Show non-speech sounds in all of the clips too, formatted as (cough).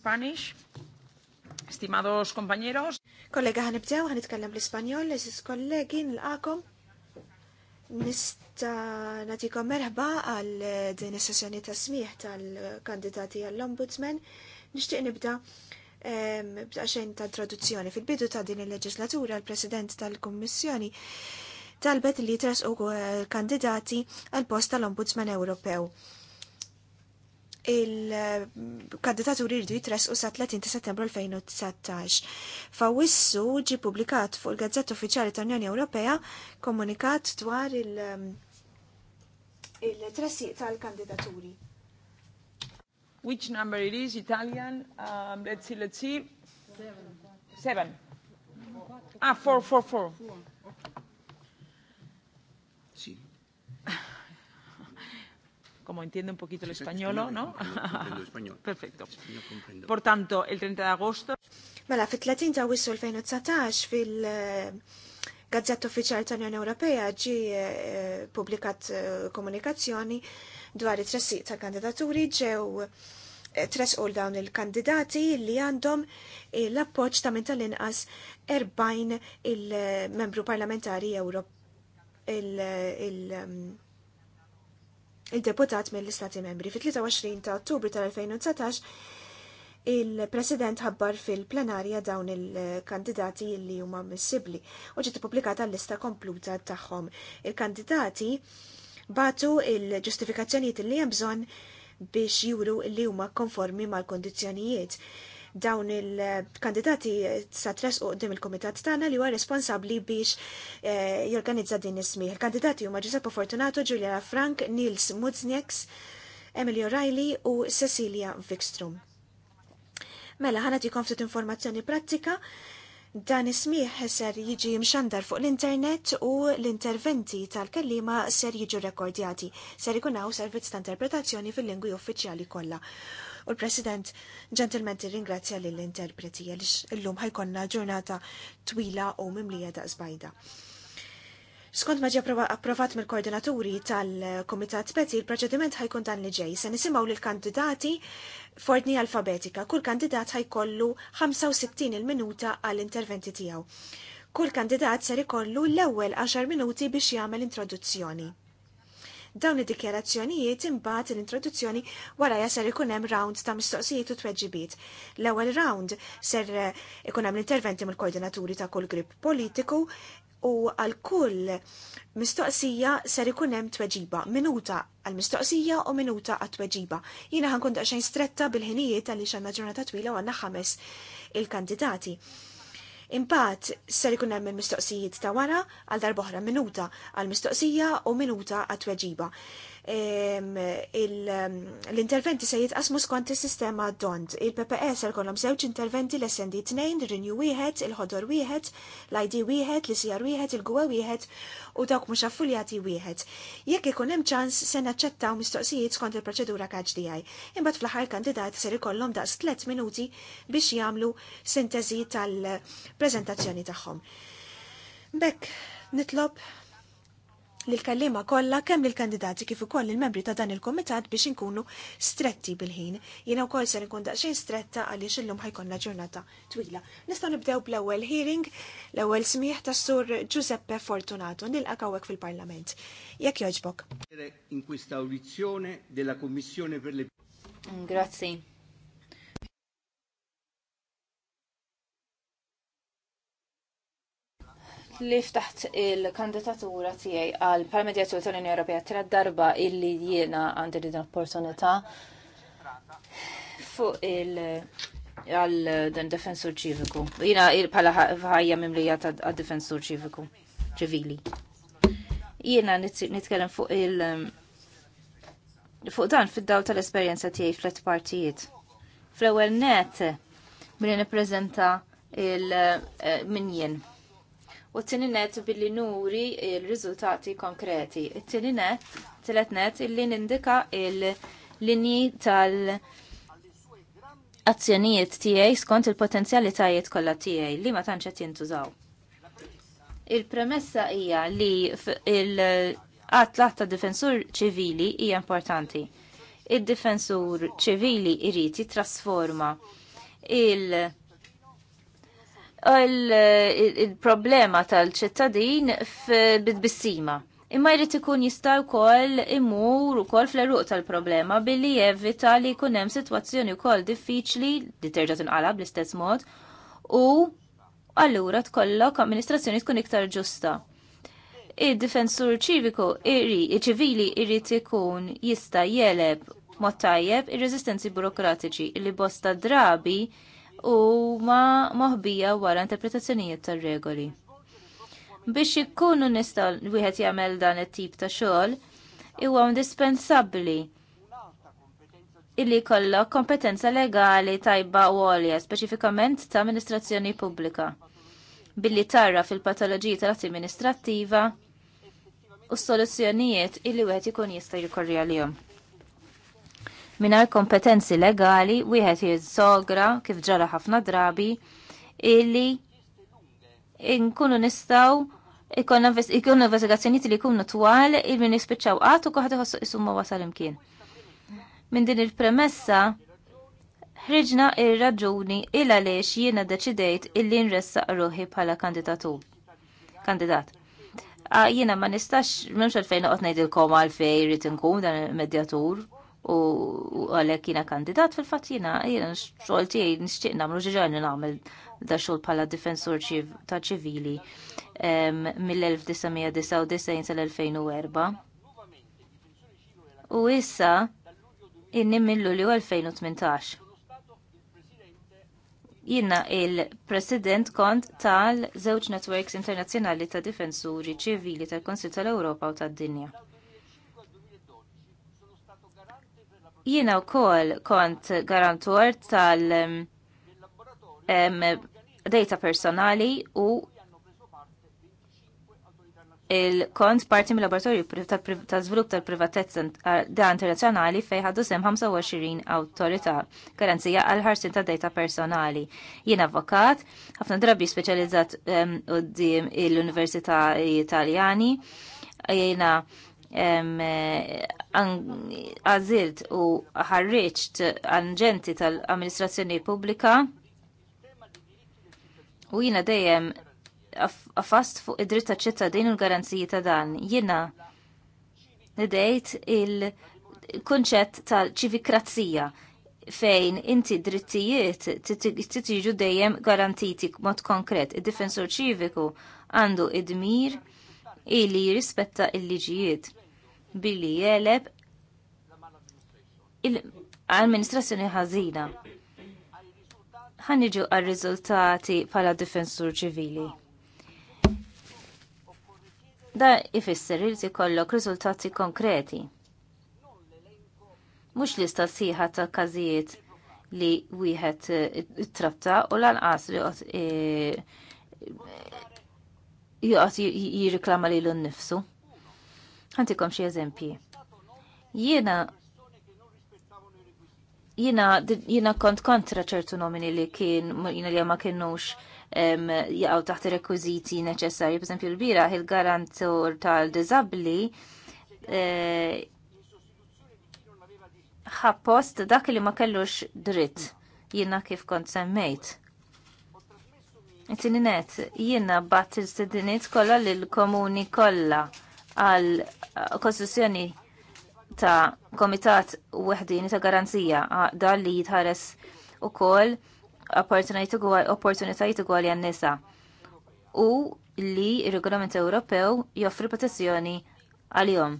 Spanish. Stimados compañeros. Kollega ħanibdew ħanitkellem l-Ispanjol, eżis kollegi nilqakom. Nista nagħtikom merħba għal din is-sessjoni ta' smieħ tal-kandidati għall-Ombudsman. Nixtieq nibda bda xejn ta' traduzzjoni. Fil-bidu ta' din il-leġislatura, l-President tal-Kummissjoni talbet li u eh, kandidati għal post tal-Ombudsman Ewropew il-kandidaturi rridu u sa 30 settembru 2019. Fawissu ġi publikat fuq il-Gazzetta Uffiċjali ta' unjoni Ewropea komunikat dwar um, il-tressiq tal-kandidaturi. Which number it is, Italian? Um, let's see, let's see. Seven. Seven. Ah, four, four, four. four. como entiende un poquito el español, ¿no? (laughs) Perfecto. Por tanto, el 30 de agosto. Mela, fit-30 ta' wissu 2019 fil-Gazzetta eh, Uffiċjal tal-Unjoni Ewropea ġi eh, publikat eh, komunikazzjoni dwar it-tressiq ta' kandidaturi ġew tres u dawn il-kandidati li għandhom l-appoċ ta' minn tal-inqas 40 il-membru parlamentari Ewrop il-, il, il ehm, il-deputat mill-Istati Membri. Fit-23 ta' Ottubru tal-2019 il-President ħabbar fil-plenarja dawn il-kandidati li huma missibli u ġiet pubblikata l-lista kompluta tagħhom. Il-kandidati batu il-ġustifikazzjonijiet li hemm bżonn biex juru li huma konformi mal-kondizzjonijiet dawn il-kandidati sa tres u dim il-komitat Tana li huwa responsabbli biex eh, jorganizza din ismiħ. Il-kandidati huma Giuseppe Fortunato, Giulia Frank, Nils Mudznieks, Emilio Riley u Cecilia Vikstrom. Mela, ħana tikom ftit informazzjoni pratika. Dan ismiħ ser jiġi mxandar fuq l-internet u l-interventi tal-kellima ser jiġu rekordjati. Ser ikun hawn servizz ta' interpretazzjoni fil-lingwi uffiċjali kollha u l-President Ġentilmenti ringrazzja lill interpreti għaliex illum ħajkonna ġurnata twila u mimlija da' zbajda. Skont maġi approvat mill-koordinaturi tal-Komitat Peti, il-proċediment ħajkun dan li ġej. Se nisimgħu l kandidati f'ordni alfabetika. Kull kandidat ħajkollu 65 il-minuta għall-interventi tiegħu. Kull kandidat ser ikollu l-ewwel 10 minuti biex jagħmel introduzzjoni dawn id-dikjarazzjonijiet imbagħad l-introduzzjoni wara ser ikun hemm round ta' mistoqsijiet u tweġibiet. L-ewwel round ser eh, ikun hemm l-interventi mill-koordinaturi ta' kull grip politiku u għal kull mistoqsija ser ikun hemm tweġiba, minuta għal mistoqsija u minuta għat tweġiba. Jiena ħankun daqsxejn stretta bil-ħinijiet għaliex għandna ġurnata twila u għandna ħames il-kandidati. Imbagħad ser ikun hemm il-mistoqsijiet ta' wara għal darba minuta għal mistoqsija u minuta għat tweġiba l-interventi se jitqasmu skont is-sistema d DONT. il pps jkollhom żewġ interventi l-SND 2, Renew wieħed, il-ħodor wieħed, l-ID wieħed, l-CR e wieħed, il-gwe wieħed u dawk mhux affuljati wieħed. Jekk ikun hemm ċans se naċċettaw mistoqsijiet skont il-proċedura KHDI. Imbagħad fl-aħħar kandidat ser ikollhom daqs tliet minuti biex jagħmlu sintesi tal-preżentazzjoni tagħhom. Bekk, nitlob l-kallima kollha kemm l kandidati kif ukoll il-membri ta' dan il-komitat biex inkunu stretti bil-ħin. Jiena wkoll se nkun daqsxejn stretta għaliex illum ħajkonna ġurnata twila. Nistgħu nibdew bl-ewwel hearing, l-ewwel smieħ ta' sur Giuseppe Fortunato nilqak hawnhekk fil-Parlament. Jekk jogħġbok. In questa audizione della Commissione per le Grazie. li ftaħt il-kandidatura tiegħi għal pal-medjatur tal-Unjoni Ewropea tra darba illi jiena għandi din opportunità fuq il- għal dan defensur ċiviku. Jina pala ħajja mimlija għad defensur ċiviku ċivili. Jina nitkellem fuq il- fuq dan fid-daw tal-esperjenza tiegħi flet partijiet. Fl-ewwel net milli nippreżenta il-minjen eh, u t-tini net billi nuri il-riżultati konkreti. It-tini net, t-let net, illi nindika il-linji tal- azzjonijiet tiegħi skont il-potenzjali tajiet kollha tiegħi li ma tantx qed jintużaw. Il-premessa hija li il-qatt ta' difensur ċivili hija importanti. il difensur ċivili jrid jitrasforma il- Eh, il-problema tal-ċittadin bid-bissima. Imma jrid ikun jista' wkoll imur ukoll fl-eruq tal-problema billi jevita li jkun hemm sitwazzjoni wkoll diffiċli li terġa' tinqalab bl-istess mod u allura tkollok amministrazzjoni tkun iktar ġusta. Id-difensur ċiviku ċivili irrid ikun jista' jeleb mod tajjeb ir-reżistenzi burokratiċi li bosta drabi u ma moħbija wara interpretazzjonijiet tar-regoli. Biex ikkunu nista' wieħed jagħmel dan it-tip ta' xogħol, huwa indispensabbli illi jkollok kompetenza legali tajba u għolja, speċifikament ta' amministrazzjoni pubblika, billi tarra fil-patoloġiji tal-amministrattiva u s soluzzjonijiet illi wieħed ikun jista' jikorri għalihom minar kompetenzi legali wieħed sogra, kif ġara ħafna drabi illi nkunu nistgħu ikon investigazzjoniet li jkunu twal il-min jispiċċaw għatu kuħad iħossu isumma wasal imkien. Min din il-premessa ħriġna il raġuni il għaliex jiena deċidejt illi nressaq ruħi bħala kandidatu. Kandidat. Jiena ma nistax, memx għalfejn għot koma għalfej rrit nkun dan il-medjatur, u għalek jina kandidat fil-fat jina jina xolti jgħi nishtiq namlu ġiġani namlu da xol pala difensur ta' ċivili mill-1999 sal-2004. U issa inni millu li 2018. Jina il-president kont tal-żewġ networks internazzjonali ta' difensuri ċivili tal-Konsil tal-Europa u tad-dinja Jiena wkoll kont garantur tal um, data personali u il-kont parti mill-laboratorju ta' żvilupp tal-privatezza da' internazzjonali fejn ħadu sem 25 awtorità garanzija għal ħarsin ta' data personali. Jien avvokat, ħafna drabi speċjalizzat qudiem il università Italjani, jiena Eh, għazilt u ħarriċt għanġenti tal-amministrazzjoni pubblika u jina dejjem għafast fuq id dritta ċittadin u l-garanziji ta' dan. Jina nidejt il-kunċett tal-ċivikrazija fejn inti drittijiet titiġu dejjem garantiti mod konkret. Id-difensur ċiviku għandu id-dmir illi jirrispetta il-liġijiet billi jeleb il-amministrazzjoni ħażina. Ħanniġu għal-riżultati pala difensur ċivili. Da ifisser li kollok riżultati konkreti. Mhux lista stasiħa ta' każijiet li wieħed trabta u lanqas li eh, joqgħod jirriklama lilu nnifsu. Għantikom xie eżempji. Jiena jina, jina kont kontra ċertu nomini li kien, jina li ma kienux jgħaw taħt rekwiziti neċessarji, per esempio l-bira, il-garantur tal-dizabli, eh, ħappost dak li ma kellux dritt, jina kif kont semmejt. Tininet, jina bat il-sedinit kolla l-komuni kolla għal eh, kostruzzjoni ta' komitat weħdini ta' garanzija dan li jitħares u koll opportunitajiet ugwali għan-nisa u li il-Regolament Ewropew joffri protezzjoni għal-jom.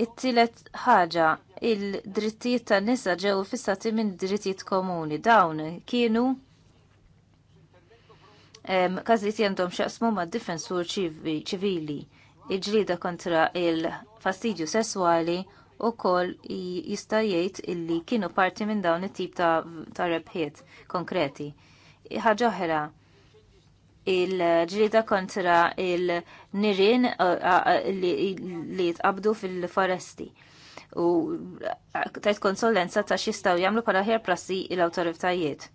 It-tielet ħaġa il-drittijiet tan-nisa ġew fissati minn drittijiet komuni. Dawn kienu każijiet għandhom xaqsmu mad difensur ċivili il ġlieda kontra il-fastidju sesswali u kol jista' jgħid illi kienu parti minn dawn it-tip ta', ta rebħiet konkreti. Ħaġa oħra, il ġlieda kontra il-nirien uh, uh, li jitqabdu fil-foresti u uh, tajt konsolenza ta' xistaw jamlu pala ħer prassi il-autoritajiet.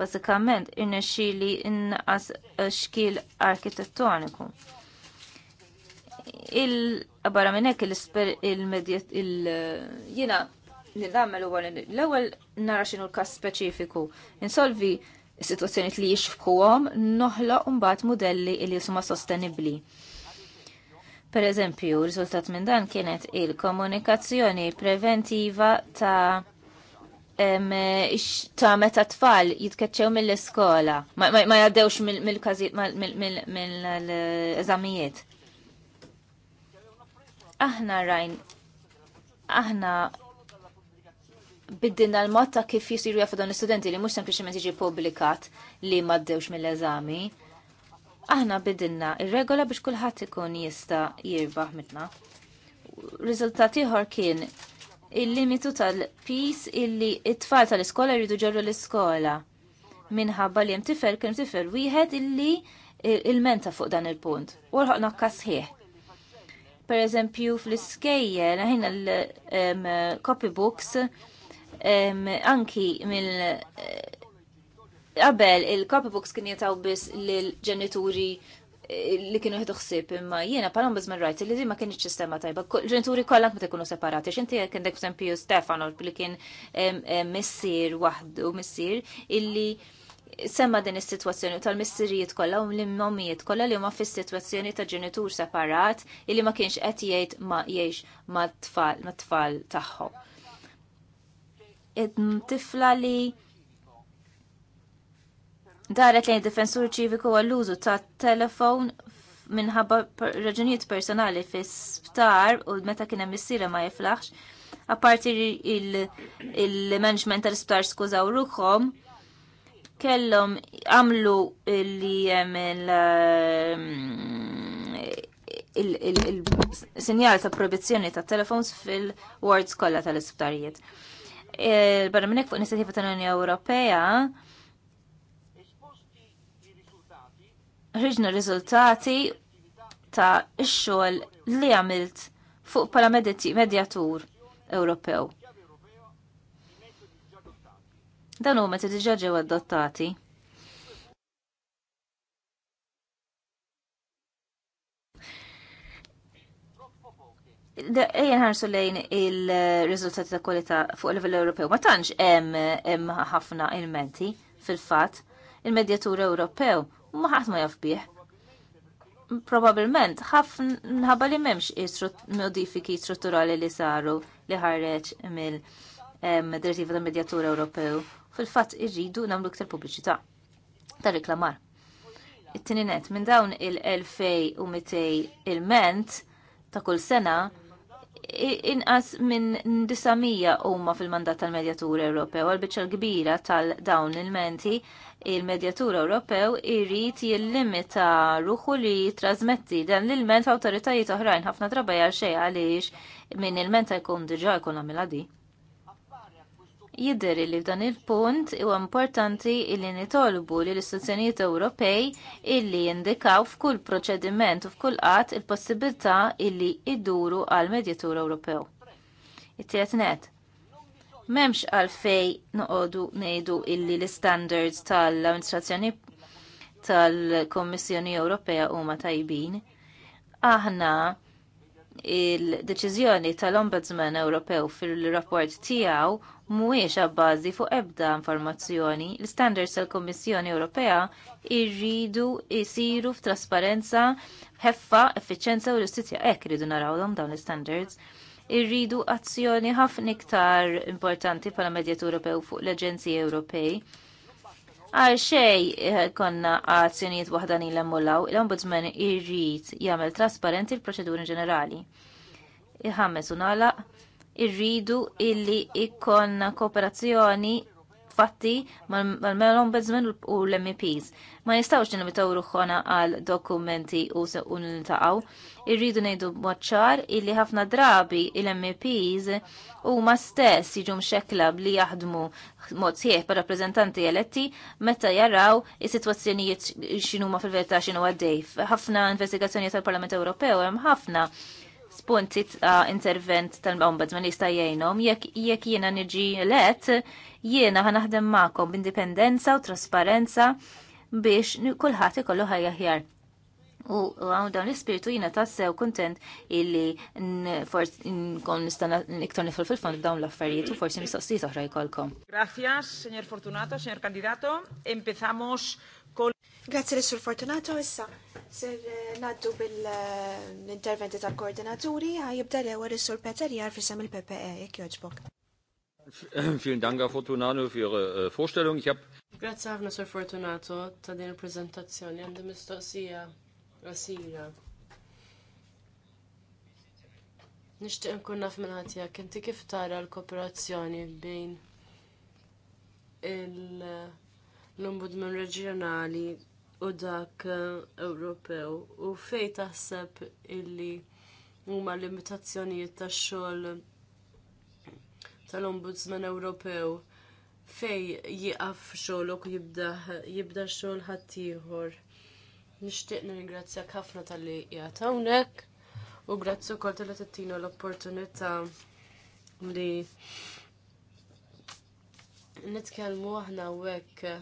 Bazzikament, irnexxili innaqas xkil arkitettoniku il-barra hekk il-medjet il-jina li namel u l-ewel nara xinu l-kas speċifiku. Insolvi situazzjoni li jixfquhom noħla mbagħad modelli li huma sostenibbli. Per eżempju, riżultat minn dan kienet il-komunikazzjoni preventiva ta' ta' meta tfal jitkeċċew mill-iskola, ma, jgħaddewx jaddewx mill-każijiet mill-eżamijiet. Aħna rajn, aħna biddinna l-mod ta' kif jisiru jafu dawn l-studenti li mhux sempliċement jiġi publikat li maddewx mill-eżami. Aħna biddinna ir-regola biex kulħadd ikun jista' jirbaħ mitna. Riżultat ieħor kien il-limitu tal-pis illi it-tfal tal-iskola jridu ġorru l-iskola minħabba li hemm tifel kien tifel wieħed illi il-menta fuq dan il-punt. Warħoqna kasħieħ Per eżempju, fl-iskejjel, ħina l-copybooks, anki mill eh, qabel il-copybooks kien jitaw biss l-ġenituri eh, li kienu ħsieb imma jiena palom bizman rajt li ma kienx sistema tajba. Ġenituri kollha ma tkunu separati. X'inti jekk għandek Stefano li kien missier waħdu missier illi semma din is-sitwazzjoni tal-missirijiet kollha u l-immomijiet kollha li huma fis-sitwazzjoni ta' ġenitur separat illi ma kienx qed jgħid ma jgħix mat-tfal mat-tfal tagħhom. Tifla li daret lejn difensur ċiviku għall-użu ta' telefon minħabba raġunijiet personali fis sptar u meta kien hemm missiera ma jiflaħx. Apparti il-management tal-sptar skużaw ruħhom kellhom għamlu li jem il-sinjal ehm, ta' proibizzjoni ta' telefons fil-wards kollha tal-isptarijiet. Eh, barra minnek fuq inizjattiva tal-Unjoni Ewropea ħriġna riżultati ta' ix-xogħol li għamilt fuq pala medjatur Ewropew Dan huma ti diġà ġew adottati. Ejja nħarsu lejn il-rizultati ta' kwalità fuq il livell Ewropew. Ma tantx hemm ħafna ilmenti fil-fatt il-Medjatur Ewropew ma ħadd ma jaf bih. Probabilment ħafna li m'hemmx modifiki strutturali li saru li ħareġ mill-Direttiva tal Medjatur Ewropew fil-fatt irridu nagħmlu iktar pubbliċità ta' riklamar. It-tieni net minn dawn il-1200 il-ment ta' kull sena inqas minn 900 huma fil-mandat tal-Medjatur Ewropew għal biċċa kbira tal-dawn il-menti il-Medjatur Ewropew irrid jillimita ruħu li trasmetti dan l-ilment Awtoritajiet oħrajn ħafna drabajar għal xejn għaliex minn il-menta jkun diġà jkun għamilha di jidher li f'dan il-punt huwa importanti li nitolbu li l-istituzzjonijiet Ewropej illi jindikaw f'kull proċediment u f'kull qatt il-possibilità illi iduru għal medjatur Ewropew. It-tiet net. Memx għalfej noqogħdu ngħidu illi l-standards tal-amministrazzjoni tal-Kommissjoni Ewropea huma tajbin. Aħna il-deċiżjoni tal-Ombudsman Ewropew fil-rapport tiegħu mhuwiex abbażi fuq ebda informazzjoni. L-standards tal-Kummissjoni Ewropea jridu jsiru f'trasparenza, ħeffa, effiċenza u ġustizzja. Hekk iridu narawhom dawn l-standards irridu azzjoni ħafna iktar importanti bħala medjat Ewropew fuq l-Aġenziji Ewropej. Għal xej eh, konna azzjonijiet waħda l-emmullaw, l-Ombudsman irrid jagħmel trasparenti l-proċeduri ġenerali. Iħammes u nagħlaq irridu illi ikkonna kooperazzjoni fatti mal-ombudsman u l-MEPs. Ma nistawx nimitaw ruħħona għal dokumenti u niltaqaw. Irridu nejdu moċċar illi ħafna drabi il mps u ma stess jiġu mxekla li jaħdmu mod sieħ pa' rappresentanti eletti meta jarraw is-sitwazzjonijiet x'inhuma fil verta xinu għaddej. Ħafna investigazzjoni tal-Parlament Ewropew hemm ħafna spunti ta' intervent tal-ombudsman jista' jgħinhom jekk jekk jiena niġi let jiena naħdem magħkom b'indipendenza u trasparenza biex kulħadd ikollu ħajja ħjar. U għaw dawn l ispirtu jina sew kontent illi forsi nkun nistana iktar nifil fil-fond dawn l-affarijiet u forsi mistoqsijiet oħra jkollkom. Gracias, signor Fortunato, signor Kandidato. Empezamos kol. Grazzi l-Sur Fortunato, issa Sir eh, naddu bil-interventi tal-koordinaturi, għajibda l għar il-sur Peter jar fissam il-PPE, jek joġbok. Vielen Dank, Herr Fortunato, für Ihre äh, Vorstellung. Ich Grazie ħafna, Sir Fortunato, ta' din il-prezentazzjoni. Għandi mistoqsija għasira. Nishtiq nkun naf minn ħatija, kinti kif tara l-kooperazzjoni bejn l-Ombudsman Reġjonali u dak eh, Ewropew u fej taħseb illi huma limitazzjonijiet tax-xogħol tal-Ombudsman Ewropew fej jiqaf xogħlok jibda jibda xogħol ieħor Nixtieq nirringrazzjak ħafna tal-li qiegħed hawnhekk u grazzi wkoll tal tittina l-opportunità li nitkellmu aħna hawnhekk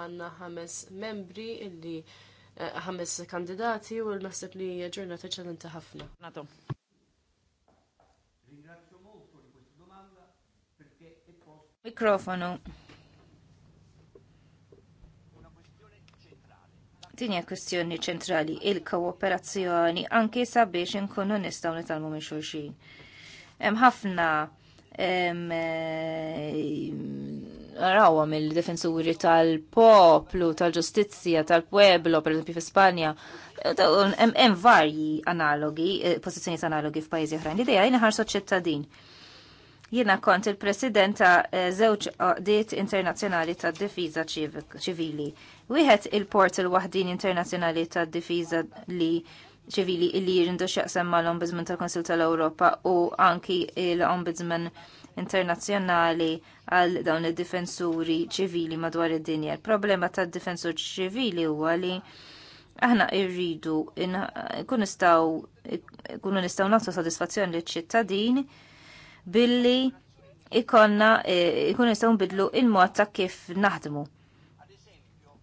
għanna ħames membri illi eh, ħames kandidati u naħseb li ġurnata ċalenta ħafna. Nato. Mikrofonu. Dinja kwestjoni ċentrali il-kooperazzjoni anke sabiex inkunu nistgħu nitalmu minn xulxin. Hemm ħafna eh, narawha mill-difensuri tal-poplu, tal-ġustizzja, tal-pueblo, per eżempju Spanja. hemm varji analogi, eh, pożizzjonijiet analogi f'pajjiżi oħrajn. L-idea jiena ħarsu ċittadin. Jiena kont il-president ta' eh, żewġ qdiet internazzjonali tad-difiża ċivili. Wieħed il-portal waħdin internazzjonali tad-difiża li ċivili li jirindu xaqsam mal-Ombudsman tal-Konsil tal-Europa u anki l-Ombudsman internazzjonali għal dawn id-difensuri ċivili madwar id-dinja. Il-problema tad difensur ċivili huwa li aħna irridu nistgħu kunu nistaw nagħtu sodisfazzjoni li ċittadini billi ikonna e, ikun nistaw nbidlu il-mod ta' kif naħdmu.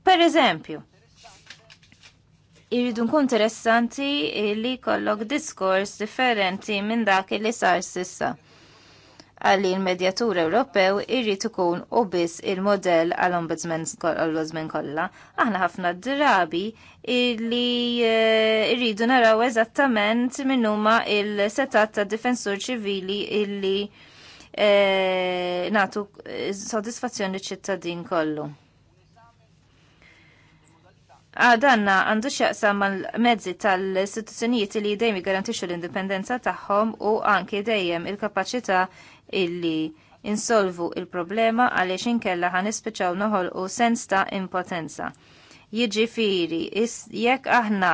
Per eżempju, irridu nkun interessanti li kollok diskors differenti minn dak li sar sissa għalli l-medjatur Ewropew irrid ikun u biss il-modell għall-ombudsman kollha. Aħna ħafna drabi illi eh, irridu naraw eżattament minn huma il-setat ta' difensur ċivili illi eh, natu eh, sodisfazzjoni ċittadin kollu. Għadanna għandu xaqsam mal mezzi tal-istituzzjonijiet li dejjem garantixxu l-indipendenza tagħhom u anke dejjem il-kapaċità illi insolvu il-problema għaliex inkella ħan noħol noħolqu sens ta' impotenza. Jiġifieri, jekk aħna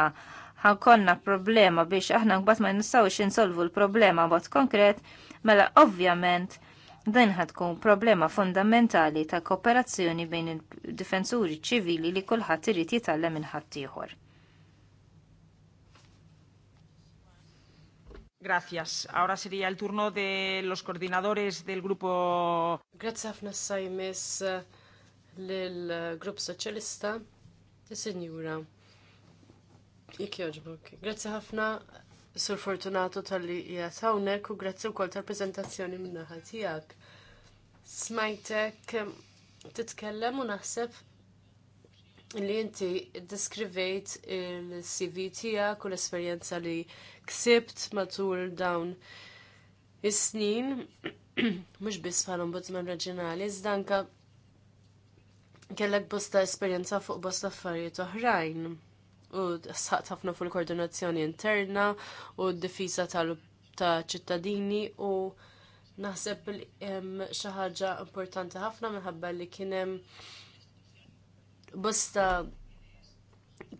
ħankonna problema biex aħna mbagħad ma nistgħux insolvu l-problema b'mod konkret, mela ovvjament din tkun problema fundamentali ta' kooperazzjoni bejn il-difensuri ċivili li kulħadd irid jitgħallem minn ħadd ieħor. Gracias. Ahora sería el turno de los coordinadores del grupo. Grazie ħafna sajmis lill-Grupp Soċjalista, is-Sinjura. Ik joġbok. Grazie ħafna Sur Fortunato tal-li jgħatawnek u grazzi wkoll tal-prezentazzjoni minnaħa tiegħek. Smajtek titkellem u naħseb li inti deskrivejt il-CV tijak u l-esperienza li ksibt matul dawn is-snin, (clears throat) mux bis bħal-ombudsman reġjonali, iżda anka kellek bosta esperjenza fuq bosta affarijiet oħrajn u saqt ħafna fuq il-koordinazzjoni interna u d-difiża ta' ċittadini u naħseb li hemm xi ħaġa importanti ħafna minħabba li kien hemm bosta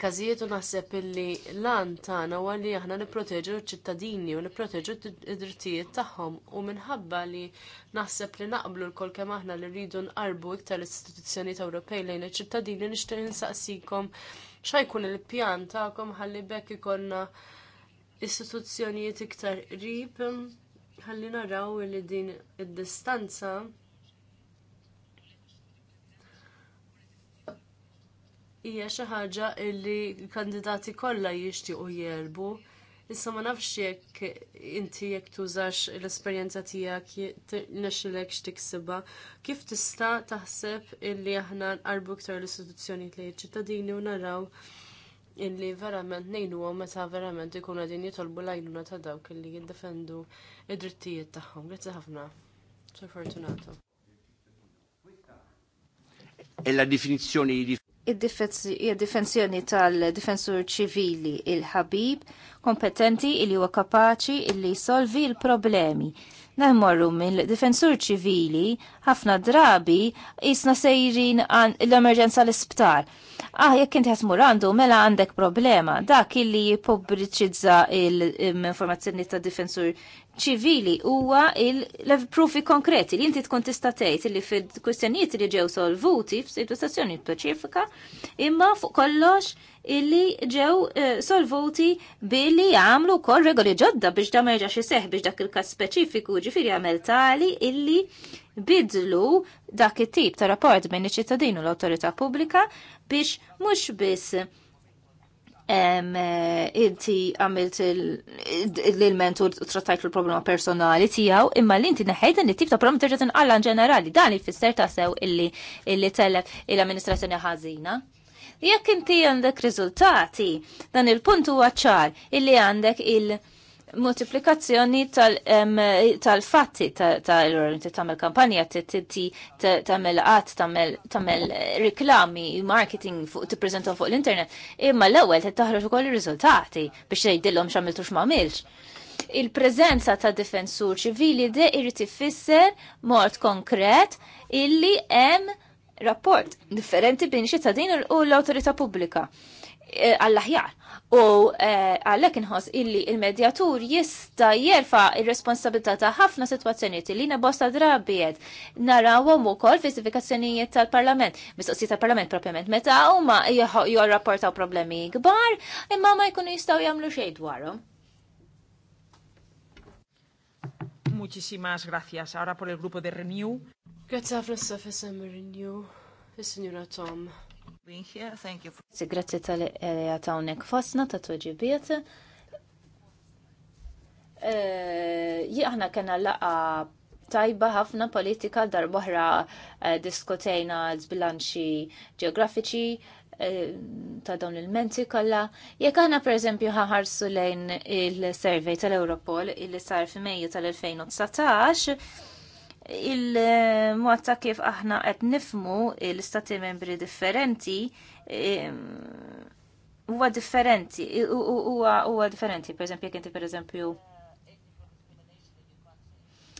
każijiet u naħseb illi lan tagħna huwa li aħna nipproteġu ċittadini u nipproteġu id-drittijiet tagħhom u minħabba li naħseb li naqblu lkoll kemm aħna li rridu nqarbu iktar l-istituzzjonijiet Ewropej lejn iċ-ċittadini nixtieq insaqsikom x'ajkun il-pjan tagħkom ħalli bekk ikollna istituzzjonijiet iktar qrib ħalli naraw li din id-distanza hija xi ħaġa li l-kandidati kollha jixtiequ jelbu. Issa ma nafx jekk inti jekk tużax l-esperjenza tiegħek nexxilek x'tiksibha, kif tista' taħseb illi aħna nqarbu iktar l-istituzzjonijiet lejn ċittadini u naraw illi verament ngħinuhom meta verament ikunu qegħdin jitolbu l-għajnuna ta' dawk illi jiddefendu id-drittijiet tagħhom. Grazzi ħafna. Sir Fortunato. E la di id-difensjoni tal-difensur ċivili il-ħabib, kompetenti li huwa kapaċi illi solvi il-problemi. Nemmorru mill-difensur ċivili ħafna drabi isna sejrin l-emerġenza l-isptar. Ah, jekk inti ħatmur għandu, mela għandek problema. Dak illi jippubbliċizza l-informazzjoni ta' difensur ċivili huwa il-profi konkreti li inti tkun tista' tgħid li fil-kwistjonijiet li ġew solvuti f'sitwazzjoni speċifika imma fuq kollox illi ġew eh, solvuti billi għamlu wkoll regoli ġodda biex da ma jerġax biex dak il-każ speċifiku ġifieri għamel tali illi bidlu dak it-tip ta' rapport bejn iċ-ċittadin u l-awtorità pubblika biex mhux biss Eh, inti għamilt l-ilment u trattajt l-problema personali tijaw, imma li inti neħejda li tip ta' problema terġa tinqalla ġenerali, dan li fisser ta' sew illi illi telef il-amministrazzjoni ħażina. Jekk inti għandek riżultati, dan il-punt huwa ċar illi għandek il-, -il multiplikazzjoni tal-fatti tal-orienti tamel kampanja, tamel għat, tamel riklami, marketing fuq t-prezentaw fuq l-internet, imma l-ewel t-taħroġ u koll rizultati biex jgħidillom xamiltux ma' milx. Il-prezenza ta' difensur ċivili de irriti fisser mort konkret illi hemm rapport differenti bejn xi u l-awtorità pubblika eh, għall-aħjar U eh, għallek inħoss illi il-medjatur jista jerfa il-responsabilità ta' ħafna situazzjonijiet li bosta drabiet narawhom ukoll fistifikazzjonijiet tal-Parlament, mistoqsijiet tal-Parlament propjament meta huma jorrapportaw problemi kbar, imma ma jkunu jistgħu jagħmlu xejn dwarhom. Muchísimas gracias. Ahora por el grupo de Renew. Grazie a Frossa Renew, il signora Tom. Grazie Thank you. For... Grazzi tal-għatawnek eh, fosna ta' tuġibiet. Eh, Jieħna kena laqa tajba ħafna politika darbohra eh, diskutejna z-bilanċi ġeografiċi ta' dawn il-menti kolla. Jekk aħna pereżempju ħaħarsu lejn il-survey tal-Europol il-li sar fi tal-2019, il-mod ta' kif aħna qed nifmu l-istati membri differenti huwa differenti huwa differenti, pereżempju jekk inti pereżempju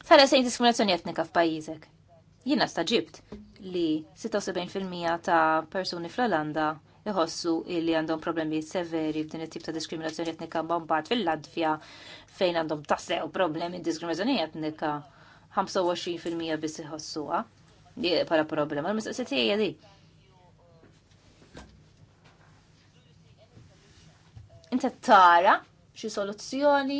Sara sejn diskriminazzjoni etnika f'pajjiżek. Jiena staġibt li 76% ta' persuni fl-Olanda iħossu li għandhom problemi severi b'din it-tip ta' diskriminazzjoni etnika mbagħad fil-Latvja fejn għandhom tassew problemi diskriminazzjoni etnika 25% biss iħossuha bħala problema. L-mistoqsija tiegħi di. Inta tara xi soluzzjoni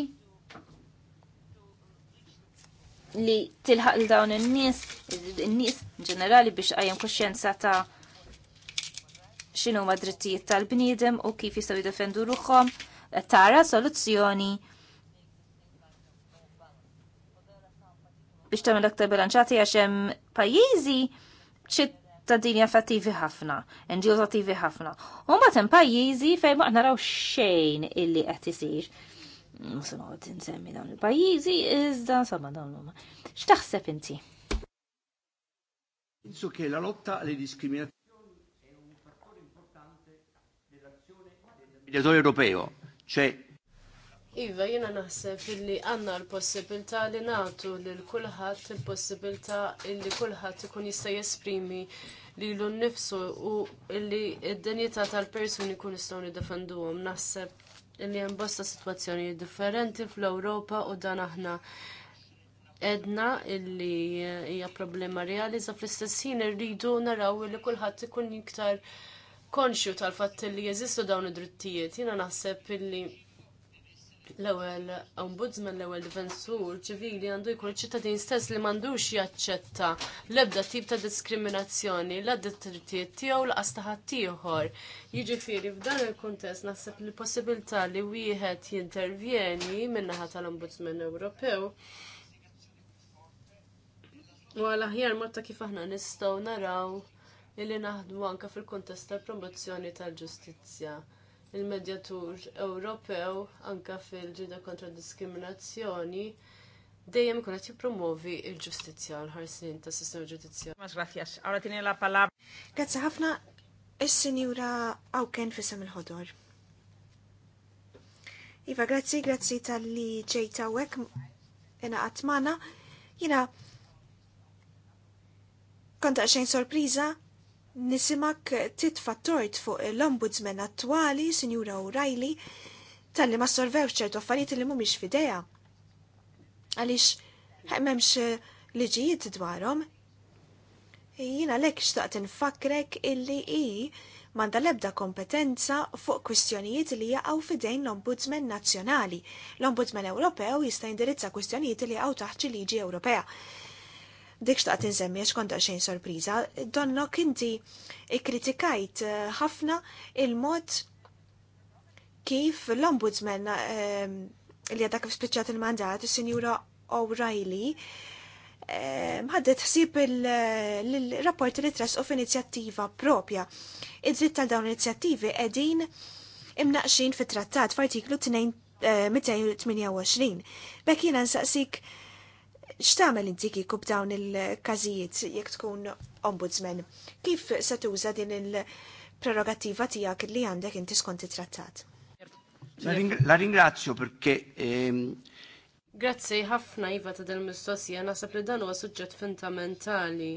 li tilħaq il dawn in-nies, in-nies ġenerali biex qajjem kuxjenza ta' xinu ma' drittijiet tal-bniedem u kif jistgħu jiddefendu ruħhom, tara soluzzjoni biex tamil aktar bilanċati għax hemm pajjiżi ċittadini affettivi ħafna, NGOs attivi ħafna. U mbagħad hemm pajjiżi fejn ma naraw xejn illi qed isir. Insomma, insemmi dawn il-pajjiżi iżda insomma dawn huma. X'taħseb inti? Penso che la lotta alle discriminazioni è un fattore importante dell'azione del mediatore europeo, cioè Iva, jiena naħseb illi għandna l possibilità li nagħtu lil kulħadd il possibilta illi kulħadd ikun jista' jesprimi lilu nnifsu u illi id-dinjità tal-persuni jistaw jistgħu niddefenduhom. Naħseb illi hemm bosta situazzjoni differenti fl-Ewropa u dan aħna edna illi hija problema reali za fl-istess ħin irridu naraw illi kulħadd ikun iktar konxju tal-fatt li jeżistu dawn id-drittijiet. Jiena naħseb illi l-ewwel ombudsman l-ewwel difensur ċivili għandu jkun ċittadin stess li m'għandux jaċċetta l-ebda tip ta' diskriminazzjoni l drittijiet tiegħu laqas ta' ieħor. Jiġifieri f'dan il-kuntest naħseb li possibilità li wieħed jintervjeni min-naħa tal-Ombudsman Ewropew u għal aħjar marta kif aħna nistgħu naraw illi naħdmu anke fil-kuntest tal-promozzjoni tal-ġustizzja. tal promozzjoni tal ġustizzja il-medjatur Ewropew anke fil-ġida kontra d diskriminazzjoni dejjem ikun qed jippromovi l-ġustizzja l ħarsin tas-sistema ġudizzja. Mas grazzjas. Ora tinha la palabra. Grazzi ħafna is-sinjura Awken fisem il-ħodor. Iva, grazzi, grazzi tal-li ġejta wek jena għatmana. Jina, konta xejn sorpriza nisimak titfa tort fuq l-ombudsman attwali, Sinjura O'Reilly, tal-li ma sorvew ċertu affarijiet li mhumiex fideja. Għaliex m'hemmx eh, liġijiet dwarhom. Jina lek xtaqt nfakrek illi i manda lebda kompetenza fuq kwistjonijiet li jaqgħu fidejn l-Ombudsman Nazzjonali. L-Ombudsman Ewropew jista' jindirizza kwistjonijiet li jaqaw taħt liġi Ewropea dik xtaqt nżemmi għax konta xejn sorpriża, donno kinti ikkritikajt eh, ħafna il-mod kif l-ombudsman eh, li għadha kif spiċċat il-mandat, eh, il sinjura O'Reilly, mħaddet ħsib il-rapport li f f'inizjattiva propja. Id-dritt tal dawn l-inizjattivi qegħdin imnaqxin fit-trattat f'artiklu 228. Bekkina nsaqsik Xtamel inti kik b'dawn il-każijiet jekk tkun ombudsman? Kif se tuża din il-prerogattiva tiegħek li għandek inti skont trattat La, ringrazzju perché ehm, Grazzi ħafna Iva ta' dal mistoqsija nasab li dan huwa suġġett fundamentali.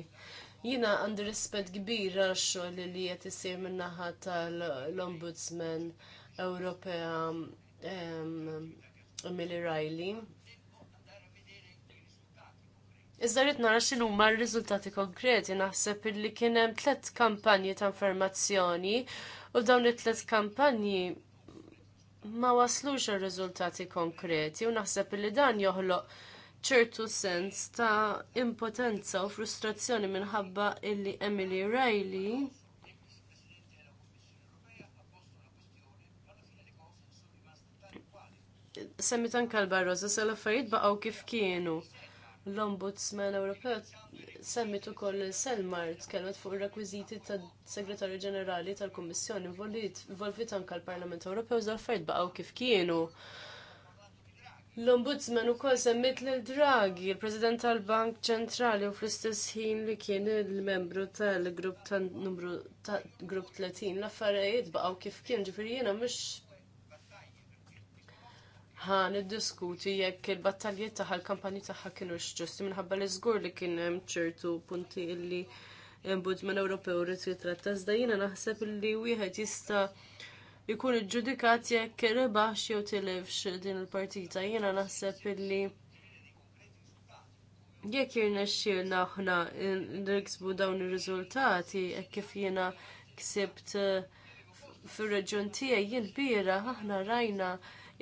Jina għandi rispett kbir għax li qed isir min-naħa tal-Ombudsman Ewropea Emily ehm, Riley Iżda rrid nara xinu ma r-riżultati konkreti naħseb illi kien hemm tliet kampanji ta' informazzjoni u dawn it tlet kampanji ma waslux ir-riżultati konkreti u naħseb illi dan joħloq ċertu sens ta' impotenza u frustrazzjoni minħabba illi Emily Riley Semmi tan l-barroza, sal-affarijiet baqgħu kif kienu l-Ombudsman Ewropew semmit ukoll Selmar tkellmet fuq ir-rekwiżiti tas-Segretarju Ġenerali tal-Kummissjoni involvit anke l-Parlament Ewropew żaffariet baqgħu kif kienu. L-Ombudsman ukoll semmit lil Draghi, il-President tal-Bank Ċentrali u fl-istess ħin li kien il-membru tal-grupp tan-numru ta' grupp 30 l-affarijiet baqgħu kif kien ġifieri jiena mhux ħa niddiskuti jekk il-battalji tagħha l-kampanji tagħha kienu xġusti minħabba li żgur li kien hemm ċertu punti illi Ombudsman Ewropew rrid jitratta iżda jiena naħseb li wieħed jista' jkun iġġudikat jekk rebaħx jew tilefx din il-partita. Jiena naħseb illi jekk jirnexxielna aħna niksbu dawn ir-riżultati hekk kif jiena ksibt eh, fir-reġjun tiegħi jien bira aħna rajna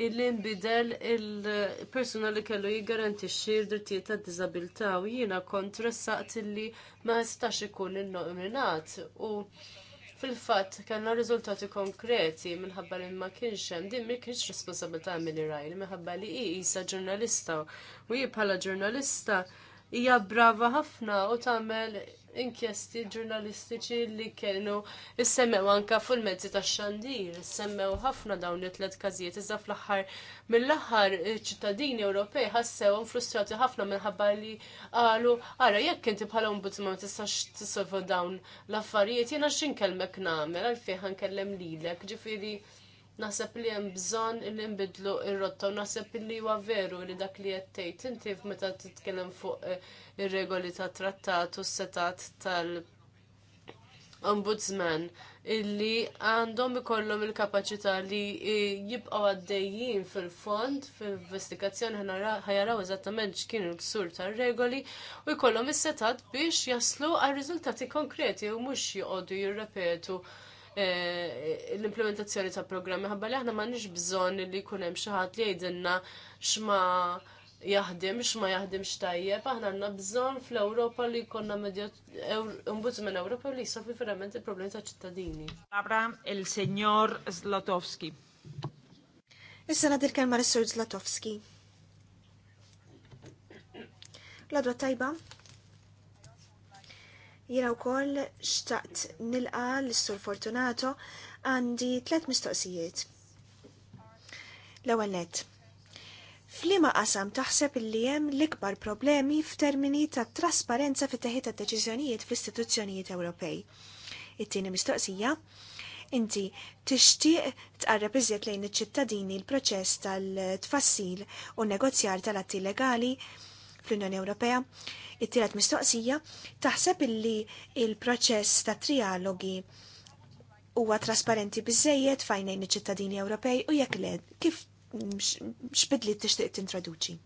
illi nbidel il-persuna li kellu jiggarantixxi l-drittijiet tad-diżabilità u jiena kont ressaqt illi ma jistax ikun il il-nominat u fil-fatt kellna riżultati konkreti minħabba li ma kienx hemm din mi kienx responsabilità Emily Ryan minħabba li hi isa ġurnalista u hi bħala ġurnalista hija brava ħafna u tagħmel inkjesti ġurnalistiċi li kienu issemmew anka fil-mezzi tax xandir, issemmew ħafna dawn it tlet każijiet, iżda fl-aħħar mill-aħħar ċittadini Ewropej ħassewhom frustrati ħafna minħabba li qalu ara jekk inti bħala ombudsman tistax tisolvu dawn l-affarijiet jiena x'inkelmek nagħmel għalfejn ħankellem lilek, ġifieri Nasab li hemm bżonn li nbidlu il rotta u naħseb li huwa veru li dak li qed tgħid inti meta titkellem fuq eh, ir-regoli tat trattat u s-setat tal- ombudsman illi għandhom ikollhom il-kapaċità li eh, jibqgħu għaddejjin fil-fond fil-investigazzjoni ħajaraw eżattament x'kien il-ksur tar-regoli u jkollhom is-setat biex jaslu għal riżultati konkreti u mhux joqogħdu jirrepetu Eh, l-implementazzjoni ta' programmi ħabba li aħna m'għandniex bżonn li jkun hemm xi ħadd li jgħidilna x'ma jaħdim x'ma jaħdimx tajjeb, aħna għandna bżonn fl-Ewropa li jkollna ombudsman Ewropew li jsolvi verament il-problemi ta' ċittadini. Labra il-Senjor Zlotowski. Issa nadir kelma l-Sur Zlotowski. l tajba, jiraw wkoll xtaqt nilqa l-Sur Fortunato għandi tlet mistoqsijiet. L-ewwel nett. Flima qasam taħseb li hemm l-ikbar problemi f'termini ta' trasparenza fit teħid ta' deċiżjonijiet fl-istituzzjonijiet Ewropej. It-tieni mistoqsija, inti tixtieq tqarreb iżjed lejn iċ-ċittadini l-proċess tal-tfassil u negozjar tal-atti legali fl-Unjoni Ewropea. It-tielet mistoqsija taħseb illi il-proċess ta' trialogi huwa trasparenti biżejjed fajnejn iċ-ċittadini Ewropej u jekk le kif mm, x'bidli tixtieq tintroduċi.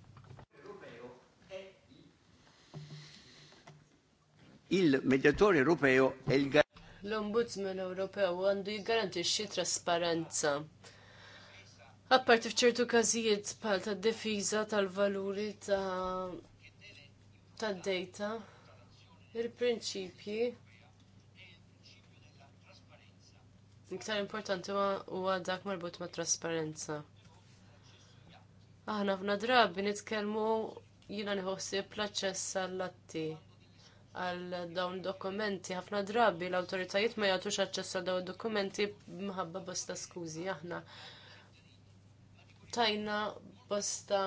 Il-Mediatore Ewropeo il L-Ombudsman Ewropew għandu jiggarantixxi trasparenza. Apparti f'ċertu każijiet bħal tad-difiża tal-valuri ta' tad-data, il-prinċipji iktar importanti huwa dak marbut ma' trasparenza. Aħna f'na drabi nitkellmu jiena nħossib l-aċċess għall-atti għal dawn dokumenti. Ħafna drabi l-awtoritajiet ma jagħtux aċċess għal dawn dokumenti minħabba bosta skużi aħna. Tajna bosta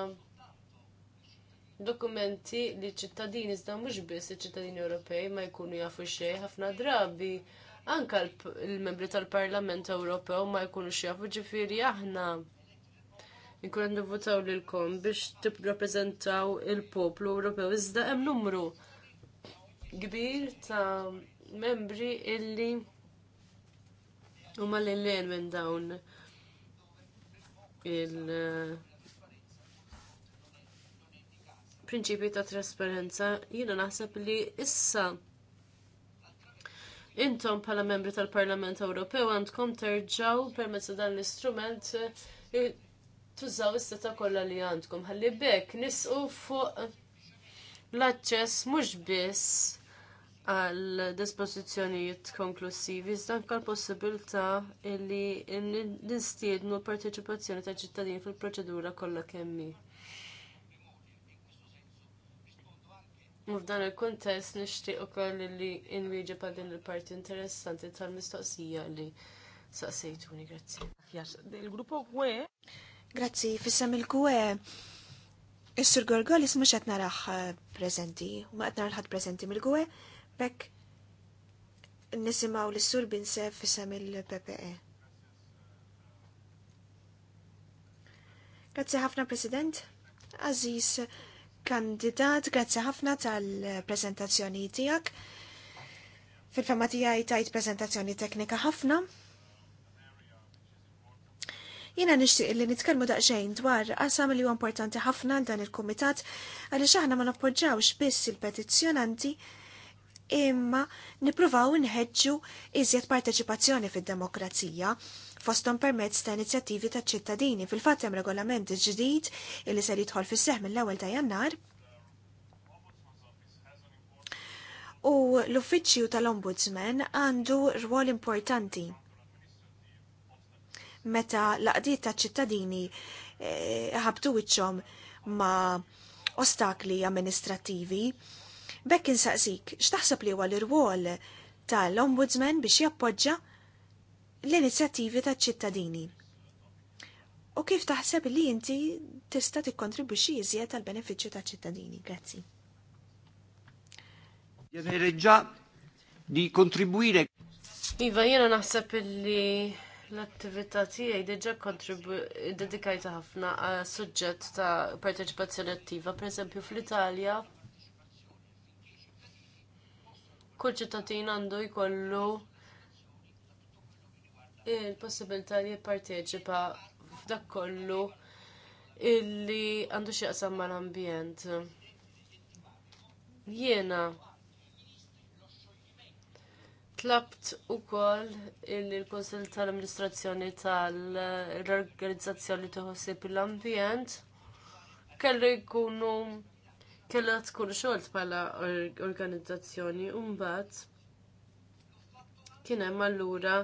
dokumenti li ċittadini iżda mhux biss iċ-ċittadini Ewropej ma jkunu jafu xejn ħafna drabi anka l-membri tal-Parlament Ewropew ma jkunu xjafu ġifiri aħna. Nkun qed nivvutaw lilkom biex tippreżentaw il-poplu Ewropew iżda hemm numru kbir ta' membri illi huma lil minn dawn il- prinċipju ta' trasparenza, jiena naħseb li issa intom bħala membri tal-Parlament Ewropew għandkom terġaw permezz dan l-istrument eh, tużaw is-seta kollha li għandkom. Ħalli bekk nisqu fuq l-aċċess mhux biss għal dispożizzjonijiet konklusivi, iżda anke l-possibilità li nistiednu l-parteċipazzjoni ta' ċittadin fil-proċedura kollha kemm hi. U f'dan il-kuntest nixtieq ukoll li inwieġeb pa din il-parti interessanti tal-mistoqsija li saqsejtuni, grazzi. il-gruppo kwe. Grazzi, fissam il-kwe. Is-sur Gorgolis mhux qed raħ eh, prezenti u ma qed naraħ ħadd preżenti mill-kwe, bekk nisimgħu lis-sur Binsef fissam il-PPE. Grazzi ħafna President, Aziz kandidat, grazzi ħafna tal-prezentazzjoni tijak. Fil-fema tijaj tajt prezentazzjoni teknika ħafna. Jena nishtiq li nitkellmu daqxejn dwar qasam li huwa importanti ħafna dan il-kumitat għaliex aħna ma nappoġġawx biss il-petizzjonanti imma nippruvaw nħeġġu iżjed parteċipazzjoni fid-demokrazija fostom permezz ta' inizjattivi ta' ċittadini. Fil-fatt hemm regolament ġdid illi se jidħol fis-seħ mill-ewwel ta' Jannar. U l-uffiċċju tal-Ombudsman għandu rwol importanti meta laqdiet ta' ċittadini eh, ħabtu wiċċhom ma' ostakli amministrativi. Bekk insaqsik, x'taħseb li huwa l-irwol tal-Ombudsman biex jappoġġa l-inizjattivi ta' ċittadini. U kif taħseb li inti tista' tikkontribwixxi iżjed tal benefiċċju ta' ċittadini. Grazzi. Ġenere ġa di kontribwire. Iva, jiena naħseb li l-attività tiegħi diġà dedikajta ħafna għal suġġett ta' parteċipazzjoni attiva, pereżempju fl-Italja. Kull ċittadin għandu jkollu il-possibilità li jipparteċipa f'dak kollu illi għandu xieqsam mal-ambjent. Jiena tlabt ukoll illi l-Konsil tal-Amministrazzjoni tal-Organizzazzjoni tħossib l-ambjent kellu jkunu kellha tkun xogħol bħala organizzazzjoni un mbagħad kien hemm allura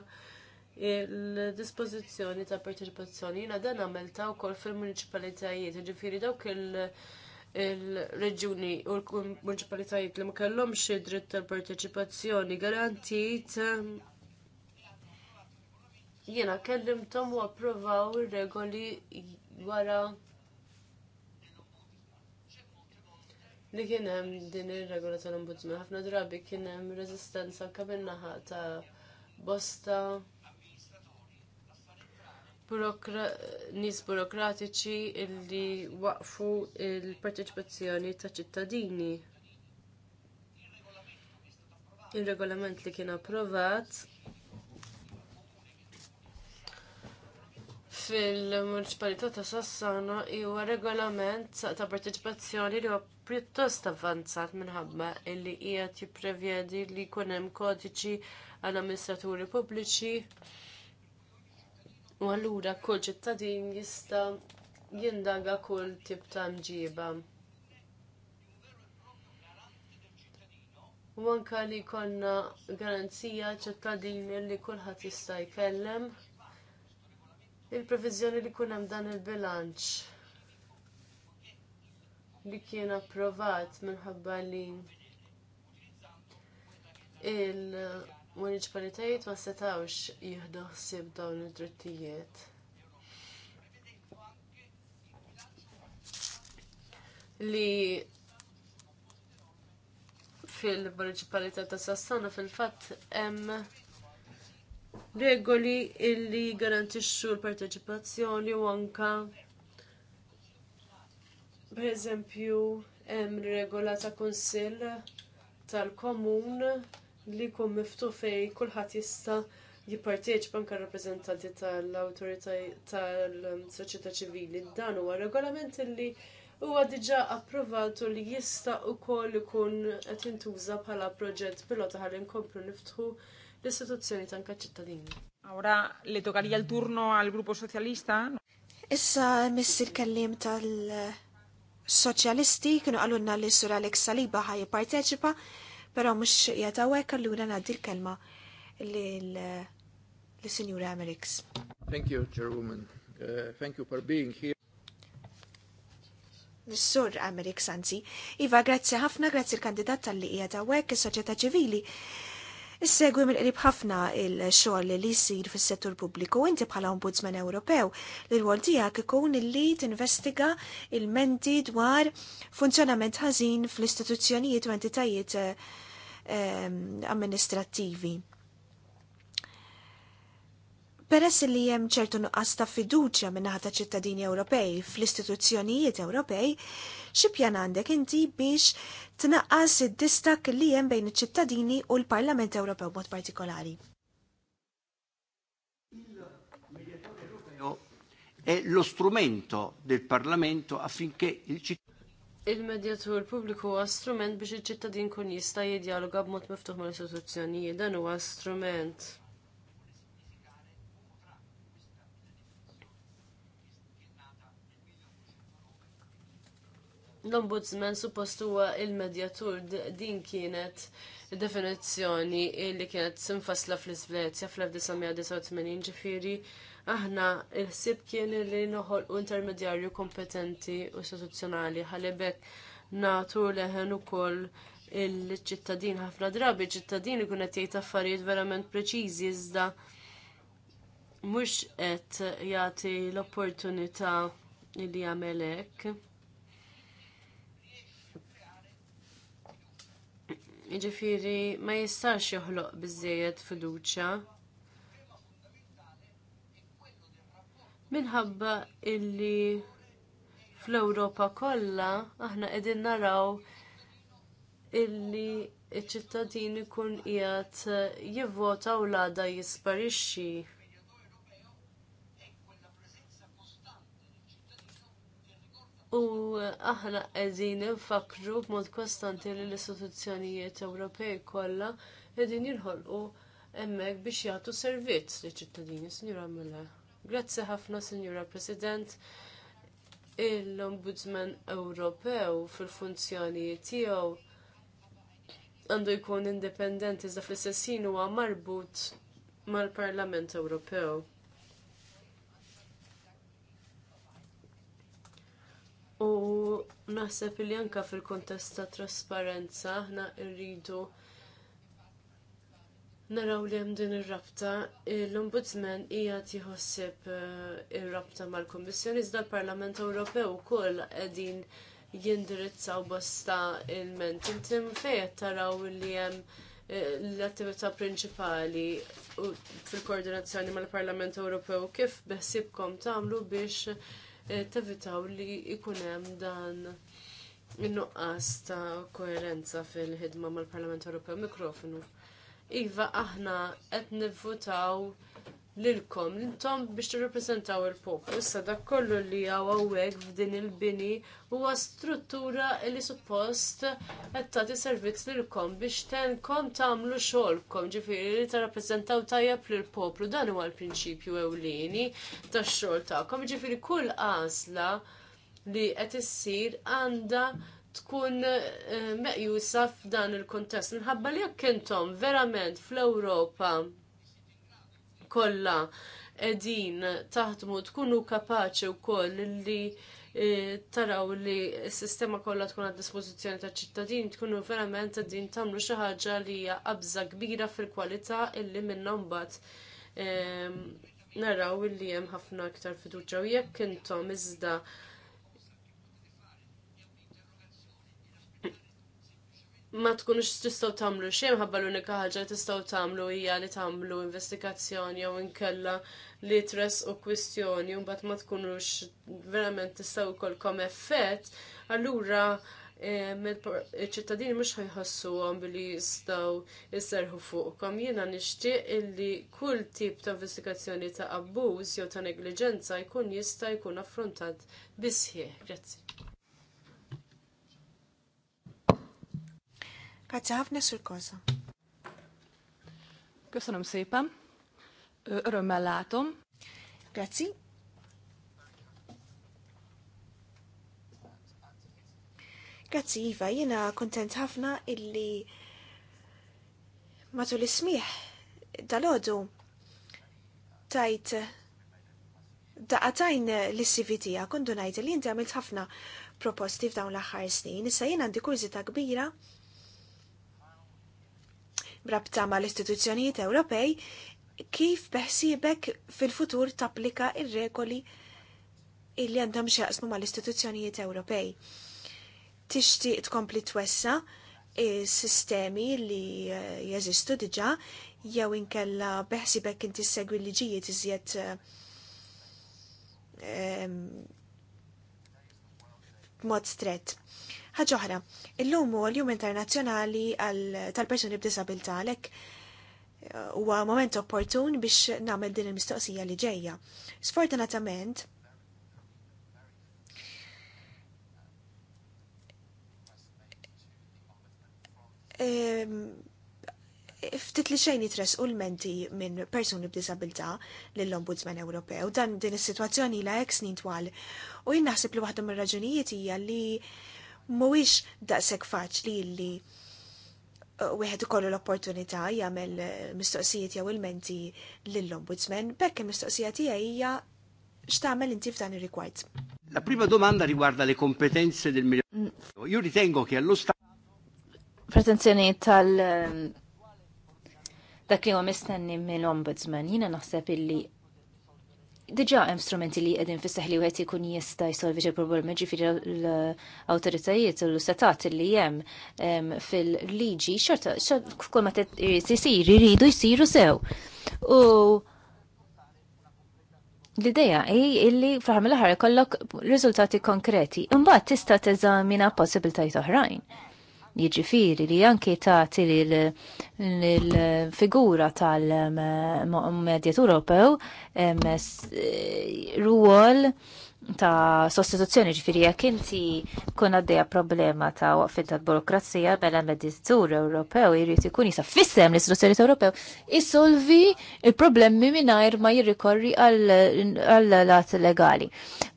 il dispozizjoni ta' partecipazzjoni jiena dan għamilta wkoll fil-municipalitajiet, ġifieri dawk il-reġjuni u l-municipalitajiet li ma kellhomx id-dritt tal-parteċipazzjoni garantit jiena kellimtom u approvaw ir-regoli wara li kien hemm din ir-regola tal-ombudsman ħafna drabi kien hemm kabinnaħa anke naħa ta' bosta nies burokratiċi illi waqfu l parteċipazzjoni ta' ċittadini. ir regolament li kien approvat fil-Municipalità ta' Sassana huwa regolament ta' parteċipazzjoni li huwa pjuttost avvanzat minħabba illi qiegħed jipprevjedi li jkun hemm kodiċi għall amministraturi pubbliċi U allura kull ċittadin jista jindaga kull tip ta' mġiba. U anka li konna garanzija ċittadini li kulħadd jista' jkellem il-previżjoni li kun hemm dan il-bilanċ li kien approvat minħabba li il- municipalitajiet ma setawx jieħdu ħsieb dawn id-drittijiet. Li fil-municipalità ta' Sassana fil-fatt hemm regoli illi jgarantixxu l-parteċipazzjoni u anka pereżempju hemm regola ta' kunsill tal-komun li jkun miftuħ fejn kulħadd jista' jipparteċipa anke rappreżentanti tal-awtorità tal-soċjetà ċivili. Dan huwa regolament li huwa diġà approvat u li jista' wkoll ikun qed jintuża bħala proġett pilota ħalli nkomplu niftħu l-istituzzjoni tanka ċittadini. Ora li tokalija l-turno għal Gruppo Soċjalista. Issa missir kellim tal-Soċjalisti kienu għalunna li Sur Alex Saliba ħaj parteċipa Pero mux jatawek għallura għaddi l-kelma l-Sinjura Amerix. Thank you, Chairwoman. Uh, thank you for being here. Nissur Amerix, anzi, Iva, grazzi ħafna, grazie l-kandidat tal-li qiegħed hawnhekk is-soċjetà ċivili Is-segwi mill-qrib ħafna il-xogħol li jsir fis-settur pubbliku inti bħala Ombudsman Ewropew li l tiegħek ikun illi tinvestiga il-menti dwar funzjonament ħażin fl-istituzzjonijiet u entitajiet eh, amministrattivi. Peress li hemm ċertu nuqqas ta' fiduċja minnaħa ta' ċittadini Ewropej fl-istituzzjonijiet Ewropej, xipjan għandek inti biex tnaqqas id-distak li hemm bejn iċ-ċittadini u l-Parlament Ewropew mod partikolari. È lo strumento del Parlamento affinché il cittadino il-medjatur pubbliku huwa strument biex iċ-ċittadin kun jista' jidjaloga b'mod miftuħ mal-istituzzjonijiet. Dan huwa strument l-ombudsman suppost huwa il-medjatur din kienet definizzjoni li kienet simfasla fl-Svezja fl-1989 ġifiri aħna il sib kien li noħol intermedjarju kompetenti u istituzzjonali ħalibek natu leħen ukoll il-ċittadin ħafna drabi, ċittadin ikun qed jgħid affarijiet verament preċiżi iżda mhux qed jagħti l-opportunità li jagħmel hekk. Jiġifieri ma jistax joħloq biżżejjed fiduċja. Minħabba illi fl-Ewropa kollha aħna qegħdin naraw illi ċ ċittadini kun qiegħed jivvota u l-għada jisparixxi U aħna qegħdin nfakru b'mod kostanti li l-istituzzjonijiet Ewropej kollha qegħdin jirħolqu hemmhekk biex jagħtu servizz li ċittadini, Sinjura Miller. Grazzi ħafna, Sinjura President. Il-Ombudsman Ewropew fil-funzjoni tiegħu għandu jkun indipendenti iżda fl-istessin huwa marbut mal-Parlament Ewropew. U naħseb li anka fil-kontest ta' trasparenza aħna rridu naraw li hemm din ir-rabta l-Ombudsman hija tiħossib eh, ir-rabta mal-Kummissjoni iżda l-Parlament Ewropew ukoll qegħdin jindirizzaw bosta il-ment. Intim fejn taraw li hemm eh, l-attività prinċipali fil-koordinazzjoni mal-Parlament Ewropew kif beħsibkom tagħmlu biex Eh, tevitaw li ikun hemm dan in-nuqqas ta' koerenza fil-ħidma mal-Parlament Ewropew mikrofonu. Iva aħna qed nivvutaw lilkom, intom biex tirrepreżentaw il-poplu. Issa dak kollu li għaw hawnhekk f'din il-bini huwa struttura li suppost qed tagħti servizz lilkom biex tenkom tagħmlu xogħolkom, ġifieri li tirrappreżentaw tajjeb lill-poplu. Dan huwa l-prinċipju ewlieni tax-xogħol tagħkom, ġifieri kull għażla li qed issir għandha tkun eh, meqjusa f'dan il kuntest Minħabba li jekk intom verament fl-Ewropa kollha qegħdin taħdmu tkunu kapaċi wkoll li e, taraw li s-sistema kollha tkun għad dispożizzjoni ta' ċittadin tkunu verament edin tagħmlu xi ħaġa li hija qabża kbira fil-kwalità illi minnhom mbagħad e, naraw li hemm ħafna aktar fiduċja u jekk intom iżda ma tkunux tistgħu tagħmlu xejn ħabba l-unika ħaġa tistgħu tagħmlu hija li tagħmlu investigazzjoni jew inkella li tres u kwistjoni u mbagħad ma tkunux verament tistgħu jkollkom effett, allura eh, il-ċittadini mux ħajħassuhom billi jistgħu jisserħu fuqkom. Jiena nixtieq illi kull tip ta' investigazzjoni ta' abbuż jew ta' negliġenza jkun jista' jkun affrontat bisħieħ. Grazzi. Grazzi ħafna sur kosa. Köszönöm szépen. Örömmel látom. Grazzi. Grazzi Iva, jena kontent ħafna illi matul ismiħ dal-ħodu tajt daqatajn l sivitija tija, kundu najt li jinti għamilt ħafna proposti f'dawn l-axħar snin, issa jien għandi kurzita kbira brabta ma l-istituzzjonijiet Ewropej kif beħsibek fil-futur tapplika ir-regoli illi għandhom xaqsmu ma l-istituzzjonijiet Ewropej. Tixtieq tkompli twessa sistemi li eh, jeżistu diġa jew inkella beħsibek inti segwi liġijiet iżjed eh, mod stret il illum u l-Jum Internazzjonali tal-Persuni b'disabilta għalhekk eh, huwa moment opportun biex nagħmel din il-mistoqsija li ġejja. Sfortunatament, ehm, ftit li xejn jitres ulmenti minn persuni b'disabilta lill-Ombudsman Ewropew dan din is-sitwazzjoni la hekk snin twal. U jien naħseb li waħda mir-raġunijiet hija li mhuwiex daqshekk faċli li uh, wieħed ikollu l-opportunità jagħmel uh, mistoqsijiet jew il-menti lill-Ombudsman, bekk il-mistoqsija tiegħi hija x'tagħmel inti f'dan ir-rigward. La prima domanda riguarda le kompetenze del Ministero. Mm. Io ritengo che allo Stato Pretenzjoni tal um, dak li huwa mistenni mill-Ombudsman, jiena naħseb illi diġa hemm strumenti li qegħdin fisseħ li wieħed ikun jista' jsolvi xi problemi ġifieri l-awtoritajiet u l setat li hemm fil-liġi xorta kull ma tisir iridu jsiru sew. U L-ideja hi illi fraħam l mill kollok rizultati riżultati konkreti. Imbagħad tista' teżamina possibilitajiet oħrajn jiġifieri li anki tagħti l-figura tal-medjatur mm, mm, Ewropew mm, eh, ruwol ta' sostituzzjoni ġifiri jekk inti kun għaddeja problema ta' waqfin ta' burokrazija mela medizzur Ewropew jrid ikun jisa' fissem l-istituzzjoni Ewropew isolvi il-problemi mingħajr ma jirrikorri għal lat legali.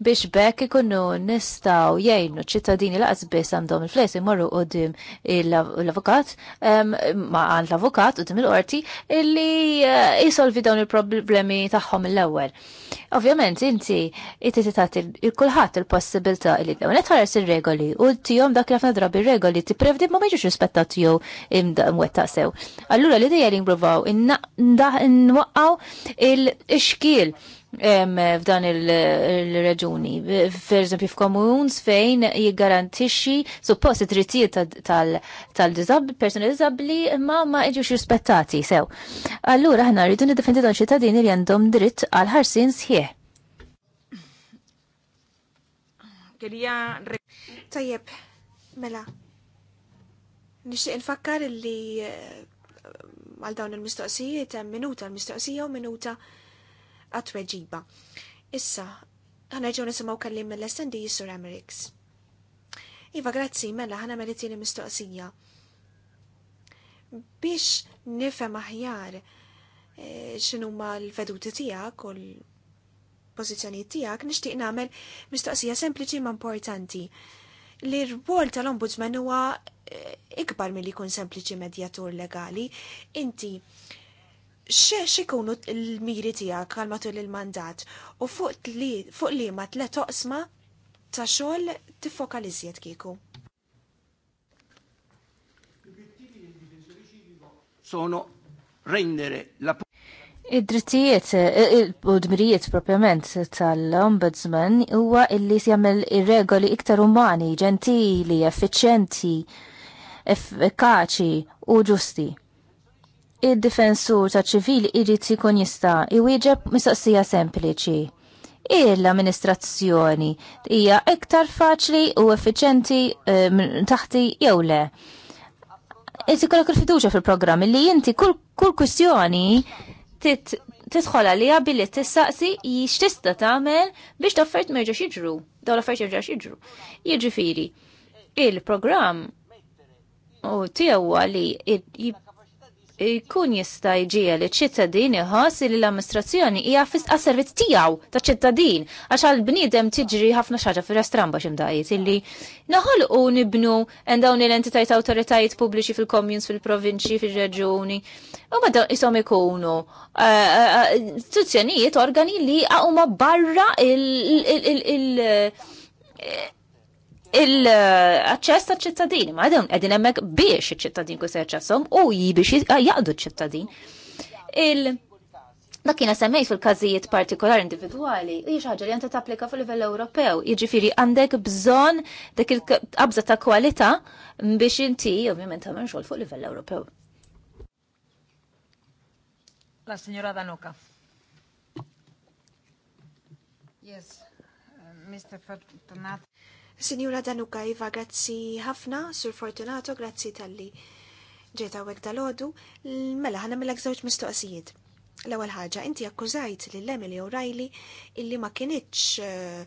Biex bekk ikunu nistgħu jgħinu ċittadini laqas biss għandhom il-fles imorru qudiem l-avukat ma għand l-avukat qudiem il-qorti illi jisolvi eh, dawn il-problemi tagħhom l-ewwel. Ovvjament inti it il-kulħadd il-possibilità li dawn qed ħares ir-regoli u tihom dak li ħafna drabi regoli t-prevdi ma jiġux rispettat jew imwettaq sew. Allura d idea li nprovaw nwaqqaw il-xkiel f'dan il-reġuni. Per eżempju, f'komuns fejn jiggarantixxi suppost id-drittijiet tal-persuni diżabbli ma ma jiġux rispettati sew. Allura aħna rridu niddefendi dan ċittadini li għandhom dritt għal ħarsin sħieħ. Kerja. Tajjeb, mela. Nixtieq nfakkar li eh, għal dawn il-mistoqsijiet hemm minuta l-mistoqsija u minuta għat-tweġiba. Issa, ġew nisimgħu kellim mill-SND Sur Amerix. Iva, grazzi, mela ħana meritini mela mistoqsija. Biex nifhem aħjar eh, x'inhuma l-veduti tiegħek u pożizzjonijiet tiegħek nixtieq nagħmel mistoqsija sempliċi ma' importanti. Li r-wol tal-ombudsman huwa eh, ikbar milli jkun sempliċi medjatur legali. Inti xex ikunu l-miri tiegħek għal matul il-mandat u fuq li fuq li ma tlet toqsma ta' xogħol tiffokaliżjed kieku. Sono rendere la Id-drittijiet, u dmirijiet propjament tal-ombudsman huwa illi jagħmel ir-regoli iktar umani, ġentili, effiċenti, effikaċi u ġusti. Id-difensur ta' ċivili irid ikun jista' iwieġeb mistoqsija sempliċi. Il-amministrazzjoni hija iktar faċli u effiċenti eh, taħti jew le inti kollok il-fiduċa fil-programm li inti kull kwistjoni tidħol għalija billi tissaqsi jixtista tagħmel biex taffert ma jiġux jiġru, dawn l-affarijiet jerġa' jiġru. Jiġifieri, il-programm u tiegħu li jkun jista' jġiel iċ-ċittadin iħoss li l-amministrazzjoni hija għas servizz tiegħu ta' ċittadin għax għal bniedem tiġri ħafna xaġa fir baxim x'imdaqiet illi naħolqu nibnu hemm dawn l-entitajiet awtoritajiet pubbliċi fil-communes fil-provinċi fir-reġuni. U bada jisom ikunu eh, eh, eh, istituzzjonijiet organi li huma barra il- il ċess ta' ċittadini, ma' għadin qegħdin hemmhekk biex ċittadini ċittadin ċessom u biex jaqdu ah, ċ-ċittadin. Il- Dakina kien semmejt fil-każijiet partikolari individwali, u xi li li anta tapplika fuq livell Ewropew. Jiġifieri għandek bżonn dik il-qabża ta' kwalità biex inti ovvjament ta' xogħol fuq livell Ewropew. La signora Danuka. Yes, uh, Mr. Fortunato. Sinjura Danuka Iva, grazzi ħafna, Sur Fortunato, grazzi tal-li ġeta għek dal-ħodu, mela ħana mill żewġ mistoqsijiet. L-ewwel ħaġa, inti akkużajt l Emily O'Reilly illi ma kienieċ eh,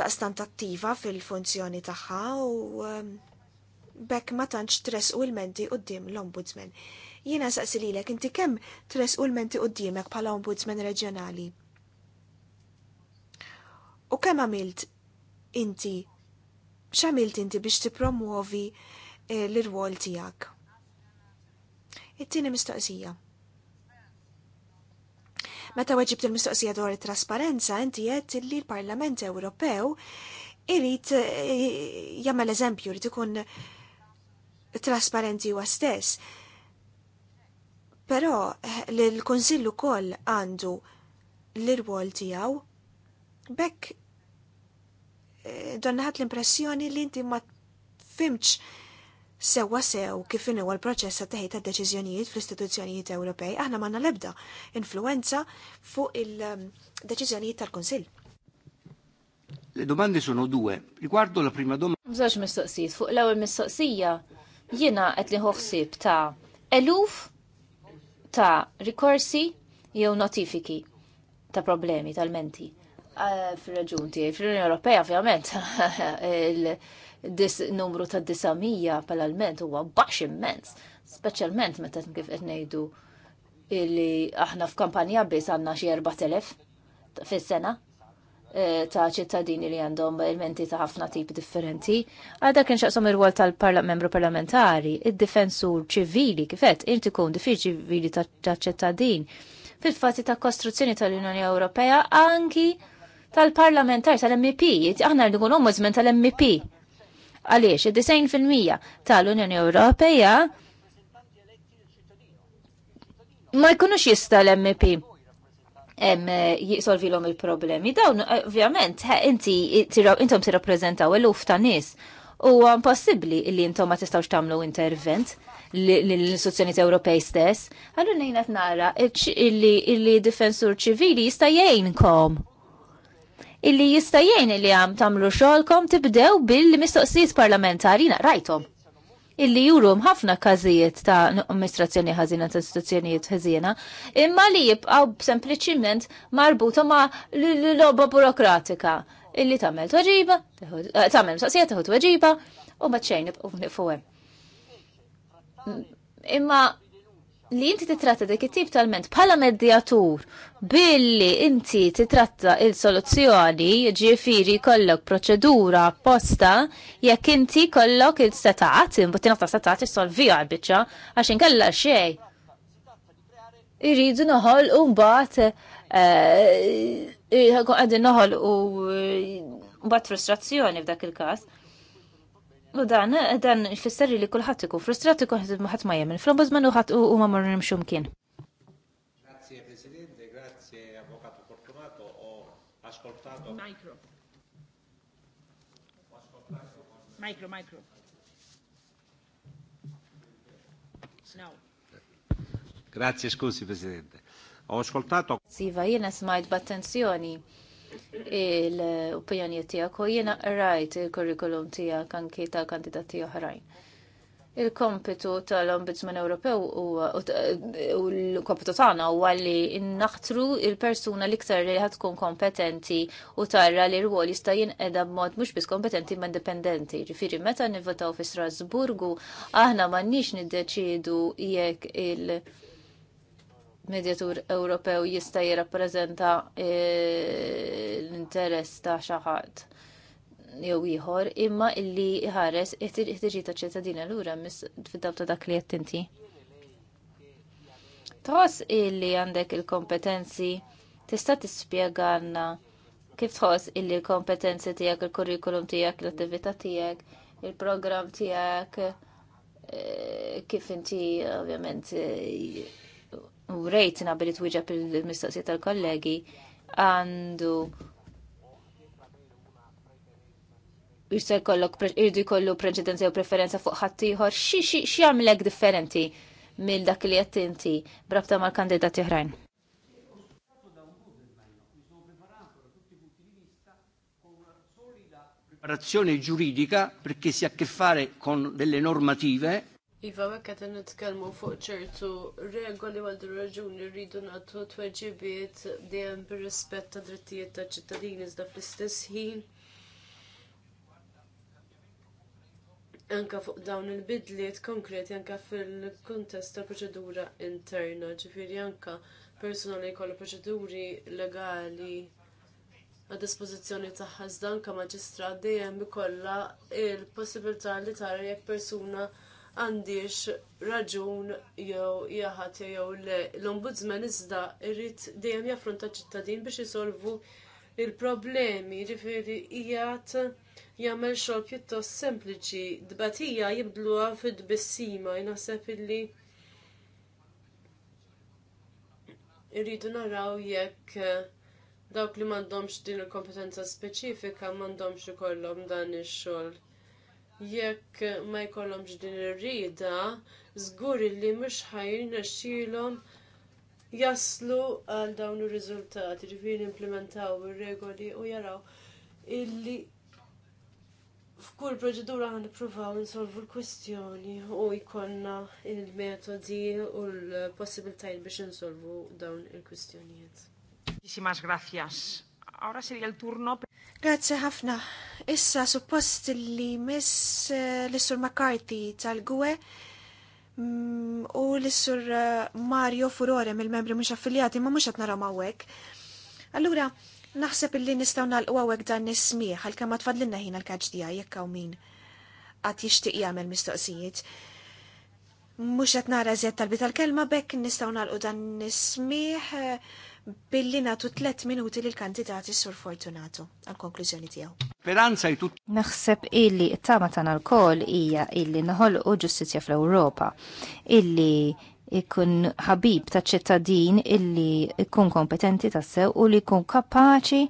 daqstant attiva fil-funzjoni tagħha u eh, bekk ma tantx tres u l-menti d-dim l-ombudsman. Jiena saqsi lilek inti kem tres u l-menti qoddimek bħala ombudsman reġjonali. U kemm għamilt inti x'għamilt inti biex tippromuovi eh, l-irwol tiegħek. It-tieni mistoqsija. Meta weġibt il-mistoqsija dwar it-trasparenza, inti qed li l-Parlament Ewropew irid eh, jagħmel eżempju, irid ikun trasparenti wa stess. Però eh, l-Konsillu koll għandu l-irwol tiegħu bekk donnaħat l-impressjoni li inti ma fimx sewa sew kif inu l-proċess ta' teħid ta' deċiżjonijiet fl-istituzzjonijiet Ewropej, aħna m'għandna l-ebda influenza fuq il-deċiżjonijiet tal-Kunsill. Le domande sono due. Riguardo la prima domanda. Mżax mistoqsijiet, fuq l-ewwel mistoqsija jiena qed li hoħsib ta' eluf ta' rikorsi jew notifiki ta' problemi tal-menti. Eh, fil-reġun tiegħi. Fl-Unjoni Ewropea ovvjament (laughs) il-numru ta' disamija pal-alment huwa baxx immens, speċjalment meta kif qed ngħidu li aħna f'kampanja biss għandna xi 4000 fis-sena eh, ta' ċittadini li għandhom il-menti ta' ħafna tip differenti. Għadda kien xaqsom il wol tal-membru parlamentari, id-difensur ċivili, kifet, inti kun difi ċivili ta' ċittadin. Fil-fati ta' kostruzzjoni tal-Unjoni Ewropea anki tal-parlamentar tal-MP, aħna rridu nkunu ombudsman tal-MP. Għaliex, id-90% tal-Unjoni Ewropea ma jkunux jista l-MP jisolvi l il-problemi. Dawn, ovvjament, inti intom tirrappreżentaw l-uf ta' nies. U impossibbli li intom ma tistawx tagħmlu intervent l-istituzzjoni Ewropej stess. Għallu t nara li difensur ċivili jista' jgħinkom illi jistajjen li għam tamlu xolkom tibdew bil-mistoqsijiet parlamentari rajtom illi jurum ħafna kazijiet ta' amministrazzjoni ħażina ta' istituzzjonijiet ħazina, imma li jibqaw sempliciment marbuta ma' l-logħba burokratika illi tagħmel tweġiba, eh, tagħmel mistoqsija teħu tweġiba u ma xejn nibqgħu Imma li inti titratta dik it-tip tal-ment bħala medjatur billi inti titratta il-soluzzjoni ġifiri kollok proċedura apposta jekk inti kollok il setat imbutina nafta setat jissolvi għal għaxin għax inkella xej. Irridu noħol u mbagħad eh, għadin noħol u eh, mbagħad frustrazzjoni f'dak il-każ. U dan, dan fisserri li kullħat ikun frustrat ikun ħadd ma jemmen. Fl-ombudsman u ħadd u ma marru nimxu Grazie Presidente, grazie Avvocato Fortunato, ho ascoltato. Micro. Micro, micro. No. Grazie, scusi Presidente. Ho ascoltato. Siva, jiena smajt b'attenzjoni l-opinjonijiet tiegħek u jiena rajt il-kurrikulum tiegħek anki ta' kandidati oħrajn. Il-kompitu tal-Ombudsman Ewropew u l-kompitu tagħna huwa li naħtru il-persuna l-iktar li ħad tkun kompetenti u tarra li rwol jista' jinqeda b'mod mhux biss kompetenti ma' indipendenti. Ġifieri meta nivvotaw fi Strasburgu aħna m'għandniex niddeċiedu jekk il- medjatur Ewropew jista' jirrappreżenta l-interess ta' xi ħadd jew ieħor imma illi jħares it-tiġi ta' ċittadina lura mis fid dawl ta' dak li qed inti. Tħoss illi għandek il-kompetenzi tista' għandna kif tħoss illi l-kompetenzi tiegħek, il-kurrikulum tiegħek, l-attività tiegħek, il-programm tiegħek, eh, kif inti ovvjament u rejt nabbi li twieġeb il-mistoqsijiet tal-kollegi għandu jista' jkollok irdu jkollu preċedenza jew preferenza fuq ħaddieħor xi jagħmlek differenti mill dak li qed inti brabta mal-kandidati oħrajn. preparazione giuridica perché si ha a che fare con delle normative Iva, mekka t nitkellmu fuq ċertu regoli għal raġuni rridu nagħtu tweġibiet dejjem bir-rispett ta' drittijiet ta' ċittadini zda fl-istess ħin. Anka fuq dawn il-bidliet konkreti anka fil-kuntest ta' proċedura interna, ġifieri anka personali kollu proċeduri legali għad dispożizzjoni ta' iżda anka maġistrat dejjem ikollha il-possibilità li tara jekk persuna għandix raġun jew jaħat jew l-ombudsman iżda irrid dejjem jaffronta ċittadin biex isolvu il-problemi jiġifieri qiegħed jagħmel xogħol pjuttost sempliċi dbatija jibdluha fid-tbissima jnaħseb illi irridu naraw jekk eh, dawk li m'għandhomx din il-kompetenza speċifika m'għandhomx ikollhom dan ix-xogħol jekk ma jkollhomx din ir-rida, żgur li mhux ħajnexxielhom jaslu għal dawn ir-riżultati, ġifieri implementaw ir-regoli u jaraw illi f'kull proċedura għan nippruvaw nsolvu l-kwestjoni u jkollna il-metodi u l-possibilitajiet biex insolvu dawn il-kwestjonijiet. Muchísimas gracias. sería el turno. Grazie ħafna. Issa suppost li miss eh, l-Sur McCarthy tal-Gwe mm, u l-Sur eh, Mario Furore mill-membri mux affiljati ma mhux qed narhom Allura, naħseb illi nistgħu nagħlqu hawnhekk dan nismieħ għalkemm ma tfadlinna ħin għall-kaġġ tiegħi jekk hawn min għat jixtieq jagħmel mistoqsijiet. Mhux qed nara tal talbi tal-kelma bekk nistgħu nagħlqu dan nismieħ billi natu tlet minuti l kandidati sur Fortunato għal konklużjoni tiegħu. Speranza tut. Naħseb illi t-tama tagħna alkol ija hija illi u ġustizzja fl-Ewropa illi ikun ħabib ta' ċittadin illi ikun kompetenti tas-sew u li jkun kapaċi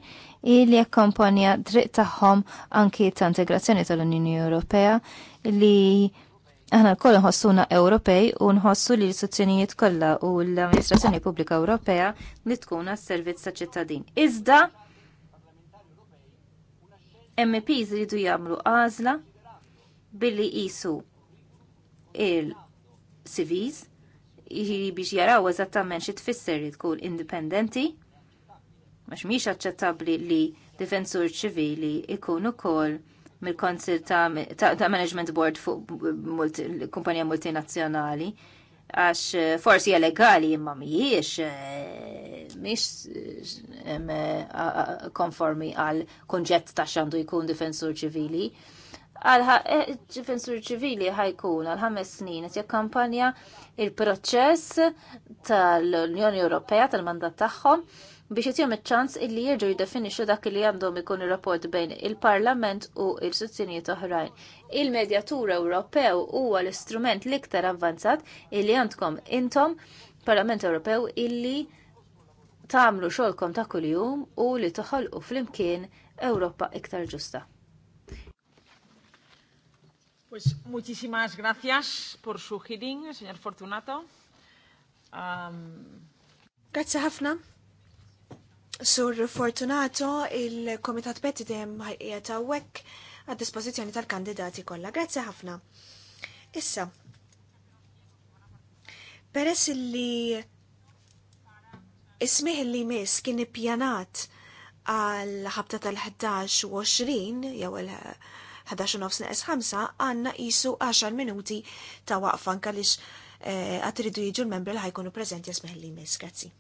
illi jekkomponja dritt tagħhom anki ta' integrazzjoni tal-Unjoni Ewropea li Aħna koll nħossuna Ewropej u nħossu li l-istituzzjonijiet kollha u l-Amministrazzjoni Pubblika Ewropea li tkun għas-servizz ta' ċittadin. Iżda MPs jridu jagħmlu għażla billi qisu il-CVs biex jaraw eżattament xi tfisser li tkun indipendenti għax mhix aċċettabbli li difensur ċivili ikun ukoll mill-Konsil ta' Management Board fuq kumpanija multinazzjonali għax eh, forsi hija legali imma mhijiex eh, mhix eh, konformi għal kunġett ta' xandu jkun difensur ċivili. Għal difensur ċivili ħajkun għal ħames snin qed kampanja il-proċess tal-Unjoni Ewropea tal-mandat tagħhom biex jitjom iċ-ċans illi jirġu jiddefinixxu dak li għandhom ikun ir-rapport bejn il-Parlament u il istituzzjonijiet oħrajn. il medjatura Ewropew huwa l-istrument l-iktar avvanzat illi għandkom intom Parlament Ewropew illi tagħmlu xogħolkom ta' kuljum u li toħolqu flimkien Ewropa iktar ġusta. Pues muchísimas gracias por su hearing, señor Fortunato. Um... Grazie ħafna Sur Fortunato, il-Komitat Peti dejjem ħajqiet hawnhekk għad dispozizjoni tal-kandidati kollha. Grazzi ħafna. Issa, peress li ismiħ li mis kien ippjanat għal ħabta tal-11 u 20 jew il-11 nofs 5 għanna jisu 10 minuti ta' waqfan kalix għatridu eh, jiġu l-membri li ħajkunu prezenti jismiħ li mis. Grazzi.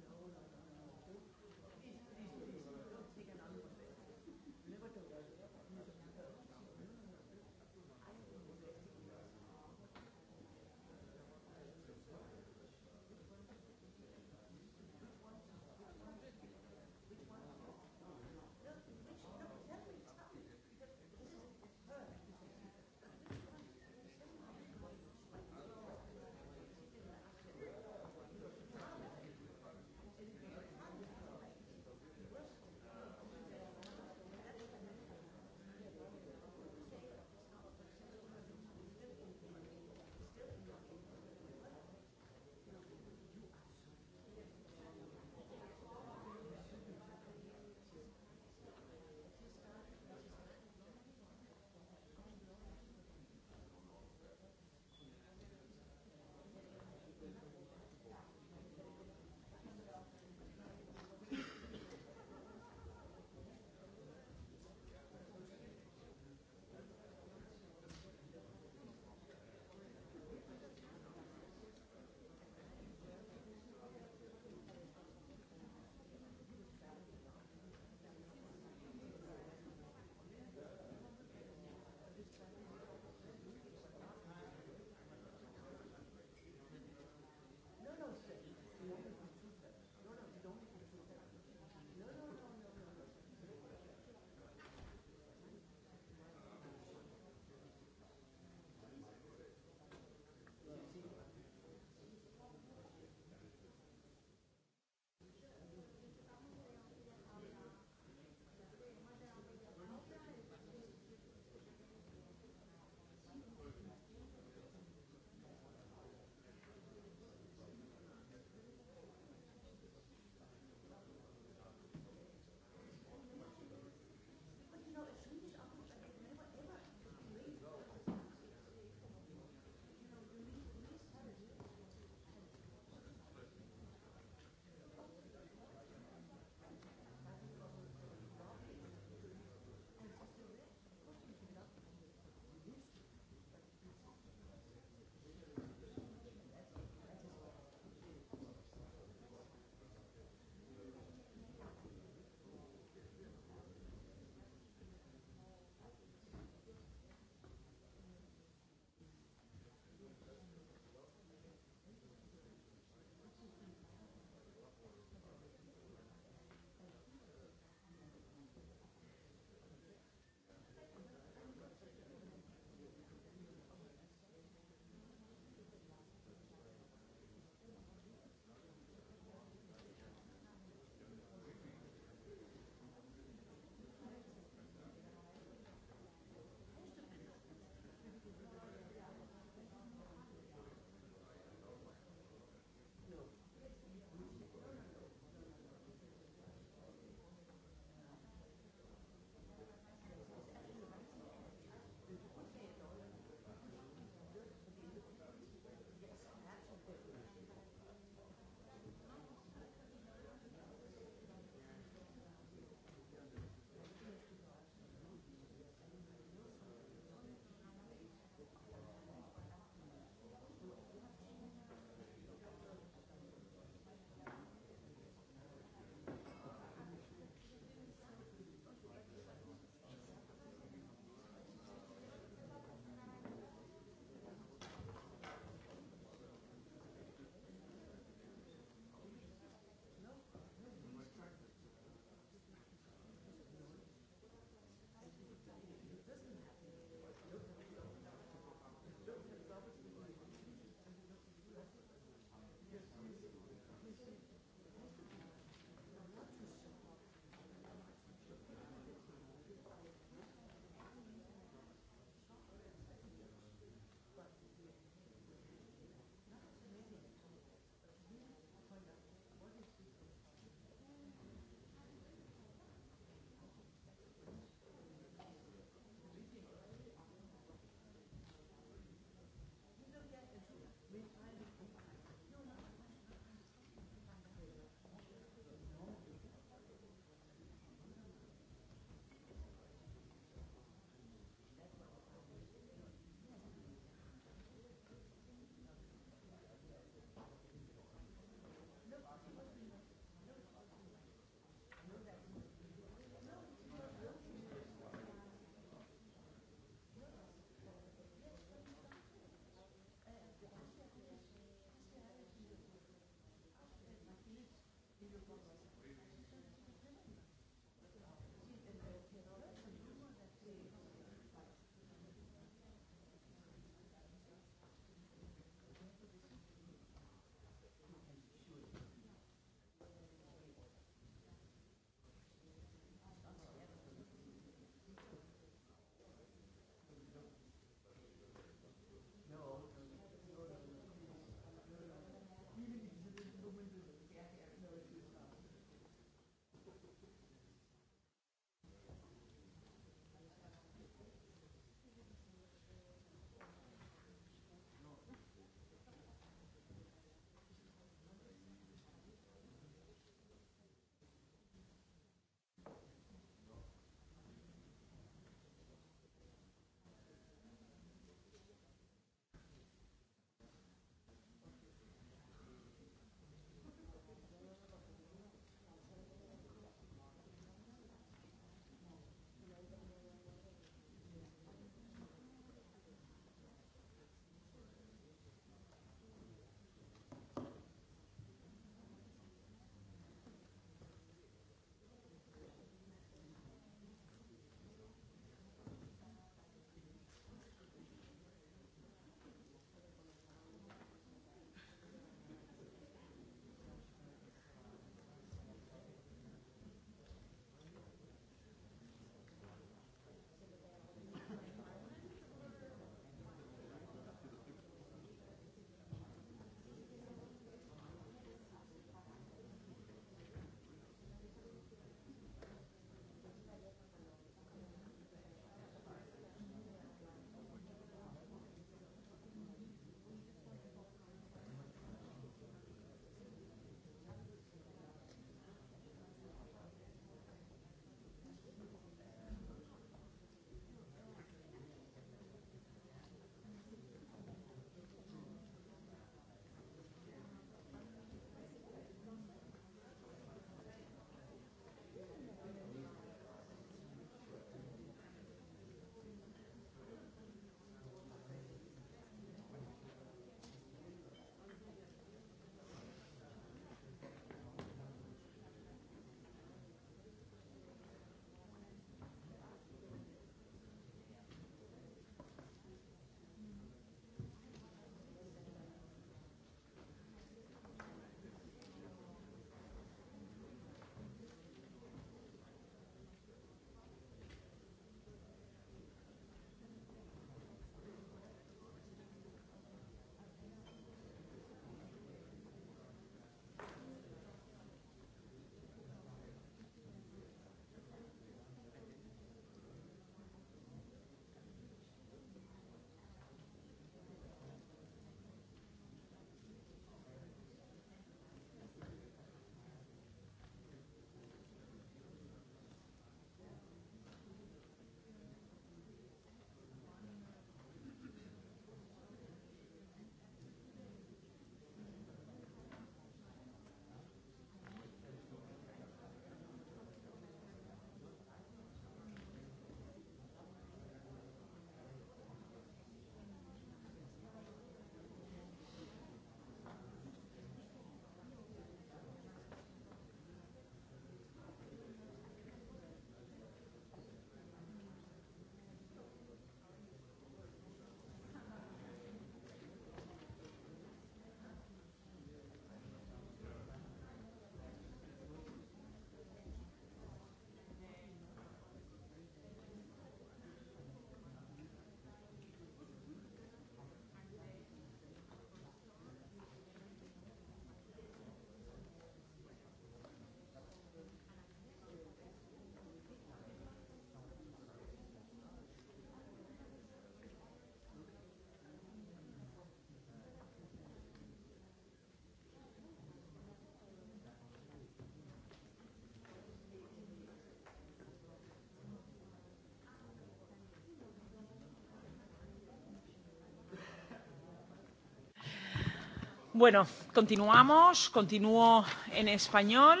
Bueno, continuamos, Continuo en español.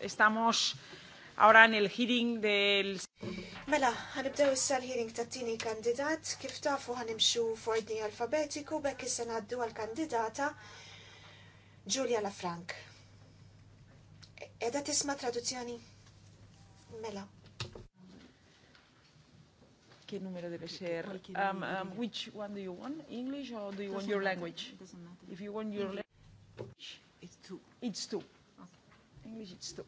Estamos ahora en el hearing del... Mela, ħanibdew issa l-hearing ta' tini kandidat, kif tafu ħanimxu f'ordni alfabetiku bekk issa ngħaddu għal-kandidata Giulia Lafranc. E-, edha tisma traduzzjoni? Mela che numero deve essere? Um, um, which one do you want? English or do you want your language? Doesn't matter. If you want your language, it's two. It's two. Okay. English, it's two.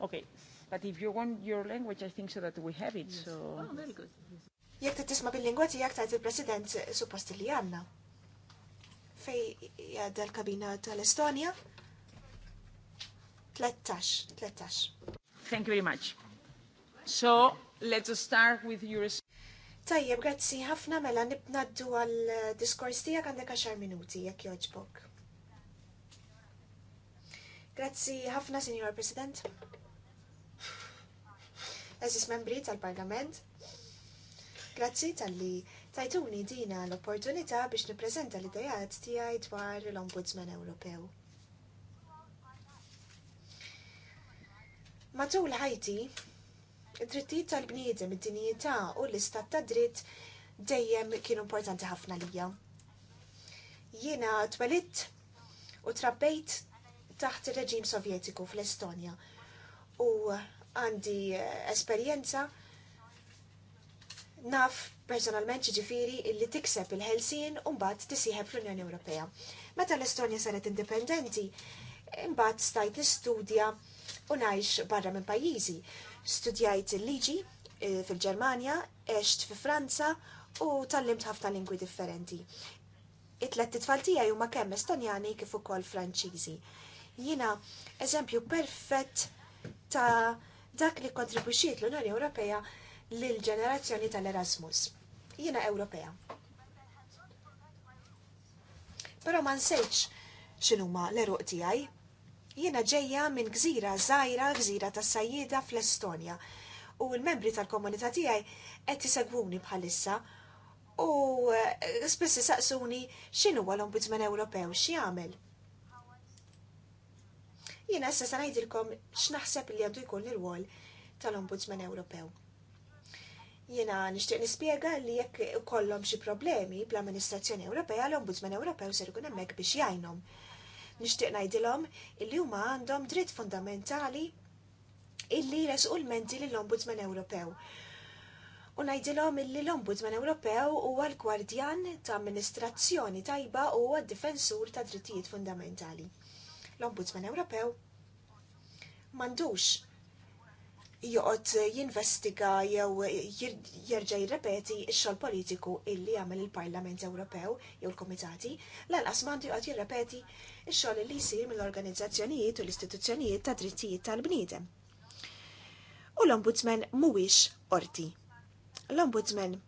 Okay, but if you want your language, I think so that we have it. Yes. So. Oh, very good. Jek tisma bil-lingwa tiegħek tajt il-President suppost li għanna. Fej jadda l-kabina tal estonia 13, 13. Thank you very much. So, Let's start with your... Tajjeb, grazzi ħafna mela nibnaddu għal diskors tijak għandek għaxar minuti, jekk joġbok. Grazzi ħafna, Signor President. Eżis membri tal-Parlament. Grazzi tal-li tajtuni dina l-opportunità biex niprezenta l-idejat tijaj dwar l-Ombudsman Ewropew. Matul ħajti, id-drittijiet tal-bniedem, id-dinjità u l-istat ta' dritt dejjem kienu importanti ħafna lija. Jiena twelitt u trabbejt taħt ir-reġim Sovjetiku fl-Estonja u għandi eh, esperjenza naf personalment ġifiri illi tikseb il-ħelsin u mbagħad tisieħeb fl-Unjoni Ewropea. Meta l-Estonja saret indipendenti, mbagħad stajt nistudja u ngħix barra minn pajjiżi. Studjajt il-liġi eh, fil-Ġermanja, eċt fi Franza u tal-limt ħafna lingwi differenti. It-tlet titfal tiegħi huma kemm Estonjani kif ukoll Franċiżi. Jiena eżempju perfett ta' dak li kontribwixxiet l-Unjoni Ewropea lil ġenerazzjoni tal-Erasmus. Jiena Ewropea. Però ma nsejx x'inhuma l-eruq tiegħi Jiena ġejja minn gżira żajra gżira ta' sajjida fl-Estonja. U l-membri tal-komunità tiegħi qed isegwuni bħalissa u eh, spessi saqsuni x'inhu l-Ombudsman Ewropew x'jagħmel. Jiena issa se ngħidilkom x'naħseb li għandu jkun l wol tal-Ombudsman Ewropew. Jiena nixtieq nispjega li jekk kollhom xi problemi bl-Amministrazzjoni Ewropea l-Ombudsman Ewropew ser ikun hemmhekk biex jgħinhom nixtieq ngħidilhom illi huma għandhom dritt fundamentali illi resqu l-menti lill-Ombudsman Ewropew. U ngħidilhom illi l-Ombudsman Ewropew huwa l-gwardjan ta' amministrazzjoni tajba u huwa d-difensur ta' drittijiet fundamentali. L-Ombudsman Ewropew mandux joqgħod jinvestiga jew jerġa' jirrepeti x-xogħol politiku illi jagħmel il-Parlament Ewropew jew l-Komitati, lanqas mandi joqot jirrepeti x-xogħol li jsir mill-organizzazzjonijiet u l-istituzzjonijiet ta' drittijiet tal-bniedem. U l-Ombudsman mhuwiex qorti. L-Ombudsman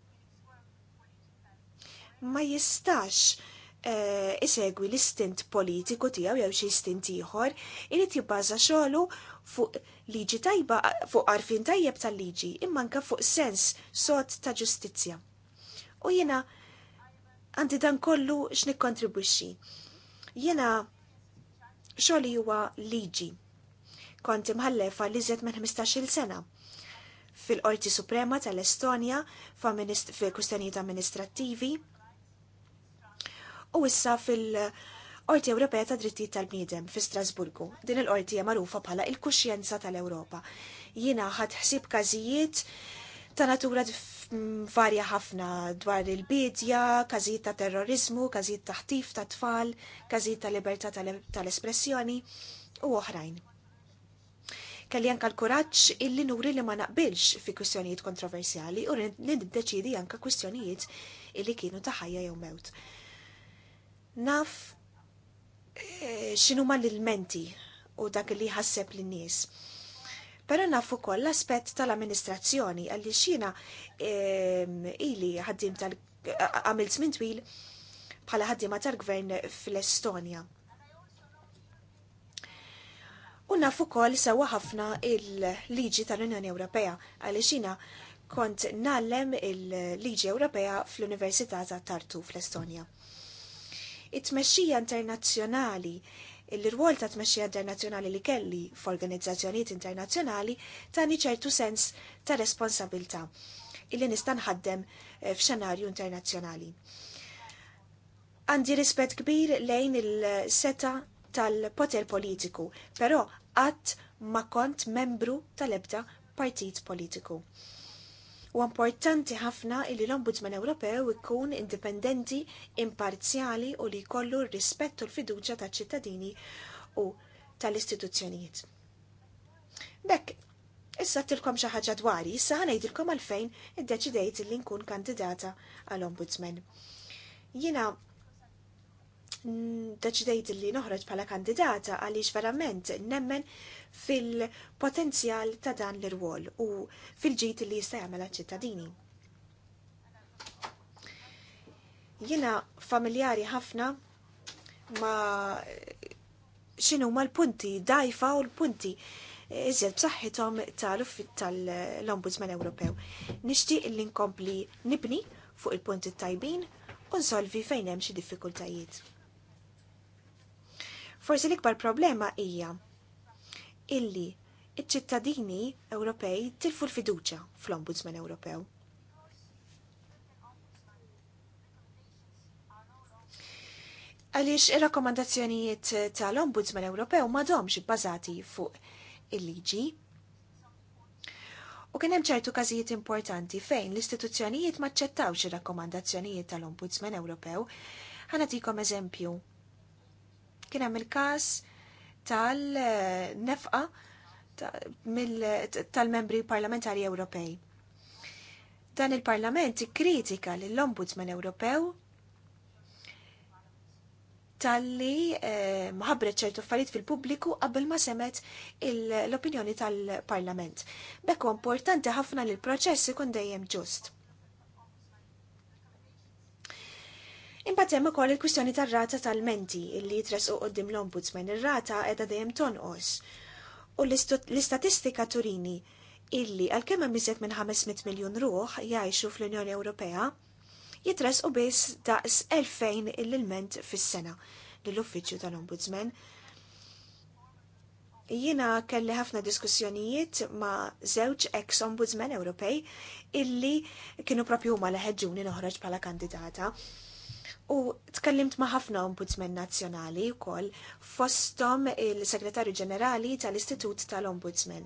ma jistax eh, isegwi l-istint politiku tiegħu jew xi stint ieħor irid jibbaża xogħlu fuq liġi tajba, fuq arfin tajjeb tal-liġi, imma anka fuq sens sot ta' ġustizzja. U jena għandi dan kollu x'nikkontribwixxi. Jena xogħli huwa liġi. Konti mħallefa li żed minn 15-il sena fil-Qorti Suprema tal-Estonja fil-kustanijiet amministrattivi u issa fil-Qorti Qorti Ewropea ta' Drittijiet tal-Bniedem fi Strasburgu. Din il-qorti hija magħrufa bħala il-kuxjenza tal-Ewropa. Jiena ħadd ħsieb każijiet ta' natura varja ħafna dwar il-bidja, każijiet ta' terrorizmu, każijiet ta' ħtif ta' tfal, każijiet ta' libertà tal-espressjoni u oħrajn. Kelli anka l-kuraġġ illi nuri li ma naqbilx fi kwistjonijiet kontroversjali u niddeċidi anka kwistjonijiet illi kienu ta' ħajja jew mewt. Naf Eh, xinu ma l menti u dak li ħasseb l-nies. Pero nafu kol l-aspet tal-amministrazzjoni għalli xina ili ħaddim tal għamil min twil bħala ħaddima tal-gvern fl-Estonja. U nafu kol sewa ħafna il-liġi tal-Unjoni Ewropea għalli xina kont nallem il-liġi Ewropea fl-Università ta' Tartu fl-Estonja it-tmexxija internazzjonali l rwol ta' tmexxija internazzjonali li kelli f'organizzazzjonijiet internazzjonali tani ċertu sens ta' responsabilta illi nista' nħaddem eh, f'xenarju internazzjonali. Għandi rispett kbir lejn il-seta tal-poter politiku, però qatt ma kont membru tal-ebda partit politiku. U importanti ħafna illi l-Ombudsman Ewropew ikun indipendenti, imparzjali u li jkollu rispett u l-fiduċja taċ ċittadini u tal-istituzzjonijiet. Bekk, issa tilkom xi ħaġa dwari, issa ngħidilkom għalfejn iddeċidejt li nkun kandidata għall-Ombudsman. Jiena deċidejt li noħroġ bħala kandidata għaliex verament nemmen fil-potenzjal ta' dan l-irwol u fil-ġit li jista' jagħmel ċittadini. Jiena familjari ħafna ma xinu ma l-punti dajfa u l-punti iżjed b'saħħithom tal-Ombudsman Ewropew. Nixtieq li nkompli nibni fuq il-punti tajbin u nsolvi fejn hemm xi diffikultajiet. Forsi l-ikbar problema hija illi iċ-ċittadini Ewropej tilfu l-fiduċa fl-Ombudsman Ewropew. Għaliex ir-rakkomandazzjonijiet tal-Ombudsman Ewropew madomx bazati fuq il-liġi. U kien hemm ċertu każijiet importanti fejn l-istituzzjonijiet ma ċċettawx ir-rakkomandazzjonijiet tal-Ombudsman Ewropew. Ħanatikom eżempju. Kien hemm il-każ tal-nefqa tal-membri parlamentari Ewropej. Dan il-Parlament kritika l-Ombudsman Ewropew tal-li eh, maħabret ċertu affarijiet fil-pubbliku qabel ma semet l-opinjoni tal-Parlament. Bekku importanti ħafna li l-proċess ikun dejjem ġust. Imbagħad hemm ukoll il-kwistjoni tar-rata tal-menti illi u qudiem l-Ombudsman ir-rata qiegħda dejjem tonqos. U l-istatistika Turini illi għalkemm hemm iżjed minn 500 miljun ruħ jgħixu fl-Unjoni Ewropea, u biss daqs 2000 il-ilment fis-sena lill-Uffiċċju tal-Ombudsman. Jiena kelli ħafna diskussjonijiet ma' żewġ ex-ombudsman Ewropej illi kienu propju huma leħeġuni noħroġ bħala kandidata. U tkellimt ma' ħafna ombudsmen nazzjonali wkoll fostom il-Segretarju Ġenerali tal-Istitut tal-Ombudsman.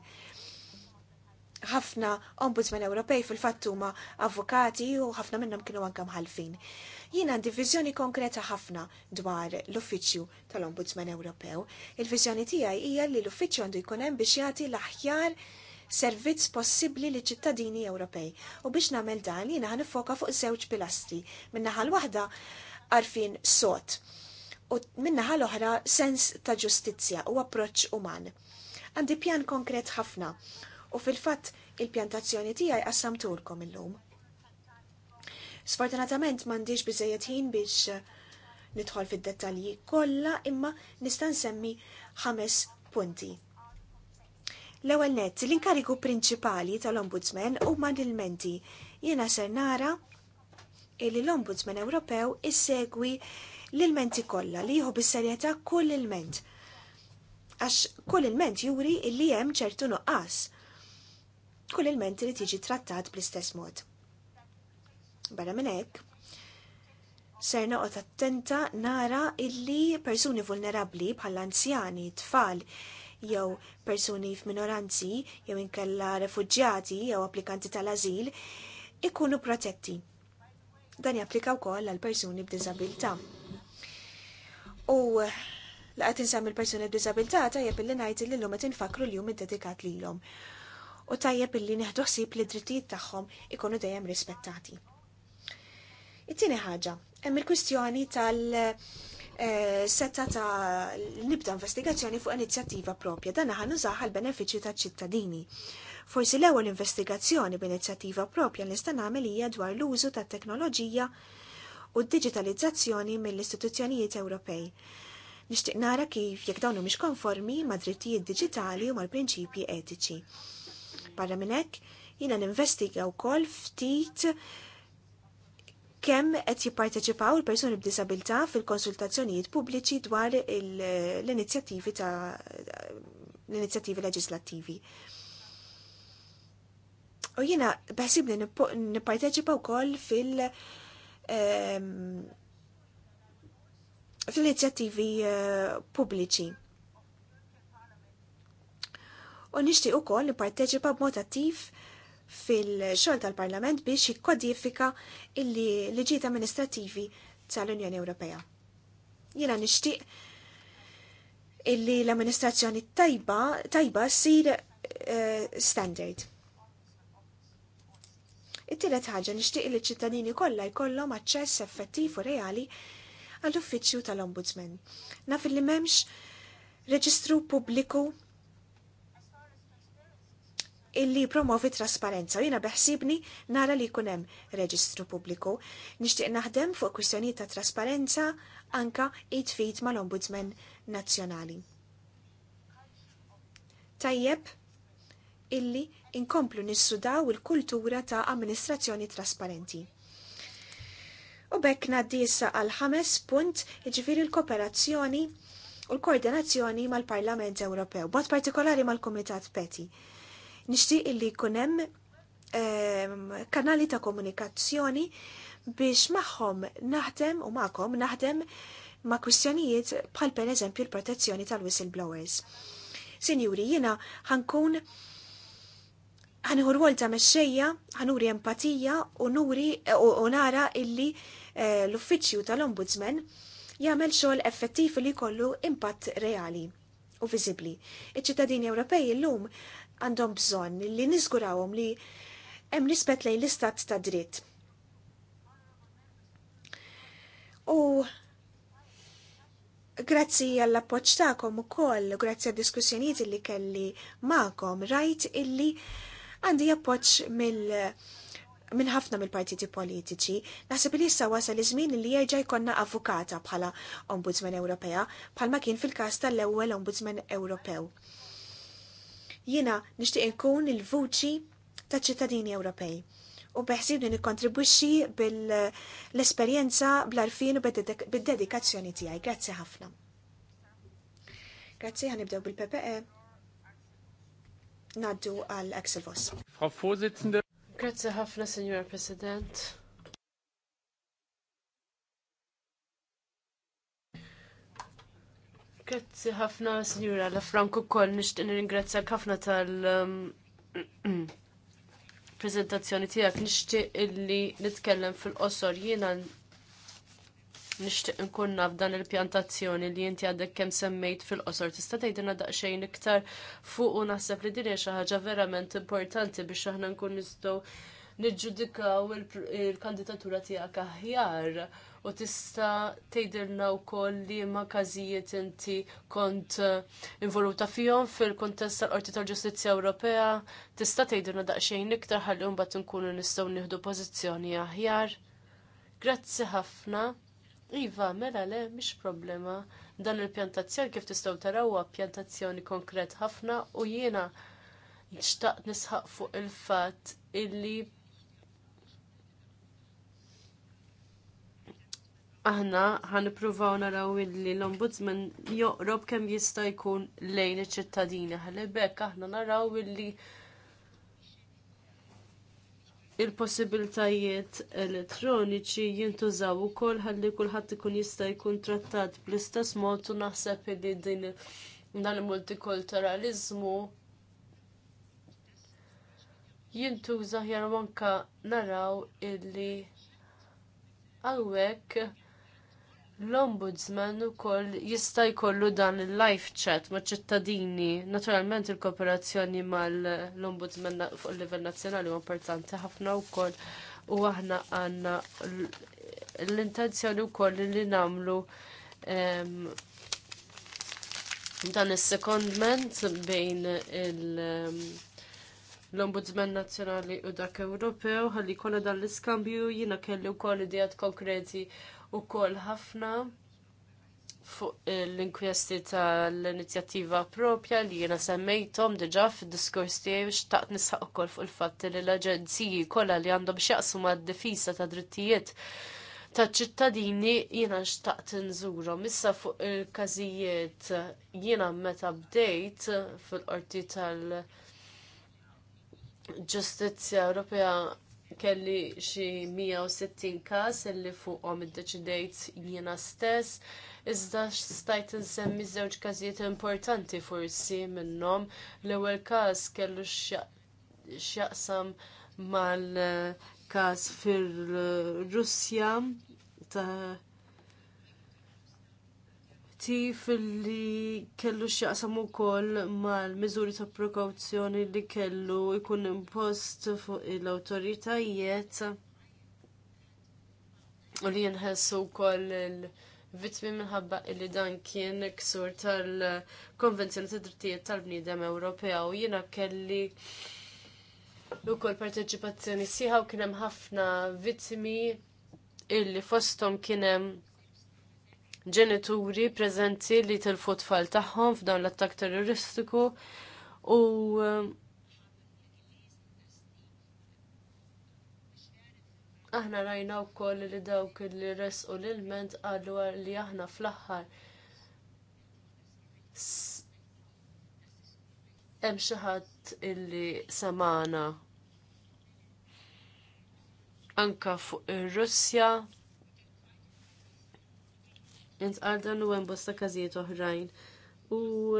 Ħafna ombudsmen Ewropej fil-fatt huma avukati u ħafna minnhom kienu anke mħalfin. Jiena għandi viżjoni konkreta ħafna dwar l-Uffiċċju tal-Ombudsman Ewropew. Il-viżjoni tiegħi hija li l-Uffiċċju għandu jkun hemm biex jagħti l-aħjar servizz possibbli li ċittadini Ewropej. U biex nagħmel dan jiena ħanifoka fuq żewġ pilastri. Min-naħa l-waħda għarfin sot. U minna ħal oħra sens ta' ġustizzja u approċċ uman. Għandi pjan konkret ħafna u fil-fatt il-pjantazzjoni tiegħi qassamtulkom illum. Sfortunatament m'għandix biżejjed ħin biex eh, nidħol fid-dettalji kollha imma nista' nsemmi ħames punti. L-ewwel nett, l-inkarigu prinċipali tal-Ombudsman huma l-menti. Jiena ser nara Illi l-Ombudsman Ewropew issegwi l-ilmenti kollha li jieħu bis-serjetà kull ilment. Għax kull ilment juri li hemm ċertu nuqqas. Kull ilment li tiġi trattat bl-istess mod. Barra minn hekk, ser noqgħod attenta nara illi persuni vulnerabbli bħal anzjani, tfal, jew persuni f'minoranzi, jew inkella refuġġjati jew applikanti tal-azil ikunu protetti Dan japplika wkoll għal persuni b'diżabilità. U eh, laqgħet insam il-persuni b'diżabilità tajjeb illi ngħid li l-lum qed infakru l-jum iddedikat lilhom. U tajjeb illi neħdu ħsieb li drittijiet tagħhom ikunu dejjem rispettati. It-tieni ħaġa, hemm il-kwistjoni tal- eh, setta ta' nibda investigazzjoni fuq inizjattiva propja. Dan aħna nużaħ għal benefiċċju ta' ċittadini. Forsi l-ewwel investigazzjoni b'inizjattiva propja li nista' nagħmel hija dwar l-użu tat-teknoloġija u d-digitalizzazzjoni mill-istituzzjonijiet Ewropej. Nixtieq nara kif jekk dawn mhux konformi ma' drittijiet diġitali u mal-prinċipji etiċi. Barra minn hekk, jiena ninvestiga wkoll ftit kemm qed jipparteċipaw il-persuni b'disabilità fil-konsultazzjonijiet pubbliċi dwar l-inizjattivi ta' l-inizjattivi leġislattivi. U jina bħasib li nipparteċipa wkoll fil- ehm, fil-inizjattivi eh, pubbliċi. U nixtieq ukoll nipparteċipa b'mod attiv fil-xogħol tal-Parlament biex jikkodifika illi liġijiet amministrativi tal-Unjoni Ewropea. Jiena nixtieq illi l-amministrazzjoni tajba tajba sir uh, standard. It-tielet ħaġa nixtieq li ċittadini kollha jkollhom aċċess effettiv u reali għall-uffiċċju tal-Ombudsman. Naf li m'hemmx reġistru pubbliku illi promovi trasparenza. Jina beħsibni nara li kunem reġistru publiku. Nishtiq naħdem fuq kwistjoni ta' trasparenza anka it-fit mal-Ombudsman Nazzjonali. Tajjeb, illi inkomplu nissudaw il-kultura ta' amministrazzjoni trasparenti. U bekk naddisa issa għal ħames punt iġviri l-kooperazzjoni u l-koordinazzjoni mal-Parlament Ewropew, mod partikolari mal-Komitat Peti. Nixtieq illi kunem ehm, kanali ta' komunikazzjoni biex maħħom naħdem u maħkom naħdem ma' kwistjonijiet bħal per eżempju l-protezzjoni tal-whistleblowers. Sinjuri, jina ħankun ħaniħu rwol ta' mexxejja, ħanuri empatija u nuri u nara illi eh, l-uffiċċju tal-Ombudsman jagħmel xogħol effettiv li jkollu impatt reali u viżibbli. Iċ-ċittadini Ewropej illum għandhom bżonn li niżgurawhom li hemm rispett lejn l-istat ta' dritt. U grazzi għall-appoċ tagħkom ukoll, grazzi għad-diskussjonijiet li kelli magħkom, rajt illi għandi jappoċ mill minn ħafna mill-partiti politiċi, naħseb li issa wasal li żmien li jerġa' jkonna avukata bħala Ombudsman Ewropea, bħalma kien fil-każ tal-ewwel Ombudsman Ewropew. Jiena nixtieq inkun il-vuċi ta' ċittadini Ewropej u li nikkontribwixxi bil-esperjenza bl-arfin u bid-dedikazzjoni tiegħi. Grazzi ħafna. Grazzi ħanibdew bil-PPE naddu għal Axel Frau Vorsitzende. Grazie ħafna, Signor President. Grazzi ħafna, Signora La Franco kol nishtiq nirringrazzja ħafna tal um, (clears throat) prezentazzjoni tiegħek nixtieq illi nitkellem fil-qosor jiena nixtieq nkun naf dan il-pjantazzjoni li inti għadek kemm semmejt fil-qosor. Tista' tgħidilna daqsxejn iktar fuq u naħseb li din hija xi ħaġa verament importanti biex aħna nkun nistgħu niġġudikaw il-kandidatura tiegħek aħjar u tista' tgħidilna wkoll li ma każijiet inti kont eh, involuta fihom fil-kuntest tal-Qorti tal-Ġustizzja Ewropea, tista' tgħidilna daqsxejn iktar ħalli mbagħad nkunu nistgħu nieħdu pożizzjoni aħjar. Grazzi ħafna. Iva, mela le, mhix problema. Dan il-pjantazzjoni kif tistgħu tarawha pjantazzjoni konkret ħafna u jiena xtaqt nisħaq fuq il-fatt illi aħna ħanipruvaw naraw illi l-ombudsman joqrob kemm jista' jkun lejn iċ-ċittadini ħalli bekk aħna naraw illi il-possibiltajiet elettroniċi jintużaw ukoll ħalli kulħadd ikun jista' jkun trattat bl-istess mod u naħseb li din dan il-multikulturalizmu jintuża ħjar naraw illi hawnhekk L-ombudsman ukoll jista' jkollu dan il-life chat ma' ċittadini. Naturalment il-kooperazzjoni mal-ombudsman fuq il-livell nazzjonali huwa importanti ħafna wkoll u aħna għandna l-intenzjoni wkoll li nagħmlu ehm, dan is-secondment bejn il- ehm, l-Ombudsman Nazzjonali u dak Ewropew ħalli jkollna dan l-iskambju jiena kelli wkoll idejat konkreti ukoll ħafna fuq l inkwesti tal-inizjattiva propja li jiena semmejthom diġà fid-diskors tiegħi xtaqt nisħaq ukoll fuq il-fatt li l-aġenziji kollha li għandhom x'jaqsmu mad-difisa ta' drittijiet taċ ċittadini jiena xtaqt nżurhom. Issa fuq il-każijiet jiena meta bdejt fil-qorti tal- Ġustizzja Ewropea kelli xi 160 każ illi fuqhom iddeċidejt jiena stess, iżda stajt insemmi żewġ każijiet importanti forsi minnhom. L-ewwel każ kellu x'jaqsam mal-każ eh, fir-Russja ta' fil li kellu x'jaqsam ukoll mal-miżuri ta' prekawzjoni li kellu jkun impost fuq l-awtoritajiet u li jinħessu wkoll il-vittmi minħabba li dan kien ksur tal-Konvenzjoni ta' Drittijiet tal-Bniedem Ewropea u jiena kelli ukoll parteċipazzjoni sieħa u kien hemm ħafna vittmi illi fosthom kien hemm ġenituri preżenti li tilfu tfal tagħhom f'dan l-attak terroristiku u eh, aħna rajna wkoll li dawk li u l-ilment qalu li aħna fl-aħħar hemm xi ħadd illi semana anka fuq ir-Russja Intqal dan u hemm bosta każijiet oħrajn. U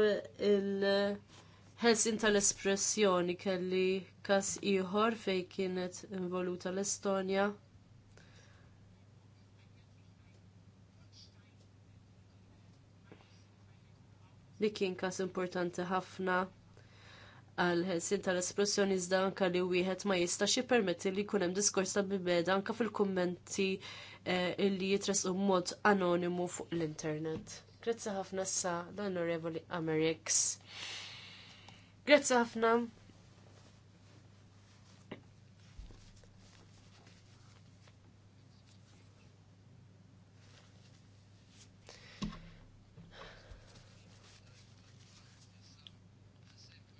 l ħelsin tal-espressjoni kelli każ ieħor fejn kienet involuta l-Estonja. li kien każ importanti ħafna għal ħelsin tal-espressjoni iżda anka li wieħed ma jistax jippermetti li jkun hemm diskors ta' bibeda anke fil-kummenti Eh, illi u mod anonimu fuq l-internet. Grazzi ħafna sa l-Onorevoli Amerix. Grazzi ħafna.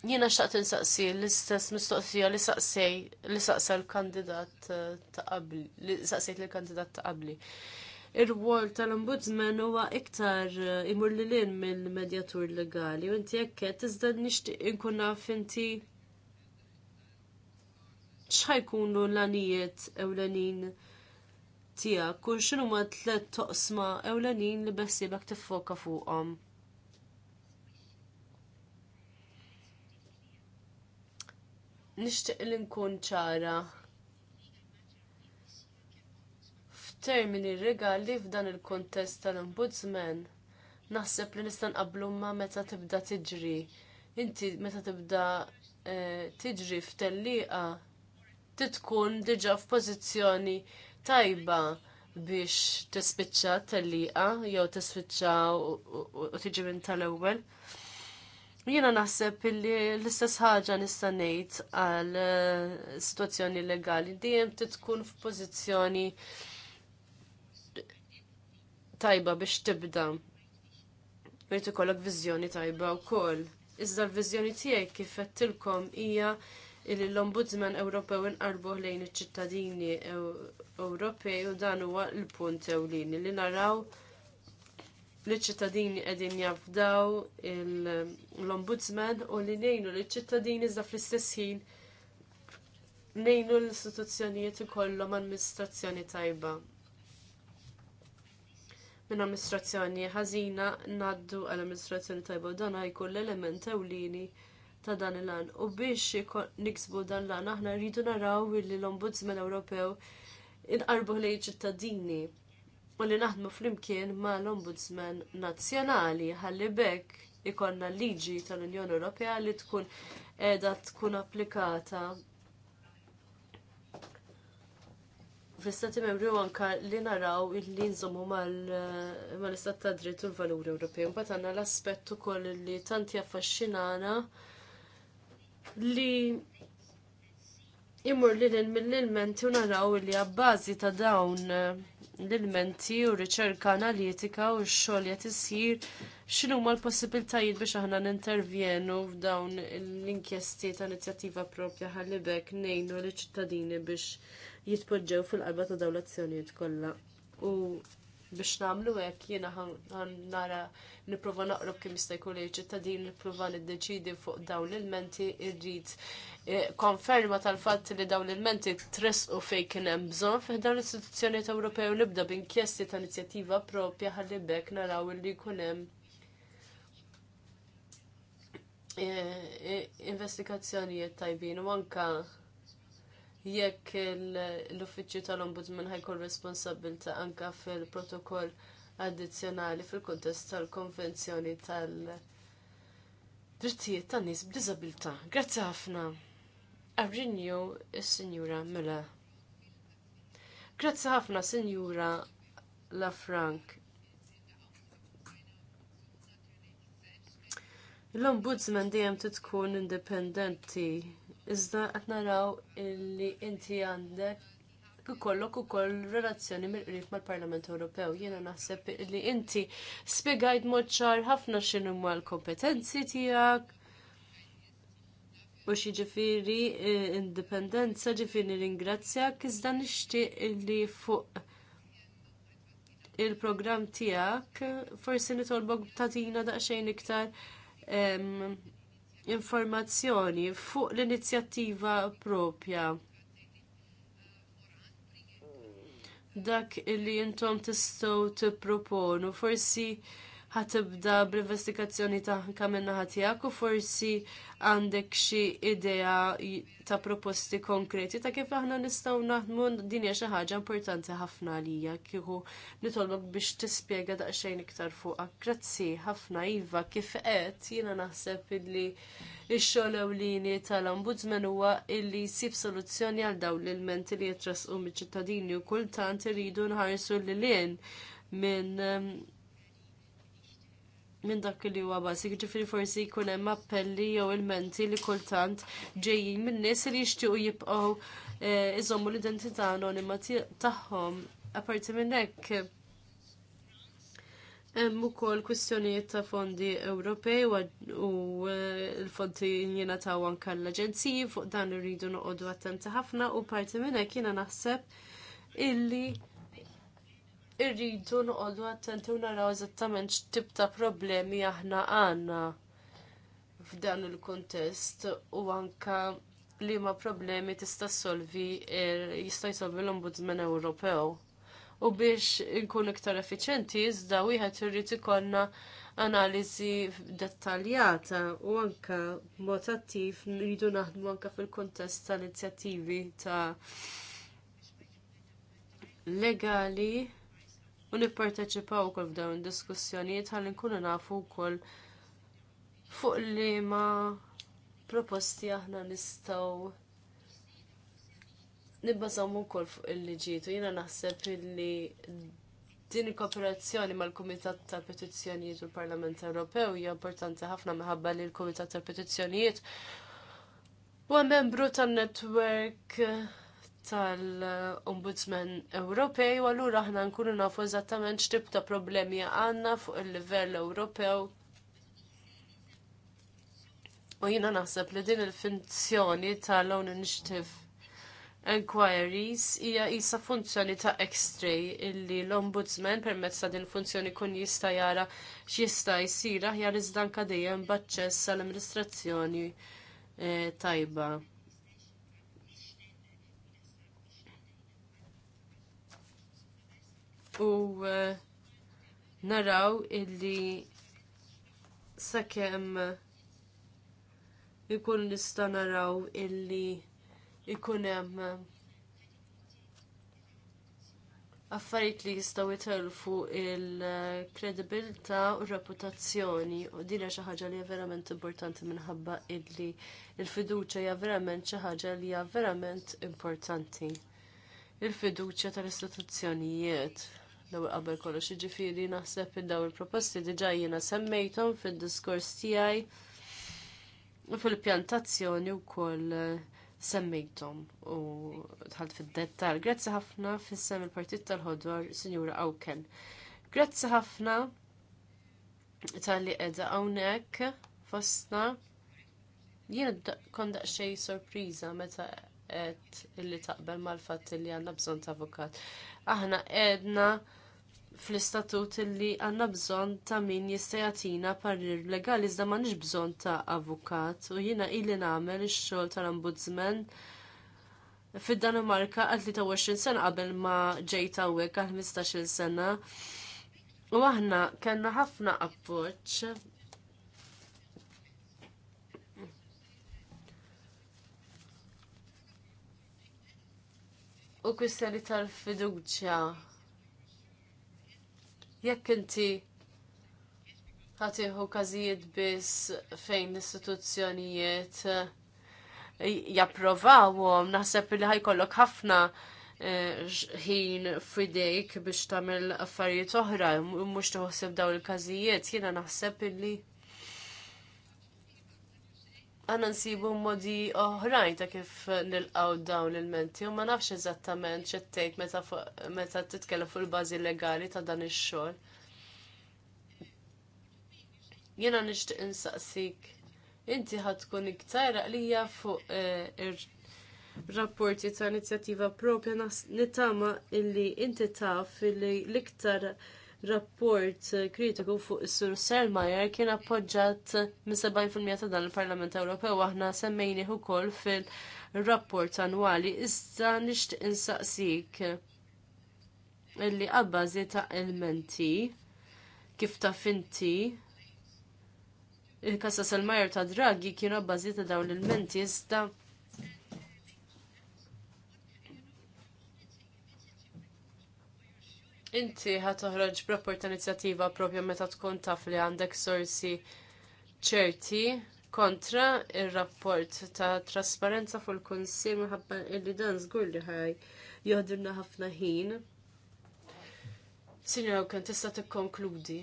Jiena xtaqt insaqsi l-istess mistoqsija li saqsej li saqsej l-kandidat eh, ta' qabli, li saqsejt l-kandidat ta' qabli. Ir-wol tal-ombudsman huwa iktar eh, imur li lin mill-medjatur legali u inti jekk qed iżda nixtieq inkun naf inti x'ħajkunu l-anijiet ewlenin tiegħek u x'inhuma tliet toqsma ewlenin li bessibek tiffoka fuqhom. nixtieq li nkun ċara f'termini regali f'dan il-kontest tal-ombudsman naħseb li nista' nqabblu ma meta tibda tiġri. Inti meta tibda eh, tiġri f'tellieqa titkun diġà f'pożizzjoni tajba biex tispiċċa tellieqa jew tispiċċa u tiġi minn tal-ewwel. Jina jiena naħseb li l-istess ħaġa nista' ngħid għal eh, sitwazzjoni legali dejjem tkun f'pożizzjoni tajba biex tibda. Bejt ikollok viżjoni tajba wkoll. Iżda l-viżjoni tiegħi kif qedtilkom hija li l-Ombudsman Ewropew inqarbu lejn iċ-ċittadini Ewropej u dan huwa l-punt ewlieni li naraw l-ċittadini qegħdin jafdaw l-ombudsman u li ngħinu l-ċittadini za fl-istess ħin ngħinu l-istituzzjonijiet ikollhom amministrazzjoni tajba. Minn amministrazzjoni ħażina ngħaddu għall amministrazzjoni tajba u dan jkun l-element ewlieni ta' dan il-għan. U biex niksbu dan l-għan aħna rridu naraw li l-Ombudsman Ewropew inqarbu lejn ċittadini u li naħdmu flimkien mal ombudsman nazzjonali ħalli bekk ikonna liġi tal-Unjoni Ewropea li tkun edha tkun applikata fl-istati membri u anka li naraw li nżommu mal-istat ta' dritt u l-valuri Ewropej. Mbagħad għandna l-aspett ukoll li tant affaxxinana li imur li l-min l u naraw li għabbażi ta' dawn l-ilmenti u riċerka analitika u x-xogħol qed isir x'inhu l-possibiltajiet biex aħna nintervjenu f'dawn l-inkjesti ta' inizjattiva propja ħallibek ngħinu liċ ċittadini biex jitpoġġew fil-qalba ta' dawn l-azzjonijiet kollha. U biex nagħmlu hekk jiena ħan nara niprofa naqrob kemm jista' jkun il-ċittadin nipprova niddeċidi fuq dawn il-menti irrid e, konferma tal-fatt li dawn il-menti tresqu fejn kien hemm bżonn fih dawn l-istituzzjonijiet Ewropew nibda b'inkjesti ta' inizjattiva propja ħalli bekk naraw li jkun hemm e, e, investigazzjonijiet tajbin u anka jekk l-uffiċċju tal-Ombudsman ħajkun responsabilta anka fil-protokoll addizzjonali fil-kuntest tal-Konvenzjoni tal-Drittijiet tan-nies b'diżabilità. Grazzi ħafna. Arrinju is-Sinjura Mela. Grazzi ħafna, Sinjura Lafrank. L-Ombudsman dejjem tkun indipendenti Iżda qed naraw li inti għandek ikollok ukoll relazzjoni mill-qrib mal-Parlament Ewropew. Jiena naħseb li inti spjegajt mod ċar ħafna huma l-kompetenzi tiegħek, u xi ġifieri e, indipendenza ġifieri ringrazzja iżda nixtieq li fuq il programm tiegħek forsi nitolbok tatina daqsxejn iktar informazzjoni fuq l-inizjattiva propja. Dak li jintom tistgħu tipproponu forsi ħatibda bl-investigazzjoni taħka minna ħatijak u forsi għandek xi idea ta' proposti konkreti ta' kif aħna nistgħu naħdmu din hija xi ħaġa importanti ħafna għalija kieku nitolbok biex tispjega daqsxejn iktar fuqha. Grazzi ħafna iva kif qed jiena naħseb illi ix-xogħol ewlieni tal-Ombudsman huwa illi jsib soluzzjoni għal dawn l-ilmenti li jitrasqu miċ-ċittadini u kultant iridu nħarsu lil hinn minn um, minn dak li huwa bażik, ġifiri forsi jkun hemm appelli jew ilmenti li kultant ġejjin minn nies li jixtiequ jibqgħu eh, iżommu l-identità anonima tagħhom. Apparti minn hekk hemm ukoll kwistjonijiet ta' fondi Ewropej u eh, l-fondi jingħataw anke l-aġenziji fuq dan irridu noqogħdu attenti ħafna u parti minn hekk jiena naħseb illi irridu noqogħdu attenti u naraw eżattament x'tip ta' problemi aħna għandna f'dan il-kuntest u anka li ma problemi tista' solvi er-, jista' jsolvi l-Ombudsman Ewropew. U biex inkun iktar effiċenti, iżda wieħed irrid ikollna analiżi dettaljata u anka b'mod attiv nridu naħdmu anka fil-kuntest tal-inizjattivi ta' legali u nipparteċipaw ukoll f'dawn id-diskussjonijiet ħalli nkunu nafu wkoll fuq li ma proposti aħna nistgħu nibbażaw ukoll fuq il liġijiet u jiena naħseb illi din il-kooperazzjoni mal-Kumitat tal-Petizzjonijiet u l-Parlament Ewropew hija importanti ħafna minħabba li l-Kumitat tal-Petizzjonijiet huwa membru tan-netwerk tal-Ombudsman Ewropej u allura aħna nkunu nafu eżattament x'tip ta' problemi għandna fuq il-livell Ewropew. U jiena naħseb li din il-funzjoni tal-Own Initiative Enquiries hija isa funzjoni ta' X-ray illi l-Ombudsman permezz ta' din funzjoni kun jista' jara x'jista' jsir aħjar iżda anke dejjem b'aċċess għall-amministrazzjoni eh, tajba. u uh, naraw illi sakemm ikun nista naraw illi ikun hemm uh, affarijiet li jistgħu jitelfu il-kredibilità u reputazzjoni u din xi ħaġa li hija verament importanti minħabba illi l-fiduċja hija verament xi ħaġa li hija verament importanti. Il-fiduċja tal-istituzzjonijiet l qabel kollox jiġifieri naħseb li dawn il-proposti diġà jiena semmejthom fid-diskors tiegħi u fil-pjantazzjoni wkoll eh, semmejthom u dħalt fid dettall Grazzi ħafna fissem il-Partit tal ħodwar Sinjura Awken. Grazzi ħafna tal-li qiegħda hawnhekk fostna. Jiena kon daqsxejn sorpriża meta qed illi taqbel mal-fatt li għandna bżonn ta' avukat. Aħna għedna fl-istatut li għandna bżonn ta' min jista' jagħtina parir legali iżda m'għandniex bżonn ta' avukat u jiena ili nagħmel ix-xogħol tal-Ombudsman fid-Danimarka għal 23 sena qabel ma ġejt hawnhekk għal 15-il sena. U aħna kellna ħafna appoġġ u kwistjoni tal-fiduċja jekk inti ħatiħu każijiet biss fejn l-istituzzjonijiet eh, japprovawhom, naħseb li ħajkollok ħafna eh, ħin fidejk biex tagħmel affarijiet oħra, mhux toħseb dawn il-każijiet, jiena naħseb illi għanna nsibu modi oħrajn ta' kif nilqaw dawn il-menti u ma nafx eżattament ċettejt meta titkella fuq il-bażi legali ta' dan ix-xogħol. Jiena nixtieq insaqsik inti ħatkun iktar għalija fuq eh, ir-rapporti ta' inizjattiva propja nittama illi inti taf illi l-iktar rapport kritiku fuq is-sur Selmajer kien appoġġjat minn 70% ta' dan il-Parlament Ewropew aħna semmejni ukoll fil-rapport annwali iżda nixtieq insaqsik illi qabbażi ta' elementi kif taf inti il-kassa Selmayer ta' Draghi kienu abbażi ta' dawn l-elementi iżda inti ħat toħroġ b'rapport inizjattiva propju meta tkun taf li għandek sorsi ċerti kontra il-rapport ta' trasparenza fuq il maħabba minħabba illi dan żgur li ħaj joħdirna ħafna ħin. Sinjor kan tista' tikkonkludi.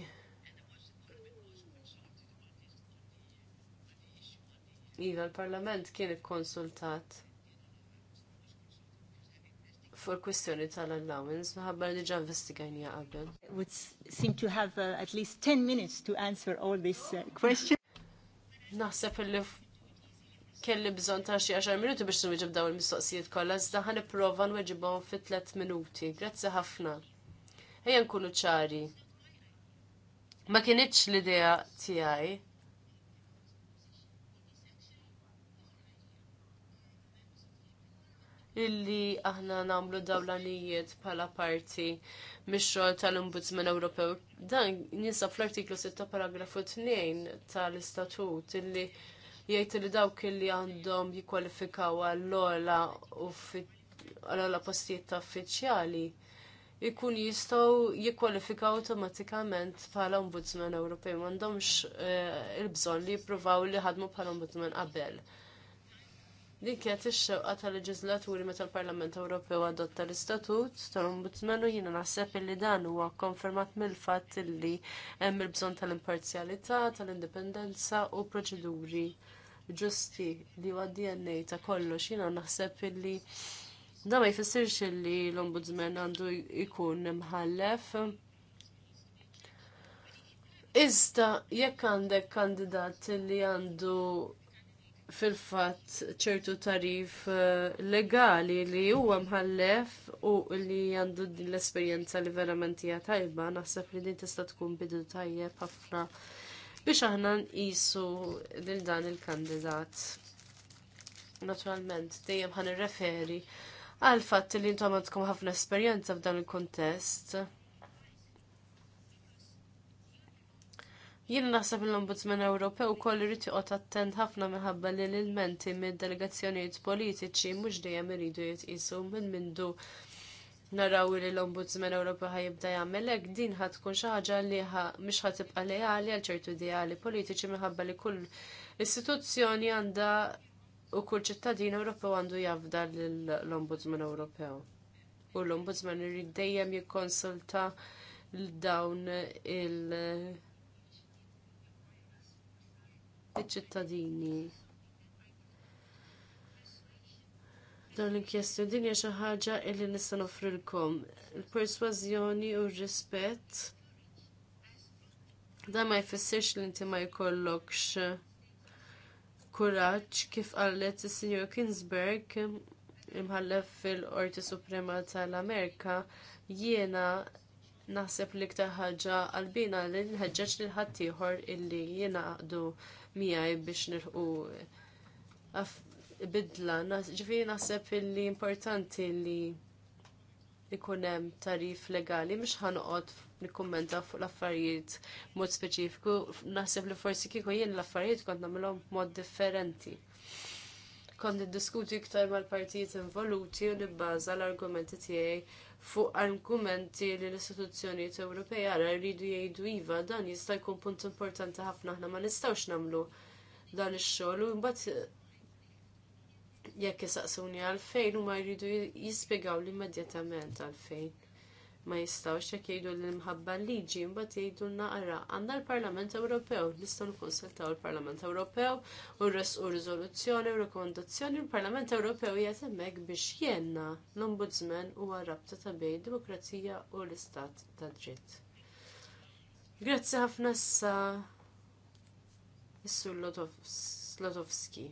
Iva, l-Parlament kien ikkonsultat fuq kwestjoni tal-allowance maħabba li ġa investigajnija qabel. Would seem to have uh, at least 10 minutes to answer all this uh, question. Naħseb li kelli bżon ta' xi 10 minuti biex nwiġib dawn il-mistoqsijiet kollha, iżda ħan nipprova nweġibhom fi 3 minuti. Grazzi ħafna. Ejja nkunu ċari. Ma kienitx l-idea tiegħi illi aħna namlu dawlanijiet pala parti mix-xogħol tal-Ombudsman Ewropew. Dan jinsab fl-artiklu 6 paragrafu 2 tal-istatut illi jgħid li dawk illi għandhom jikkwalifikaw għall-ola u għall-ola postijiet ta' uffiċjali ikun jistgħu jikkwalifikaw awtomatikament bħala Ombudsman Ewropew m'għandhomx eh, il-bżonn li jippruvaw li ħadmu bħala Ombudsman qabel. Dik kienet ix-xewqa tal-leġislaturi meta l-Parlament Ewropew adotta l-istatut tal-Ombudsman u jiena naħseb li dan huwa konfermat mill-fatt illi hemm il-bżonn tal-imparzjalità, tal-indipendenza u proċeduri ġusti li huwa DNA ta' kollox jiena naħseb li da ma jfissirx li l-Ombudsman għandu jkun imħallef. Iżda jekk għandek kandidat li għandu fil-fatt ċertu tarif eh, legali li huwa mħallef u li għandu din l-esperjenza li verament hija tajba, naħseb li din tista' tkun bidu tajjeb ħafna biex aħna nqisu lil dan il-kandidat. Naturalment, dejjem ħan irreferi għal fatt li intom għandkom ħafna esperjenza f'dan il-kontest. Jien naħseb l-Ombudsman Ewropew ukoll irid joqgħod attent ħafna minħabba li l-ilmenti mid-delegazzjonijiet politiċi mhux dejjem iridu jitqisu minn mindu naraw li l-Ombudsman Ewropew ħajibda jagħmel hekk din ħad tkun xi ħaġa li mhix ħad tibqa' lejali għal ċertu ideali politiċi minħabba li kull istituzzjoni għandha u kull ċittadin Ewropew għandu jafda l-Ombudsman Ewropew. U l-Ombudsman irid dejjem jikkonsulta l dawn il- iċ-ċittadini. Dan l-inkjesti din hija xi ħaġa li nista' nofrilkom. Il-persważjoni u r-rispett dan ma jfissirx li inti ma jkollokx kuraġġ kif qalet is-Sinjor Kinsberg imħallef fil-Qorti Suprema tal-Amerika jiena naħseb li ktar ħaġa għalbina li nħeġġeġ lil ħaddieħor illi jingħaqdu miegħi biex nirħu bidla. Ġifieri naħseb illi importanti li ikun hemm tarif legali mhux noqgħod nikkummenta fuq l-affarijiet mod speċifiku, naħseb li forsi kieku jien l-affarijiet kont nagħmilhom b'mod differenti kont diskuti iktar mal-partijiet involuti u nibbaża l-argumenti tiegħi fuq argumenti li l-istituzzjonijiet Ewropej għara jridu jgħidu iva dan jista' jkun punt importanti ħafna aħna ma nistgħux nagħmlu dan ix-xogħol u mbagħad jekk isaqsuni għalfejn huma jridu jispjegaw l immedjatament għalfejn ma jistgħux jekk jgħidu li mħabba liġi mbagħad jgħidu naqra għandna l-Parlament Ewropew nistgħu nikkonsultaw il-Parlament Ewropew u nresqu riżoluzzjoni u rekomendazzjoni l-Parlament Ewropew qiegħed hemmhekk biex jenna l-Ombudsman huwa rabta ta' bejn demokrazija u l-istat ta' dritt. Grazzi ħafna issa Issu Lotowski.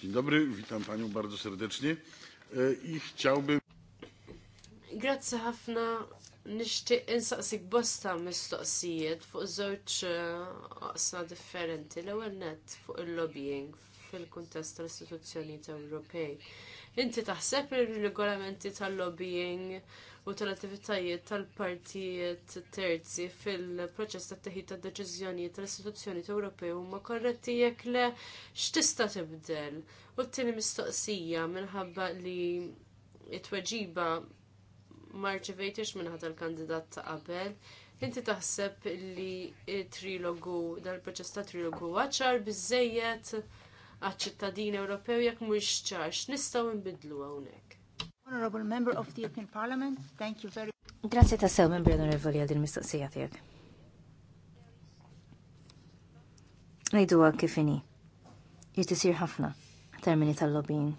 Dzień dobry, witam Panią bardzo serdecznie e, i chciałbym... Grazzi ħafna nixtieq insaqsik bosta mistoqsijiet fuq żewġ eh, oqsna differenti l-ewwel nett fuq il-lobbying fil-kuntest tal-istituzzjonijiet Ewropej. Inti taħseb ir-regolamenti tal-lobbying u tal-attivitajiet tal-partijiet terzi fil-proċess ta' teħid ta' deċiżjonijiet tal-istituzzjonijiet Ewropej huma korretti jekk le x'tista' tibdel. U t-tieni mistoqsija minħabba li it-tweġiba marċivejtiex minn ħadd il-kandidat ta' qabel. Inti taħseb li trilogu dal-proċess ta' trilogu għaċar biżejjed għaċ-ċittadini Ewropew jekk mhux ċarx nistgħu nbidlu hawnhekk. Honorable Member of the European Parliament, thank you very much. Grazie ta' sew, membri onorevoli għal il-mistoqsija tiegħek. Ngħidu kif kifini, jittisir isir ħafna termini tal-lobbying.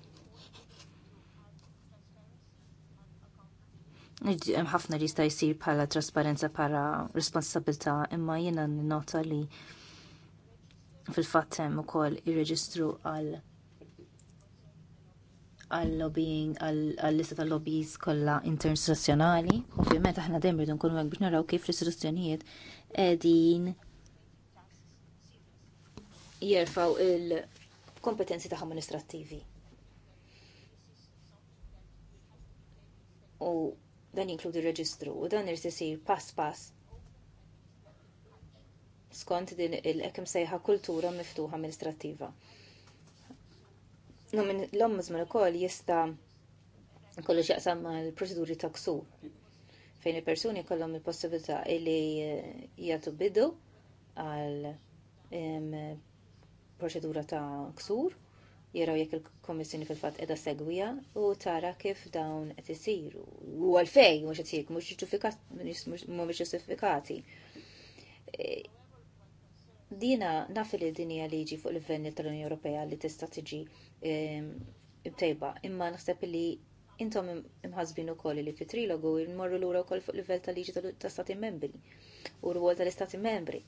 hemm ħafna li jista' jsir bħala trasparenza bħala responsabilità imma jiena nota li fil-fatt hemm ukoll ir-reġistru għal għal-lobbying, għal-lista tal-lobbies kollha internazzjonali. Ovvjament aħna dejjem rridu nkunu hekk biex naraw kif l-istituzzjonijiet qegħdin jerfaw il-kompetenzi tagħhom amministrattivi. U Dan jinkludi reġistru u dan irid isir pass pass skont din il-ekim sejħa kultura miftuħa amministrattiva. L-ombudsman ukoll jista' kollu x'jaqsam mal-proċeduri ta' ksur fejn il-persuni kollhom il-possibilità li eh, jagħtu bidu għal proċedura ta' ksur jaraw jekk il kummissjoni fil-fatt qiegħda segwija u tara kif dawn qed isiru. U għalfejn mhux qed jgħid mhux mhumiex ġustifikati. E, dina naf li din hija liġi fuq livell tal-Unjoni Ewropea li tista' tiġi imtejba, imma naħseb li intom imħasbin ukoll li fit trilogu jmorru lura wkoll fuq livell tal-liġi ta' stati membri u rwol tal-istati membri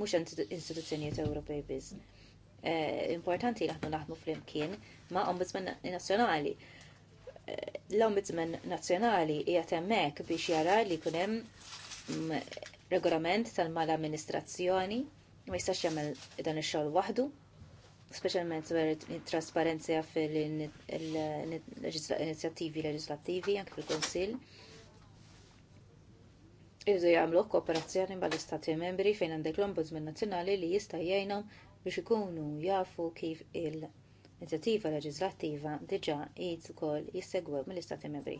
mhux istituzzjonijiet Ewropej biss Eh, importanti li aħna fl flimkien ma' ombudsman nazzjonali. Eh, l-ombudsman nazzjonali hija hemmhekk biex jara li jkun hemm mm, regolament tal-mala amministrazzjoni ma jistax jagħmel dan ix-xogħol waħdu, speċjalment trasparenza fil-inizjattivi leġislattivi anke fil-Kunsill. Irridu jagħmlu kooperazzjoni mal istati membri fejn għandek l-Ombudsman Nazzjonali li jista' jgħinhom biex ikunu jafu kif il-inizjattiva leġislattiva diġà qiegħed ukoll jissegwew mill-Istati Membri.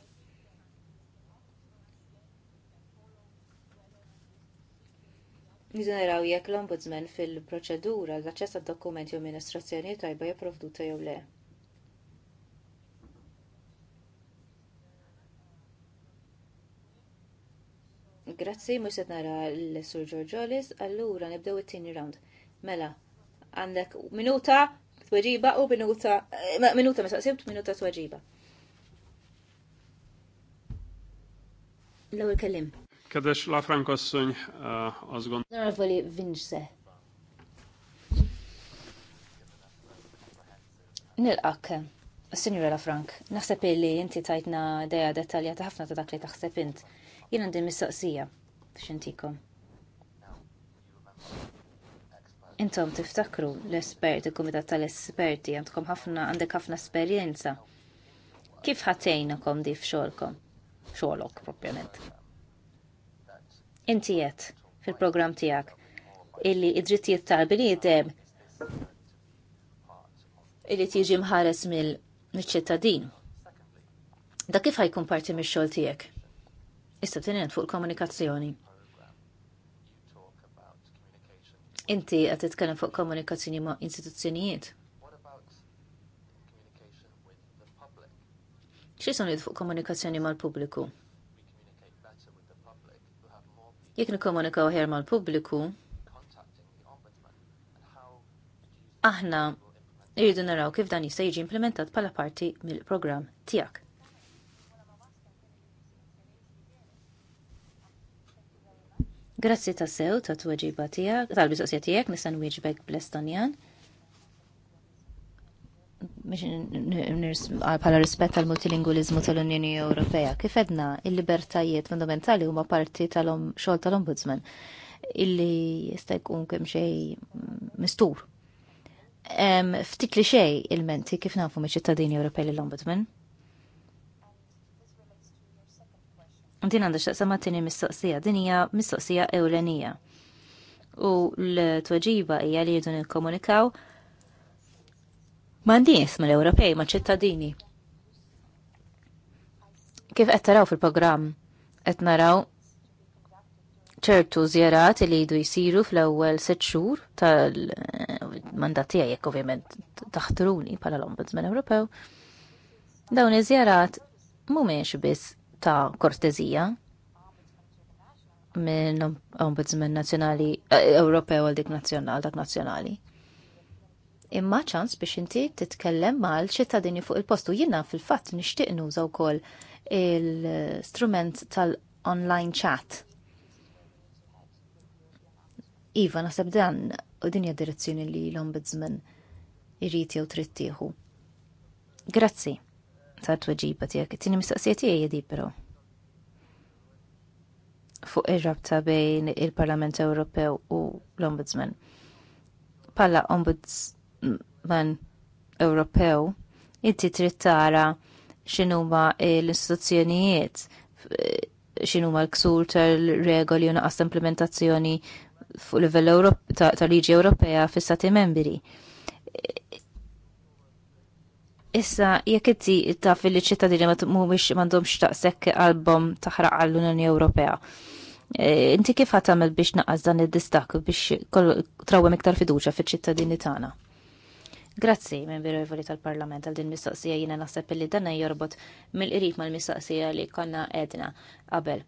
Niżeneraw jekk l-Ombudsman fil-proċedura l-aċċess għad dokumenti u amministrazzjoni tajba jipprovduta jew le. Grazzi, mux nara l-Sur Giorgiolis, allura nibdew it-tieni round. Mela, għandek minuta tweġiba u minuta eh, minuta ma saqsibt minuta tweġiba. L-ewwel kellim. Kadex la Franco Sunj eh, għażgon. Narvoli vinġse. Nilqak, Signora La Frank, naħseb li inti tajtna deja dettaljata ħafna ta' dak li taħseb int. Jien għandi Intom tiftakru l-esperti, kumitat tal-esperti, għandkom ħafna għandek ħafna esperjenza. Kif ħatejnakom di f'xolkom? xogħolok propjament. Inti qed fil-programm tiegħek illi id-drittijiet tal-bniedem illi tiġi mħares mill-ċittadin. Da kif ħajkun parti mix-xogħol tiegħek? Issa tinent fuq il-komunikazzjoni. Inti qed titkellem fuq komunikazzjoni ma' istituzzjonijiet. Xie sonni fuq komunikazzjoni ma' l-publiku? Jek Jekk nikkomunikaw ma' l-publiku, aħna irridu naraw kif dan jista' jiġi implementat pala parti mill-programm tiegħek. Grazzi ta' sew ta' tweġiba tijak, tal-biżoqsija tiegħek nisan nwieġbek bl-Estonjan. Biex bħala rispett tal multilinguliżmu tal-Unjoni Ewropea, kif edna il-libertajiet fundamentali huma parti tal-xogħol tal-Ombudsman illi jista' jkun kemm xejn mm, mistur. Ftit li xej il-menti kif nafu meċ ċittadini Ewropej l ombudsman Din għandha x'taqsam għat mistoqsija, din hija mistoqsija ewlenija. U l-tweġiba hija li il nikkomunikaw ma' nies l ewropej ma' ċittadini. Kif qed taraw fil-programm? Qed naraw ċertu zjarat li jdu jisiru fl-ewwel sitt xhur tal-mandat tiegħi jekk ovvjament taħtruni bħala l-Ombudsman Ewropew. Dawn iż-żjarat mhumiex biss ta' kortezija minn ombudsman nazzjonali eh, Ewropew għal dik nazjonal, dak nazzjonali. Imma ċans biex inti titkellem mal ċittadini fuq il-postu jina fil-fatt nixtieq nuża wkoll il-strument tal-online chat. Iva, naħseb dan u dinja direzzjoni li l-ombudsman irriti jew trittieħu. Grazzi ta' tweġiba tiegħek. It-tieni mistoqsija tiegħi di però. Fuq ir-rabta bejn il-Parlament Ewropew u l-Ombudsman. Palla Ombudsman Ewropew, inti trid tara x'inhuma l-istituzzjonijiet x'inhuma l-ksur tal-regoli u naqas implementazzjoni fuq livell tal liġi Ewropea fis-stati membri Issa, jekk ta' fil li ċittadini ma mhumiex m'għandhomx sekk album taħraq għall-Unjoni Ewropea. E, inti kif ħatamel biex naqqas dan id-distak biex trawem iktar fiduċa fiċ-ċittadini tagħna? Grazzi, membri jivoli tal-Parlament għal din mistoqsija jiena naħseb li dan jorbot mill-qrib mal-mistoqsija li konna edna qabel.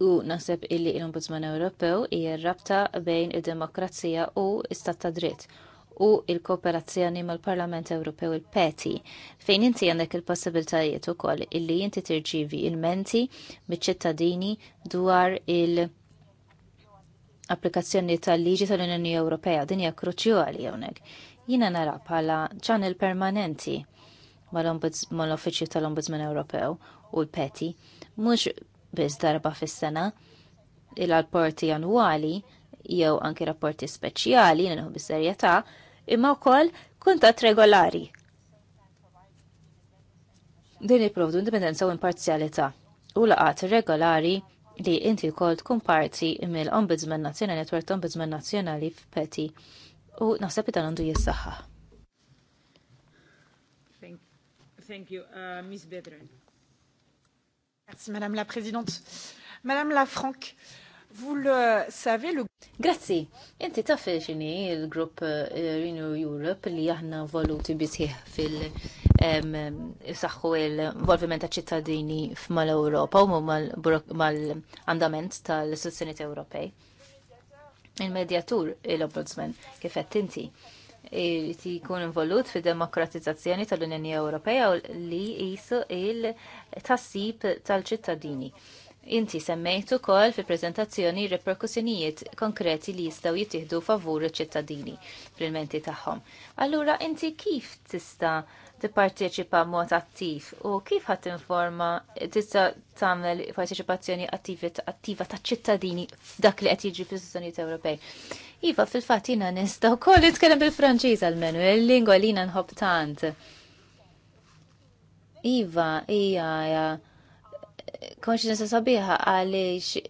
U naħseb illi l-Ombudsman Ewropew hija rabta bejn id-demokrazija u istat ta' dritt u il-kooperazzjoni mal-Parlament Ewropew il-PETI fejn inti għandek il-possibilitajiet ukoll illi inti tirġivi il-menti miċ-ċittadini dwar il- applikazzjoni tal-liġi tal-Unjoni Ewropea din hija kruċjali hawnhekk. Jiena nara bħala ċanel permanenti mal-Offiċju tal-Ombudsman Ewropew u l-Peti, mhux biss darba fis-sena il-alporti annwali jew anki rapporti speċjali nħu bis-serjetà, imma wkoll kuntat regolari. Din jipprovdu indipendenza u imparzjalità u laqat regolari li inti wkoll tkun parti mill-Ombudsman Nazzjonali, Network Ombudsman Nazzjonali f'Peti u naħseb dan għandu jissaħħa. Thank, thank you, uh, Miss Bedren. Merci, Madame la Présidente. Madame la Franck, Grazzi, inti taf xini il-grupp eh, Renew Europe li aħna voluti bisħiħ fil-saxħu il-volviment ta' ċittadini f'mal Ewropa u mal-andament tal-istituzzjoniet Ewropej. Il-medjatur, il-ombudsman, kifett inti ti jkun involut fi demokratizzazzjoni tal-Unjoni Ewropea li jisu il-tassib tal-ċittadini. tal ċittadini Inti semmejt ukoll fi prezentazzjoni reperkussjonijiet konkreti li jistgħu jittieħdu favur iċ-ċittadini fil-menti tagħhom. Allura inti kif tista' tipparteċipa mod attiv u kif ħadd informa tista' tagħmel parteċipazzjoni attiva ta' ċittadini f'dak li qed jiġi fis-sistanijiet Ewropej. Iva, fil-fatt jiena nista' wkoll nitkellem bil-Franċiż menu il-lingwa li jiena nħobb tant. Iva, hija konxinessa sabiħa għalix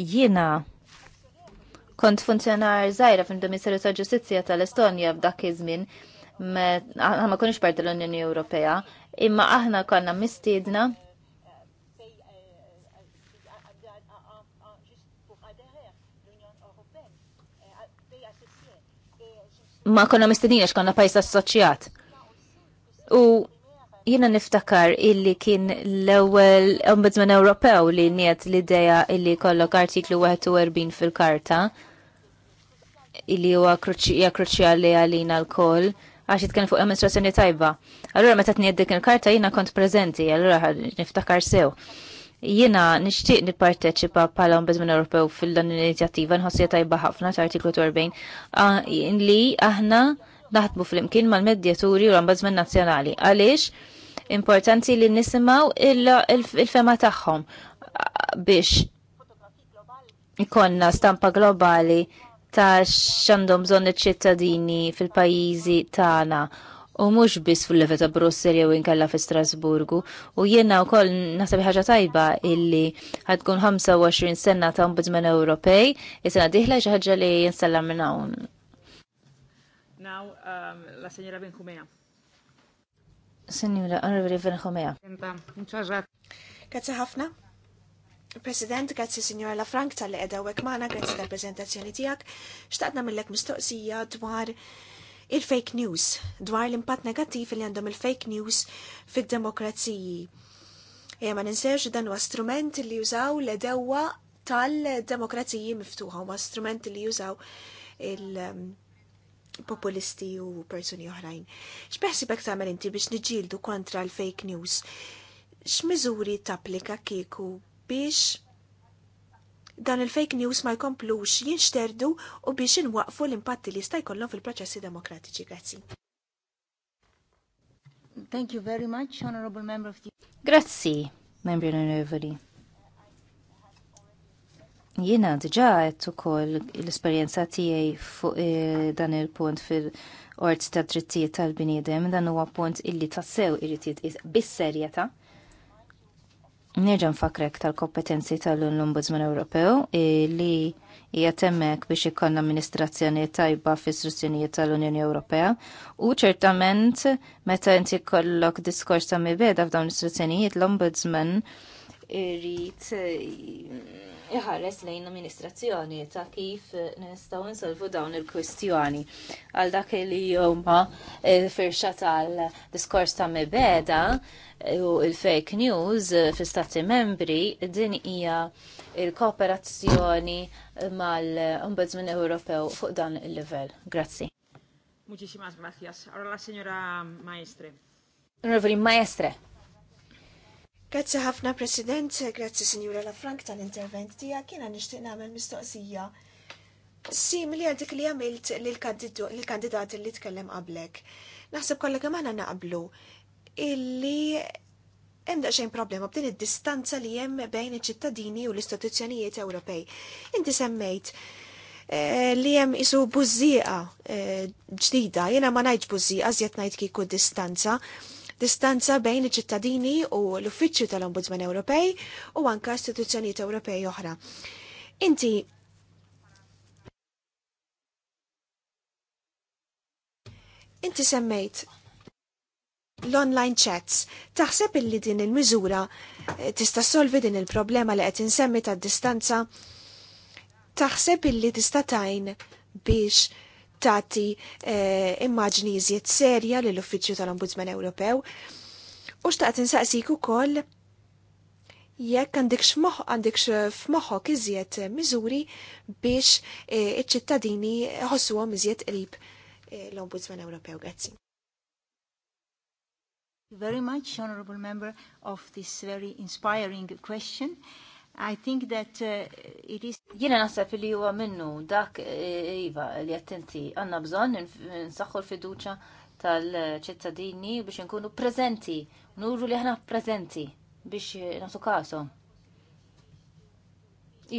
jina kont funzjonar zaħira fin ministeru ta' ġustizja tal-Estonja f'dak iż-żmien ma konix parti l-Unjoni Ewropea, imma aħna konna mistiedna ma konna mistedina konna pajis assoċjat. U Jiena niftakar illi kien l-ewwel Ombudsman Ewropew li niet l-idea illi kollok artiklu 41 fil-karta illi huwa kruċjali għalina l-koll għax jitkellem fuq amministrazzjoni tajba. Allura meta tnied dik il-karta jiena kont preżenti, allura niftakar sew. Jiena nixtieq nipparteċipa bħala Ombudsman Ewropew fil-dan l-inizjattiva nħossija tajba ħafna ta' artiklu 40 li aħna naħdmu fl-imkien mal-medjaturi u l-Ombudsman Nazzjonali. Għaliex? Importanti li nisimaw il-fema tagħhom biex ikonna stampa globali ta' xandom bżonn iċ-ċittadini fil-pajjiżi tagħna u mhux biss fil-level ta' Brussel jew inkalla fi Strasburgu. U u wkoll naħseb ħaġa tajba illi ħadkun 25 sena ta' Ombudsman Ewropej, jisena diħla xi ħaġa li jinsalla minn hawn. Now, um, la signora Benkumea. Senjura Arveri Venħomea. Grazie ħafna. President, grazzi Signora La Frank tal-li edha u maħna, grazzi tal-prezentazzjoni tijak. Xtaqna millek mistoqsija dwar il-fake news, dwar l-impatt negativ li għandhom il-fake news fid-demokraziji. Ejja ma ninsewx dan huwa strument li jużaw l-edewwa tal-demokraziji miftuħa, huwa strument li jużaw il- populisti u persuni oħrajn. X'beħsibek tagħmel inti biex niġġieldu kontra l-fake news? X'miżuri tapplika kieku biex dan il-fake news ma jkomplux jinxterdu u biex inwaqfu l-impatti li jista' jkollhom fil-proċessi demokratiċi. Grazzi. Thank you very much, Honorable Member of the... Grazzi, Membri Onorevoli. Jiena diġa għedt ukoll l-esperjenza tiegħi fuq eh, dan il-punt fil-Qorti ta' Drittijiet tal-Bniedem, dan huwa punt illi tassew irid jitqis bis-serjetà. Nerġa' nfakrek tal-kompetenzi tal-Ombudsman Ewropew eh, li hija temmek biex ikollna amministrazzjoni tajba fis-istruzzjonijiet tal-Unjoni Ewropea u ċertament meta inti kollok diskors ta' mibeda f'dawn l-istruzzjonijiet l-Ombudsman irrid eh, iħares lejn amministrazzjoni ta' kif nistgħu insolvu dawn il-kwistjoni. Għal dak li huma e, firxa tal-diskors ta' mebeda e, u il-fake news e, fi stati membri din hija il-kooperazzjoni mal-Ombudsman Ewropew fuq dan il-livell. Grazzi. Muchísimas gracias. Ahora la señora maestre. Onorevoli maestre. Grazzi ħafna President, grazzi Sinjura Lafrank tal-intervent tija, kiena nishtiq namel mistoqsija. Sim għal dik li għamilt l-kandidat li tkellem qablek. Naħseb kollega maħna naqblu illi hemm daqsxejn problema b'din id-distanza li hemm bejn iċ-ċittadini u l-istituzzjonijiet Ewropej. Inti semmejt eh, li hemm isu bużieqa eh, ġdida, jiena ma ngħidx bużieqa żjed ngħid kieku distanza distanza bejn iċ-ċittadini u l-Uffiċċju tal-Ombudsman Ewropej u anka istituzzjonijiet Ewropej oħra. Inti Inti semmejt l-online chats. Taħseb illi din il-miżura eh, tista' solvi din il-problema li qed insemmi tad-distanza? Taħseb illi tista' tajn biex tati eh, immaġni iżjed serja l uffiċċju tal-Ombudsman Ewropew. U xtaqt insaqsik ukoll jekk għandek għandek f'moħħok iżjed miżuri biex eh, iċ-ċittadini ħossuhom iżjed qrib eh, l-Ombudsman Ewropew. Grazzi. Very much, Honorable Member, of this very inspiring question. Uh, I think that uh, it is... Jina nasab li huwa minnu dak e, Iva li attenti għanna bżon nsaxħu l-fiduċa tal-ċittadini biex nkunu prezenti, nuru li ħna prezenti biex nasu kaso.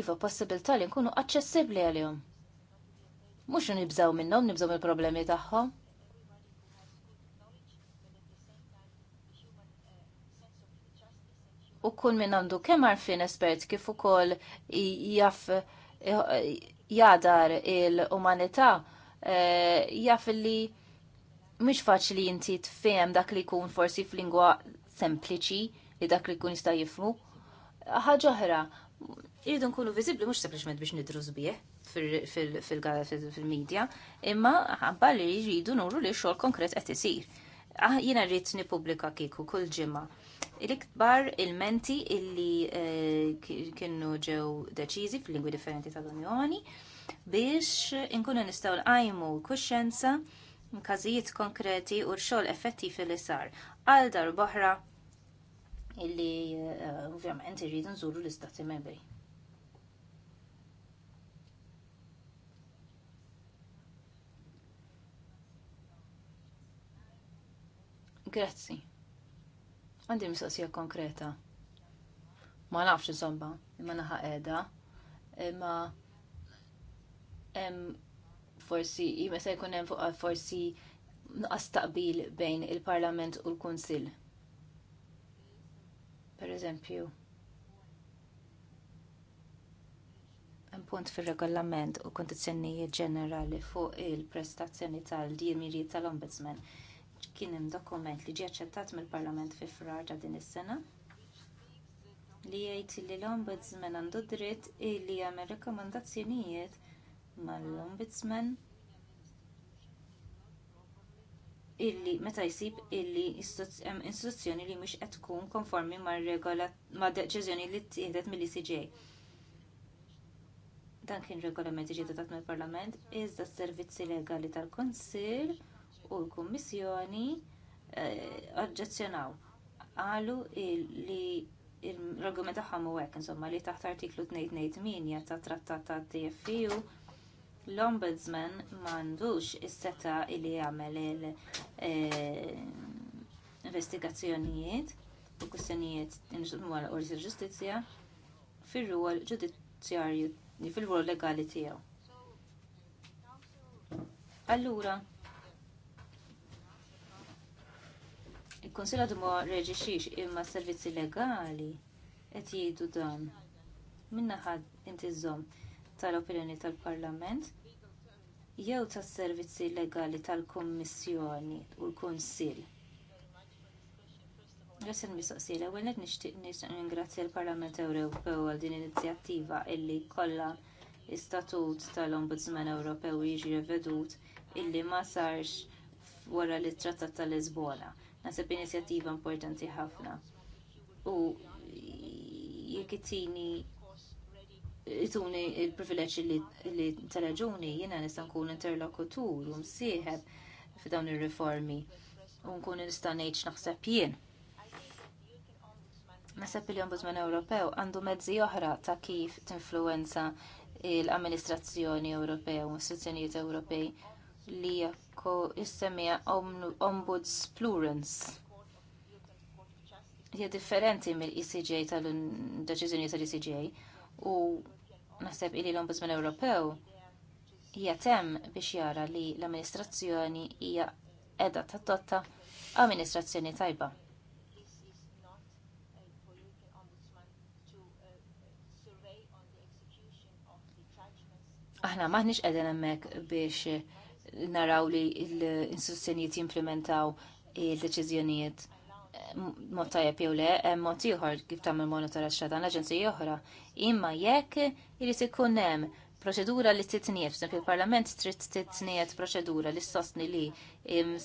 Iva, possibilità li nkunu accessibli għalihom. Mux nibżaw minnom, nibżaw il-problemi tagħhom. u kull minn għandu kemm għarfien espert kif ukoll jaf eh, jadar il-umanità eh, jaf li mhix faċli inti tfehem dak li jkun forsi f'lingwa sempliċi li dak li jkun jista' jifmu. Ħaġa oħra, irridu nkunu viżibbli mhux sempliċement biex nidru żbieħ fil-medja, imma ħabba li jridu nuru li xogħol konkret qed isir. Ah, jiena rrid nippubblika kieku kull ġimma Il-ikbar il-menti illi eh, kienu ġew deċiżi fil-lingwi differenti tal-Unjoni biex inkunu nistgħu l-qajmu kuxjenza każijiet konkreti u xogħol effettiv li sar għal dar boħra illi eh, ovvjament irridu nżuru l-istati membri. Grazzi. Għandi mistoqsija konkreta. Ma nafx insomma, imma naħa qiegħda, imma hemm forsi se jkun hemm fuq forsi nuqqas taqbil bejn il-Parlament u l-Kunsill. Per eżempju, hemm punt fir-regolament u kondizzjonijiet ġenerali fuq il-prestazzjoni tal-dirmirijiet tal-Ombudsman. tal dimiri tal ombudsman tal ombudsman kien hemm dokument li ġie aċċettat mill-Parlament fi frar ta' din is-sena li jgħid li l-Ombudsman għandu dritt li jagħmel rakkomandazzjonijiet mal-Ombudsman illi meta jsib illi istituzzjoni li mhux qed tkun konformi mar-regola mad deċiżjoni li tieħdet mill-ICJ. Dan kien regolament ġiet dat mill-Parlament iżda s-servizzi legali tal-Kunsill u l-Kummissjoni eh, oġġezzjonaw. Qalu li l-argument tagħhom huwa hekk insomma li taħt artiklu 228 ta' trattat ta' DFU e l-Ombudsman m'għandux is-seta li jagħmel il-investigazzjonijiet eh, u kwistjonijiet inġmwa l-Qorti tal-Ġustizzja fir-rwol ġudizzjarju fil-rwol legali tiegħu. Allura, Il-Konsil għadu ma reġiċiċ imma servizzi legali qed jgħidu dan. Minna ħad zom tal-opinjoni tal-Parlament jew tas-servizzi legali tal-Kommissjoni u l-Konsil. Għas il l ewwel nixtieq ningrazzja l-Parlament Ewropew għal din l-inizjattiva illi kollha istatut tal-Ombudsman Ewropew jiġi revedut illi ma sarx wara li trattat tal-Lisbona Nasib inizjattiva importanti ħafna. U jekk tini ituni il-privileġġ li tal-raġuni jiena nista' nkun interlokutur u msieħeb f'dawn ir-riformi u nkun nista' ngħid x'naħseb jien. Nasab il-Ombudsman Ewropew għandu mezzi oħra ta' kif tinfluwenza l-amministrazzjoni Ewropea u istituzzjonijiet Ewropej li jakko jissemmija ombuds plurens. Hija differenti mill-ECJ tal-deċiżjoni tal-ECJ u naħseb illi l-Ombudsman Ewropew hija tem biex jara li l-amministrazzjoni hija qiegħda tadotta amministrazzjoni tajba. aħna maħniċ edin emmek biex naraw li l-istruzzjonijiet jimplementaw il-deċiżjonijiet eh, mod jew le, hemm mod ieħor kif tagħmel monitoraġġ dan l-aġenziji oħra. Imma jekk irid ikun hemm proċedura li titniet, f'sempi il-Parlament trid titniet proċedura li sostni li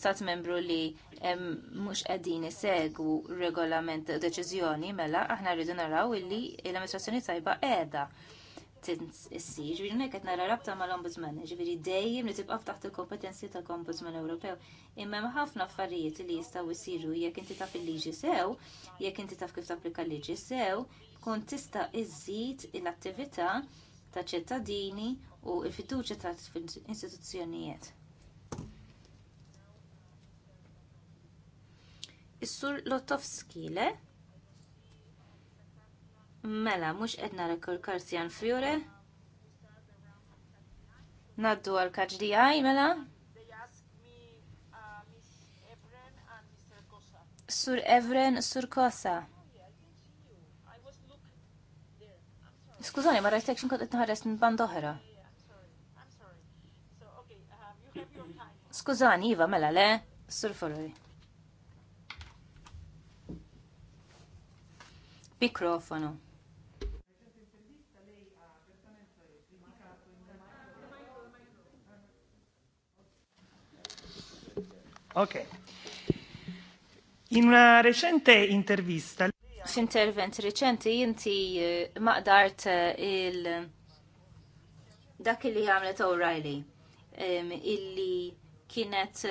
stat membru li mhux qegħdin isegwu regolament deċiżjoni mela aħna rridu naraw illi l-amministrazzjoni tajba qiegħda issir, ġviri nekket nara rabta ma l-Ombudsman, ġviri dejjem li tibqaf taħt il-kompetenzi ta' Ombudsman Ewropew. Imma ħafna affarijiet li jistaw isiru jekk inti taf il-liġi sew, jekk inti taf kif tapplika l-liġi sew, kun tista' iżid l-attività ta' ċittadini u l-fiduċa ta' istituzzjonijiet. Is-sur Lotowski le? Mela, mux edna rekur Karsjan Fjure. Naddu għal kaġdijaj, mela. Sur Evren, sur Kosa. Skużani, ma rajtek xinkot itnaħares minn bandoħra. oħra. Skużani, Iva, mela le, sur Forori. Mikrofonu. Ok. In una recente intervista... F'intervent reċenti inti eh, maqdart eh, il dak li għamlet O'Reilly um, illi kienet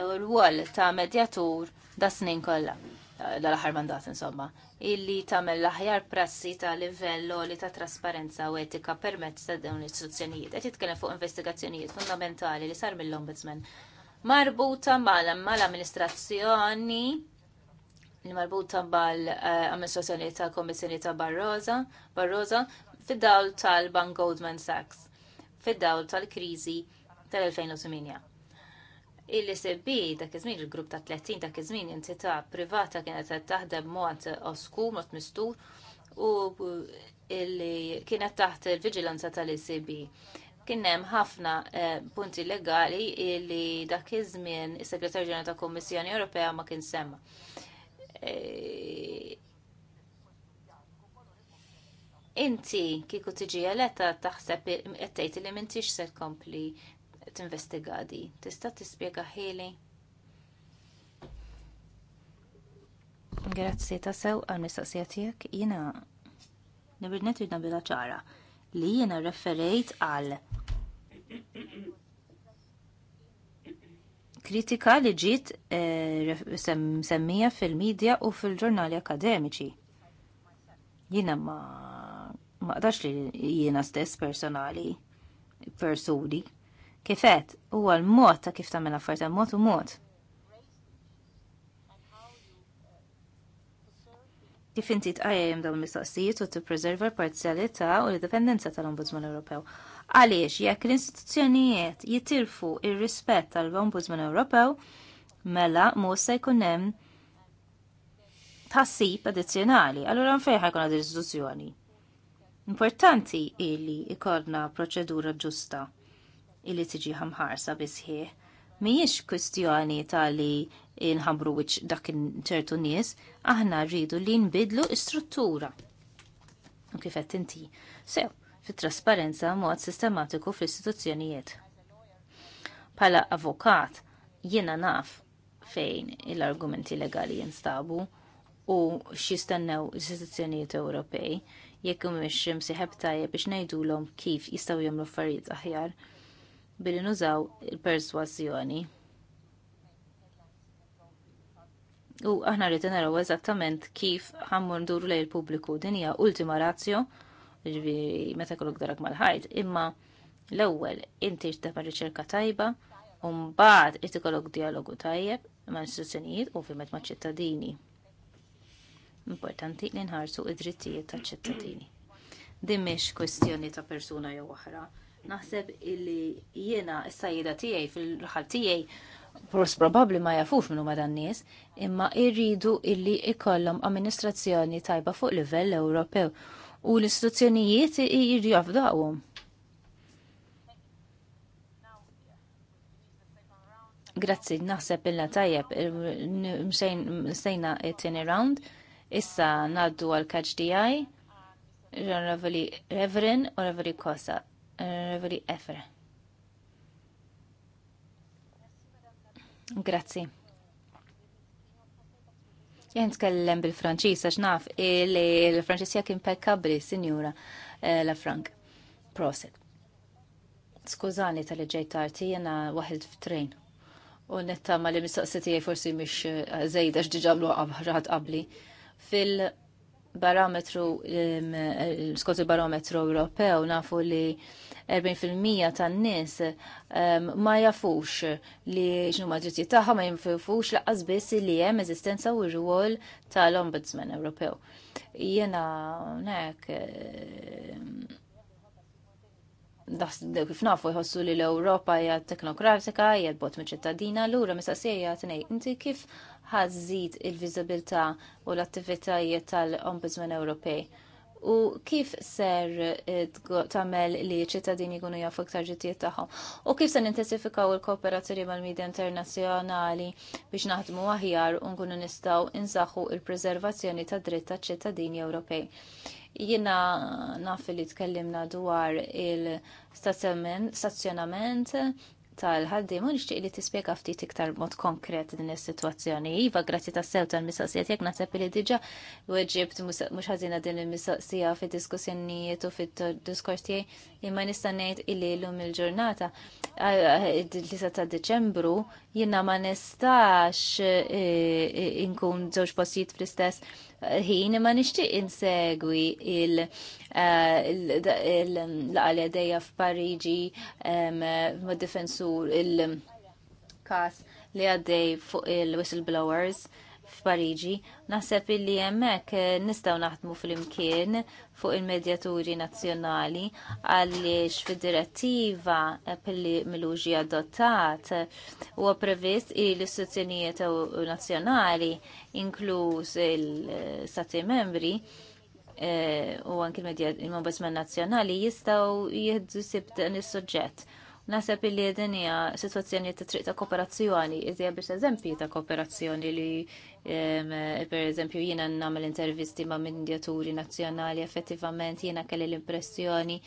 l-wall eh, ta' medjatur da' snin kollha dal-aħħar mandat insomma illi tagħmel l-aħjar prassi ta' livell li ta' trasparenza u etika permezz ta' dawn l-istituzzjonijiet. Qed jitkellem fuq investigazzjonijiet fundamentali li sar mill-Ombudsman marbuta mal-amministrazzjoni li marbuta mal-amministrazzjoni ta' komissjoni ta' Barroza, Barroza fid-dawl tal-Bank Goldman Sachs, fid-dawl tal-krizi tal-2008. Il-SB dak iż-żmien il-grupp ta' 30 dak iż-żmien entità privata kienet qed taħdem mod oskur, mod mistur u illi kienet taħt il-vigilanza tal sb kienem hemm ħafna eh, punti legali li dak iż-żmien is-Segretarju Ġenerali ta' Kummissjoni Ewropea ma kien semma. Eh, inti kieku tiġi eletta taħseb qed tgħid li m'intix se tkompli tinvestigadi. Tista' tispjega ħili. Grazzi ta' sew għal mistaqsija tiegħek jiena nibirnet jidna bila ċara li jiena referejt għal kritika li ġiet eh, semmija fil-medja u fil-ġurnali akademiċi. Jiena ma maqdax li jiena stess personali, persuni. Kifet, u għal-mod ta' kif ta' minna affarijiet mod u mod. kif inti tqajjem dawn il-mistoqsijiet u tippreserva l-parzjalità u l-indipendenza tal-Ombudsman Ewropew. Għaliex jekk l-istituzzjonijiet jitilfu ir-rispett tal-Ombudsman Ewropew, mela mhux se jkun hemm tħassib addizzjonali, allura fejn ħajkun għad istituzzjoni. Importanti illi ikorna proċedura ġusta illi tiġi ħamħarsa bisħieħ mhijiex kwistjoni tali nħabru wiċ dak ċertu nies, aħna rridu li nbidlu struttura. U kif qed inti. Sew, fit-trasparenza mod sistematiku fl-istituzzjonijiet. Pala avukat, jiena naf fejn l-argumenti legali jinstabu u xistennew l-istituzzjonijiet Ewropej jekk mhux msiħeb tajjeb biex ngħidulhom kif jistgħu jagħmlu affarijiet aħjar billi nużaw il perswazzjoni U aħna rridu naraw eżattament kif ħammur nduru lej il-pubbliku din hija ultima razzjo, ġviri meta kollok darak mal-ħajt, imma l-ewwel inti tagħmel riċerka tajba u mbagħad irid ikollok dialogu tajjeb ma' istituzzjonijiet u fimet ma' ċittadini. Importanti li nħarsu id-drittijiet tal-ċittadini. Din mhix kwestjoni ta' persuna jew oħra Naħseb illi jiena s-sajjida tiegħi fil-raħal tiegħi pros probabbli ma jafux minnu ma dan nies, imma irridu illi ikollom amministrazzjoni tajba fuq livell Ewropew u l-istituzzjonijiet irridu jafdaqhom. Grazzi, naħseb illa tajjeb, msejna it-tini round, issa naddu għal-kaġ DI, Reverend u Reverend Kosa. Revoli Efre. Grazzi. Jien tkellem bil-Franċis għax naf li l-Franċis kien pekkabri, sinjura eh, la Frank. Proset. Skużani tal ġej tarti, jena waħed f'trejn. U netta ma li mistoqsiti forsi miex eh, zejda x'diġa mluqa qabli. Fil- barometru, eh, skont il-barometru Ewropew nafu li 40% tan-nies ma jafux li x'nu ma drittijiet tagħha ma jinfufux laqas biss li hemm eżistenza u rwol tal-Ombudsman Ewropew. Jiena hekk daħsdew kif nafu jħossu li l-Ewropa hija teknokratika, hija bot miċ ċittadina, lura mistaqsija tnej inti kif ħażid il-viżibilità u l-attivitajiet tal-Ombudsman Ewropej. U kif ser eh, tagħmel li ċittadini jkunu jafu iktar ġittijiet tagħhom? U kif se nintensifikaw il-kooperazzjoni mal midja internazzjonali biex naħdmu aħjar u nkunu nistgħu insaħħu il-preservazzjoni tad dritt taċ-ċittadini Ewropej? Jina naf li tkellimna dwar il-stazzjonament tal-ħaddim u nixtieq li tispjega ftit iktar mod konkret din is-sitwazzjoni. Iva, grazzi tas sew tal-mistoqsijiet jekk naħseb li diġà weġibt mhux ħażina din il-mistoqsija fid-diskussjonijiet u fid-diskors tiegħi imma nista' ngħid illi il-ġurnata tisa ta' Deċembru jiena ma nistax eh, eh, inkun żewġ postijiet fl-istess ħin ma nixtieq insegwi il- eh, l dejja f'Pariġi ma' difensur il-kas li għaddej fuq il-whistleblowers f'Pariġi. Naħseb illi hemmhekk nistgħu naħdmu fl-imkien fuq il-medjaturi nazzjonali għaliex fid-direttiva li miluġi adottat huwa previst li l-istituzzjonijiet nazzjonali inkluż il-Stati membri eh, u anki il-Ombudsman Nazzjonali jistgħu jieħdu sib dan is-suġġett Naseb illi din hija sitwazzjoni ta' triq ta' kooperazzjoni, iżja biex eżempji ta' kooperazzjoni li per eżempju jiena nagħmel intervisti ma' mindjaturi nazzjonali effettivament jiena kelli l-impressjoni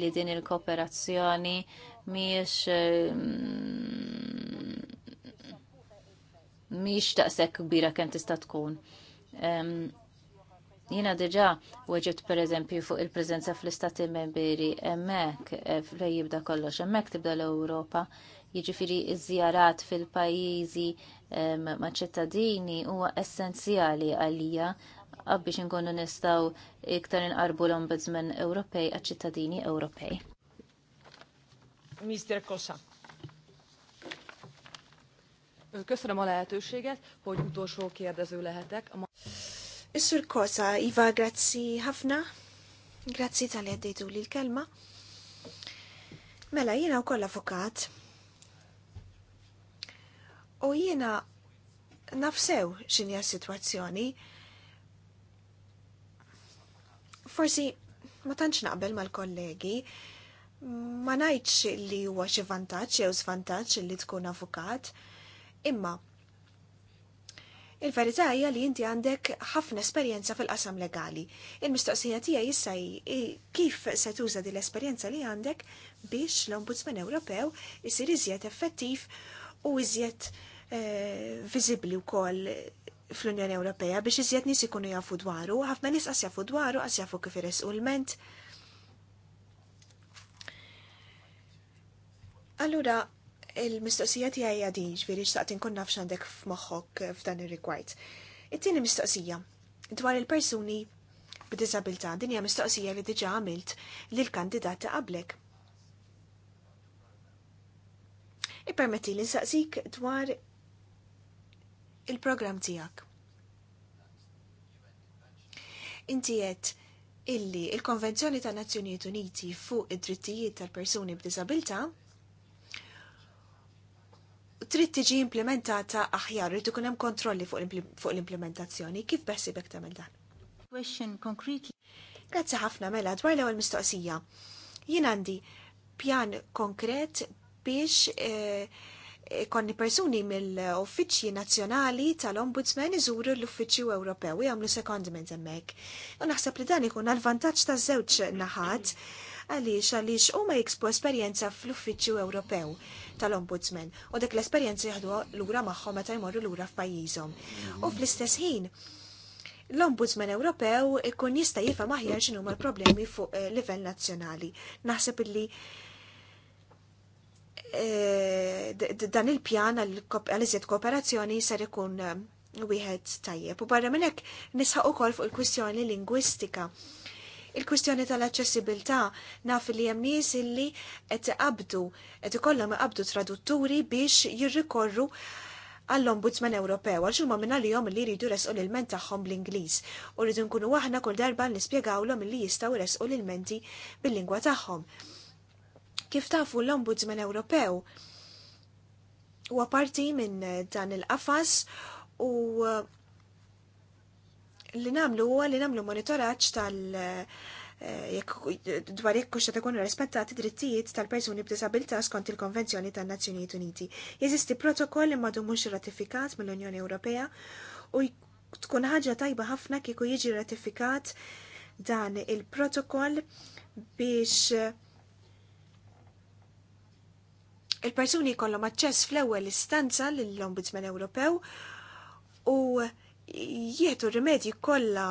li din il-kooperazzjoni miex miex taqsek kbira kemm tista' tkun. Jina diġa weġibt per eżempju fuq il-prezenza fl-istati membri emmek, eh, fej jibda kollox, emmek tibda l-Europa, jiġifiri iż-żjarat fil-pajizi ehm, maċ ċittadini huwa essenzjali għalija biex nkunu nistaw iktar inqarbu l-Ombudsman Ewropej għal-ċittadini Ewropej. Mr. Kosa. Köszönöm a lehetőséget, hogy utolsó kérdező lehetek. Is-sur Kosa, Iva, grazzi ħafna. Grazzi tal-li għaddejtu li l-kelma. Mela, jiena u koll avukat. U jiena nafsew x'inja situazzjoni Forsi, ma tantx naqbel mal-kollegi, ma najċ li huwa xi vantaġġ jew svantaġġ li tkun avukat, imma Il-verità hija li inti għandek ħafna esperjenza fil-qasam legali. Il-mistoqsija tiegħi jissaj kif se tuża din l-esperjenza li għandek biex l-Ombudsman Ewropew isir iżjed effettiv u iżjed eh, viżibbli wkoll fl-Unjoni Ewropea biex iżjed nis ikunu jafu dwaru, ħafna nis qas jafu dwaru, qas jafu kif iresqu l-ment. Allura, Il-mistoqsija tiegħi hija din, ġifieri xtaqt inkun nafx għandek f'moħħok eh, f'dan ir-rigward. It-tieni mistoqsija dwar il-persuni b'diżabilità din hija mistoqsija li diġà għamilt l kandidat ta' qablek. Ippermetti li nsaqsik dwar il-programm tiegħek. Inti qed illi il-Konvenzjoni ta' Nazzjonijiet Uniti fuq id-drittijiet tal-persuni b'diżabilità trid tiġi implementata aħjar, rid ikun hemm kontrolli fuq l-implementazzjoni. Kif beħsibek tagħmel dan? Question concretely. Grazzi ħafna mela dwar l-ewwel mistoqsija. Jien għandi pjan konkret biex eh, konni persuni mill-uffiċċji nazzjonali tal-Ombudsman iżuru l-Uffiċċju Ewropew u jagħmlu secondment hemmhekk. U naħseb li dan ikun għall vantaġġ ta' żewġ naħat għaliex għaliex huma jiksbu esperjenza fl-Uffiċċju Ewropew tal-ombudsman u dik l-esperjenza jieħdu lura magħhom meta jmorru lura f'pajjiżhom. U mhm. fl-istess ħin, l-Ombudsman Ewropew ikun jista' jifhem aħjar x'inhu l-problemi fuq eh, livell nazzjonali. Naħseb illi eh, dan il-pjan għal-iżjed kooperazzjoni ser ikun eh, wieħed tajjeb. U barra minn hekk nisħaq ukoll fuq il-kwistjoni lingwistika Il-kwistjoni tal-aċċessibilità naf li hemm nies illi qed iqabdu qed ikollhom iqabdu tradutturi biex jirrikorru għall-Ombudsman Ewropew għal xumma minna li jom li jridu resqu l-ilment tagħhom bl-Ingliż u rridu nkunu aħna kull darba nispjegawlhom li jistgħu resqu l-ilmenti bil-lingwa tagħhom. Kif tafu l-Ombudsman Ewropew huwa parti minn dan il-qafas u li namlu huwa li namlu monitoraġġ tal- eh, jekk dwar jekk kux ikun rispettati drittijiet tal-persuni b'disabilità skont il-Konvenzjoni tan-Nazzjonijiet Uniti. Jeżisti protokoll li madu mhux ratifikat mill-Unjoni Ewropea u tkun ħaġa tajba ħafna kieku jiġi ratifikat dan il-protokoll biex eh, il-persuni jkollhom aċċess fl-ewwel istanza lill-Ombudsman Ewropew u jieħdu rimedji kollha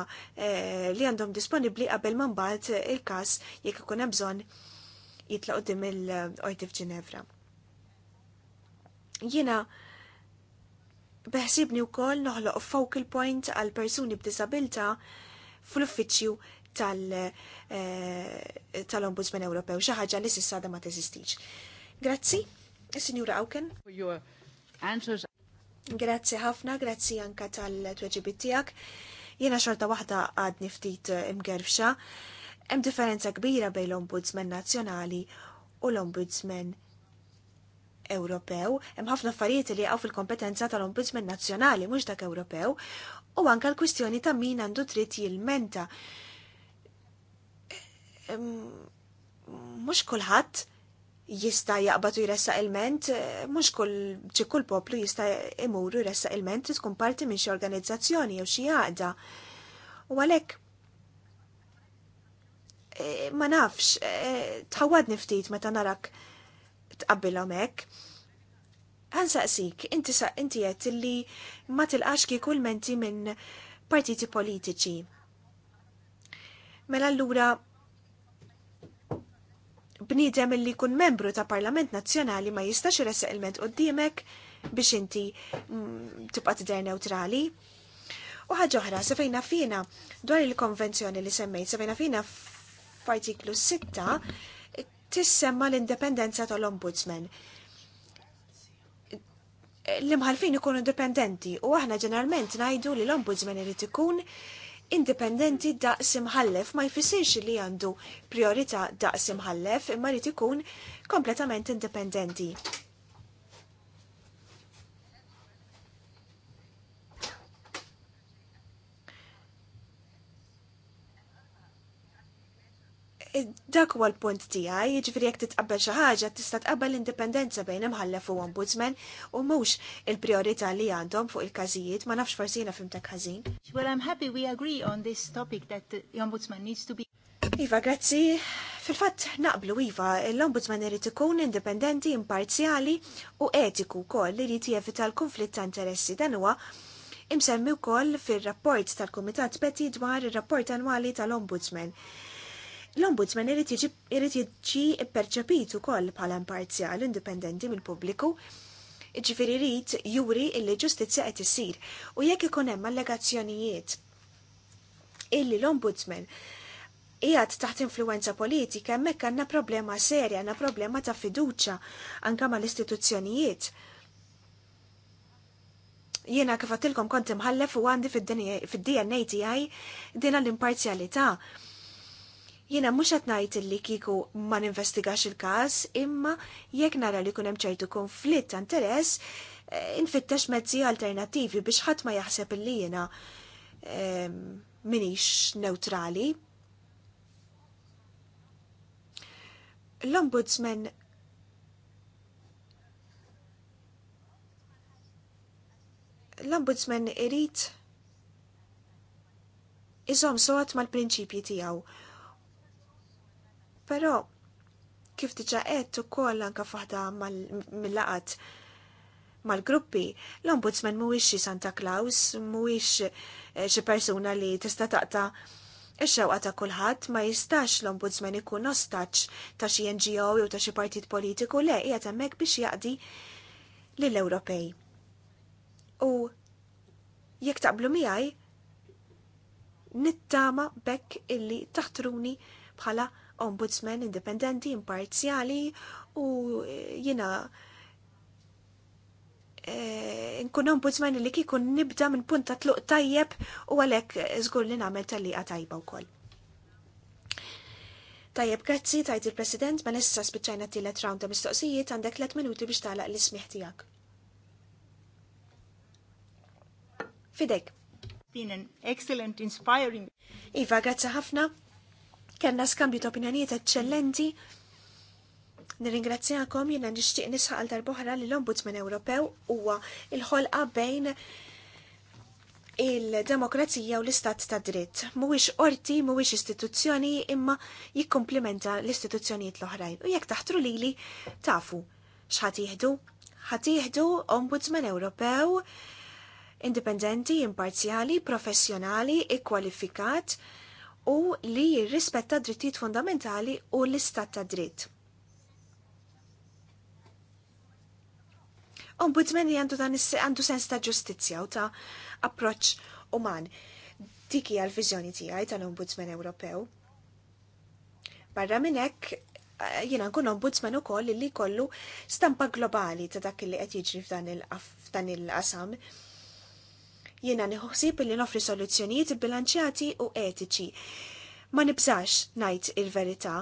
eh, li għandhom disponibbli qabel ma mbagħad eh, il-każ jekk ikun hemm bżonn jitla' qudiem il-qorti f'Ġinevra. Jiena beħsibni wkoll noħloq focal point għal persuni b'disabilità fl-uffiċċju eh, tal-Ombudsman Ewropew, xaħġa ħaġa li s'issa ma teżistix. Grazzi, Sinjura Awken. Grazzi ħafna, grazzi anka tal-tweġibit tiegħek. Jiena xorta waħda għadni ftit eh, imgerfxa. Hemm differenza kbira bejn l-Ombudsman Nazzjonali u l-Ombudsman Ewropew. Hemm ħafna affarijiet li jaqgħu fil-kompetenza tal-Ombudsman Nazzjonali mhux dak Ewropew u anka l-kwistjoni ta' min għandu dritt jilmenta. Mhux kulħadd jista jaqbad jressa il-ment, eh, mux kull ċikull kull poplu jista imuru jressa il-ment li tkun parti minn xi organizzazzjoni jew xi għada. U għalhekk eh, ma nafx, eh, tħawad niftit meta narak tqabbilhom hekk. saqsik, inti sa inti qed li ma tilqax kull menti minn partiti politiċi. Mela allura bniedem li kun membru ta' Parlament Nazzjonali ma jistax iressaq il-ment qoddimek biex inti mm, tibqa' tidher neutrali. U ħaġa oħra, fejna fina dwar il-konvenzjoni li semmejt, fejna fina f'artiklu 6 tissemma l-indipendenza tal-ombudsman l-imħalfin ikunu dipendenti u aħna ġeneralment najdu li l-ombudsman irid ikun indipendenti daqs imħallef ma jfissirx li għandu priorità daqs imħallef imma li ikun kompletament indipendenti. Dak huwa l-punt tiegħi, jiġifieri jekk titqabbel xi ħaġa tista' tqabbel l-indipendenza bejn imħallef u ombudsman u mhux il-priorità li għandhom fuq il-każijiet ma nafx forsi jiena fimtek ħażin. Well, I'm happy we agree on this topic that the ombudsman needs to be Iva, grazzi. Fil-fatt naqblu Iva, l-Ombudsman irid ikun indipendenti, imparzjali u etiku wkoll li jrid jevita l-konflitt ta' interessi dan huwa imsemmi wkoll fir-rapport tal-Kumitat Peti dwar ir-rapport annwali tal-Ombudsman. L-ombudsman irid jiġi perċepit koll bħala imparzjal indipendenti mill-pubbliku ġifiri rrit juri illi ġustizja qed issir u jekk ikun hemm allegazzjonijiet illi l-ombudsman qiegħed taħt influenza politika hemmhekk għandna problema serja, għandna problema ta' fiduċja anke mal-istituzzjonijiet. Jiena kif għatilkom kont imħallef u għandi fid-DNA tiegħi din l-imparzjalità. Jena mux għatnajt li kiku ma ninvestigax il-kas, imma jekk nara li kunem ċertu konflitt ta' interess, eh, infittex mezzi alternativi biex ħadd ma jaħseb li jena minix neutrali. L-ombudsman l-ombudsman irrit iżom soħat mal-prinċipji tijaw Però kif diġa u ukoll anke f'waħda mill-laqat mal-gruppi, l-ombudsman mhuwiex xi Santa Claus, mhuwiex eh, xi persuna li tista' taqta' Ix-xewqa ta' kulħadd ma jistax l-ombudsman ikun ostaċ ta' xi NGO jew ta' xi partit politiku le qiegħed hemmhekk biex jaqdi lill-Ewropej. U jekk taqblu miegħi nittama bekk illi taħtruni bħala ombudsman indipendenti, imparzjali u eh, jina e, nkun ombudsman li kikun nibda minn punta tluq tajjeb u għalek zgur eh, li namel tal-liqa tajba u koll. Tajjeb, grazzi, tajt il-President, ma nessa spiċajna t-tillet round ta' mistoqsijiet għandek 3 minuti biex talaq l-ismiħ tijak. Fidek. Been an excellent, inspiring. Iva, grazzi ħafna Kellna skambju ta' opinjonijiet eccellenti. Nirringrazzjakom jiena nixtieq nisħaq għal darbohra li l-Ombudsman Ewropew huwa il-ħolqa bejn il-demokrazija u l-istat ta' dritt. Mhuwiex orti, mhuwiex istituzzjoni, imma jikkomplimenta l-istituzzjonijiet l-oħrajn. U jekk taħtru lili tafu x'ħad jieħdu? Ħad jieħdu Ombudsman Ewropew indipendenti, imparzjali, professjonali, ikkwalifikat, u li jirrispetta drittijiet fundamentali u l-istat ta' dritt. Ombudsman li għandu għandu sens ta' ġustizzja u ta' approċ uman. Dik hija l-viżjoni tiegħi tal-Ombudsman Ewropew. Barra minn hekk eh, nkun ombudsman ukoll li kollu stampa globali ta' dak li qed jiġri f'dan il-qasam. il qasam Jiena nħossib li nofri soluzzjonijiet bilanċjati u etiċi. Ma nibżax najt il-verità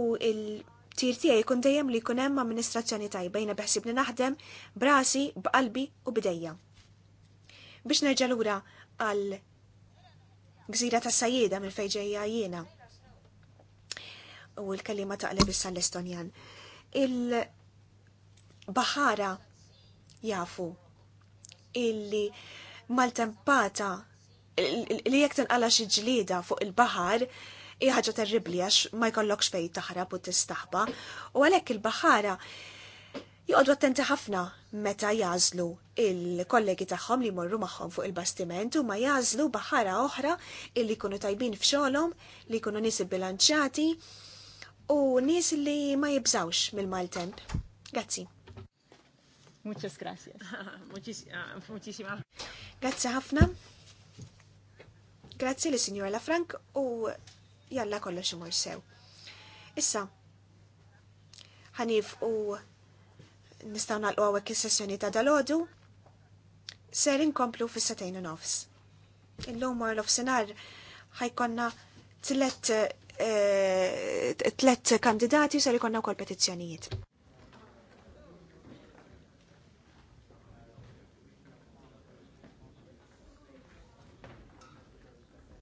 u il-tir tiegħi kun dejjem li jkun hemm amministrazzjoni tajba jiena beħsib li naħdem brasi, b'qalbi u bidejja. Biex nerġa' lura għal gżira tas sajjeda minn fejġejja jiena. U l-kalima ta' issa l-Estonjan. Il-Bahara jafu illi mal-tempata li jek tinqala xi ġlieda fuq il-baħar hija ħaġa terribli għax ma jkollokx fejn taħrab u tistaħba u għalhekk il-baħara joqogħdu attenti ħafna meta jażlu il-kollegi tagħhom li morru magħhom fuq il-bastiment u ma jażlu baħara oħra illi jkunu tajbin f'xogħolhom li jkunu nies bilanċati u nies li ma jibżawx mill-maltemp. Grazzi. Muchas gracias. (laughs) Ah, Muchísima. Grazie ħafna. Grazie li signora Lafranc u jalla kollox imur sew. Issa, ħanif u nistaw nalqu għawek il-sessjoni ta' dalodu, ser inkomplu fis-satejn u nofs. Illum mar l-ofsinar ħajkonna tlet eh, let kandidati ser ikonna wkoll petizzjonijiet.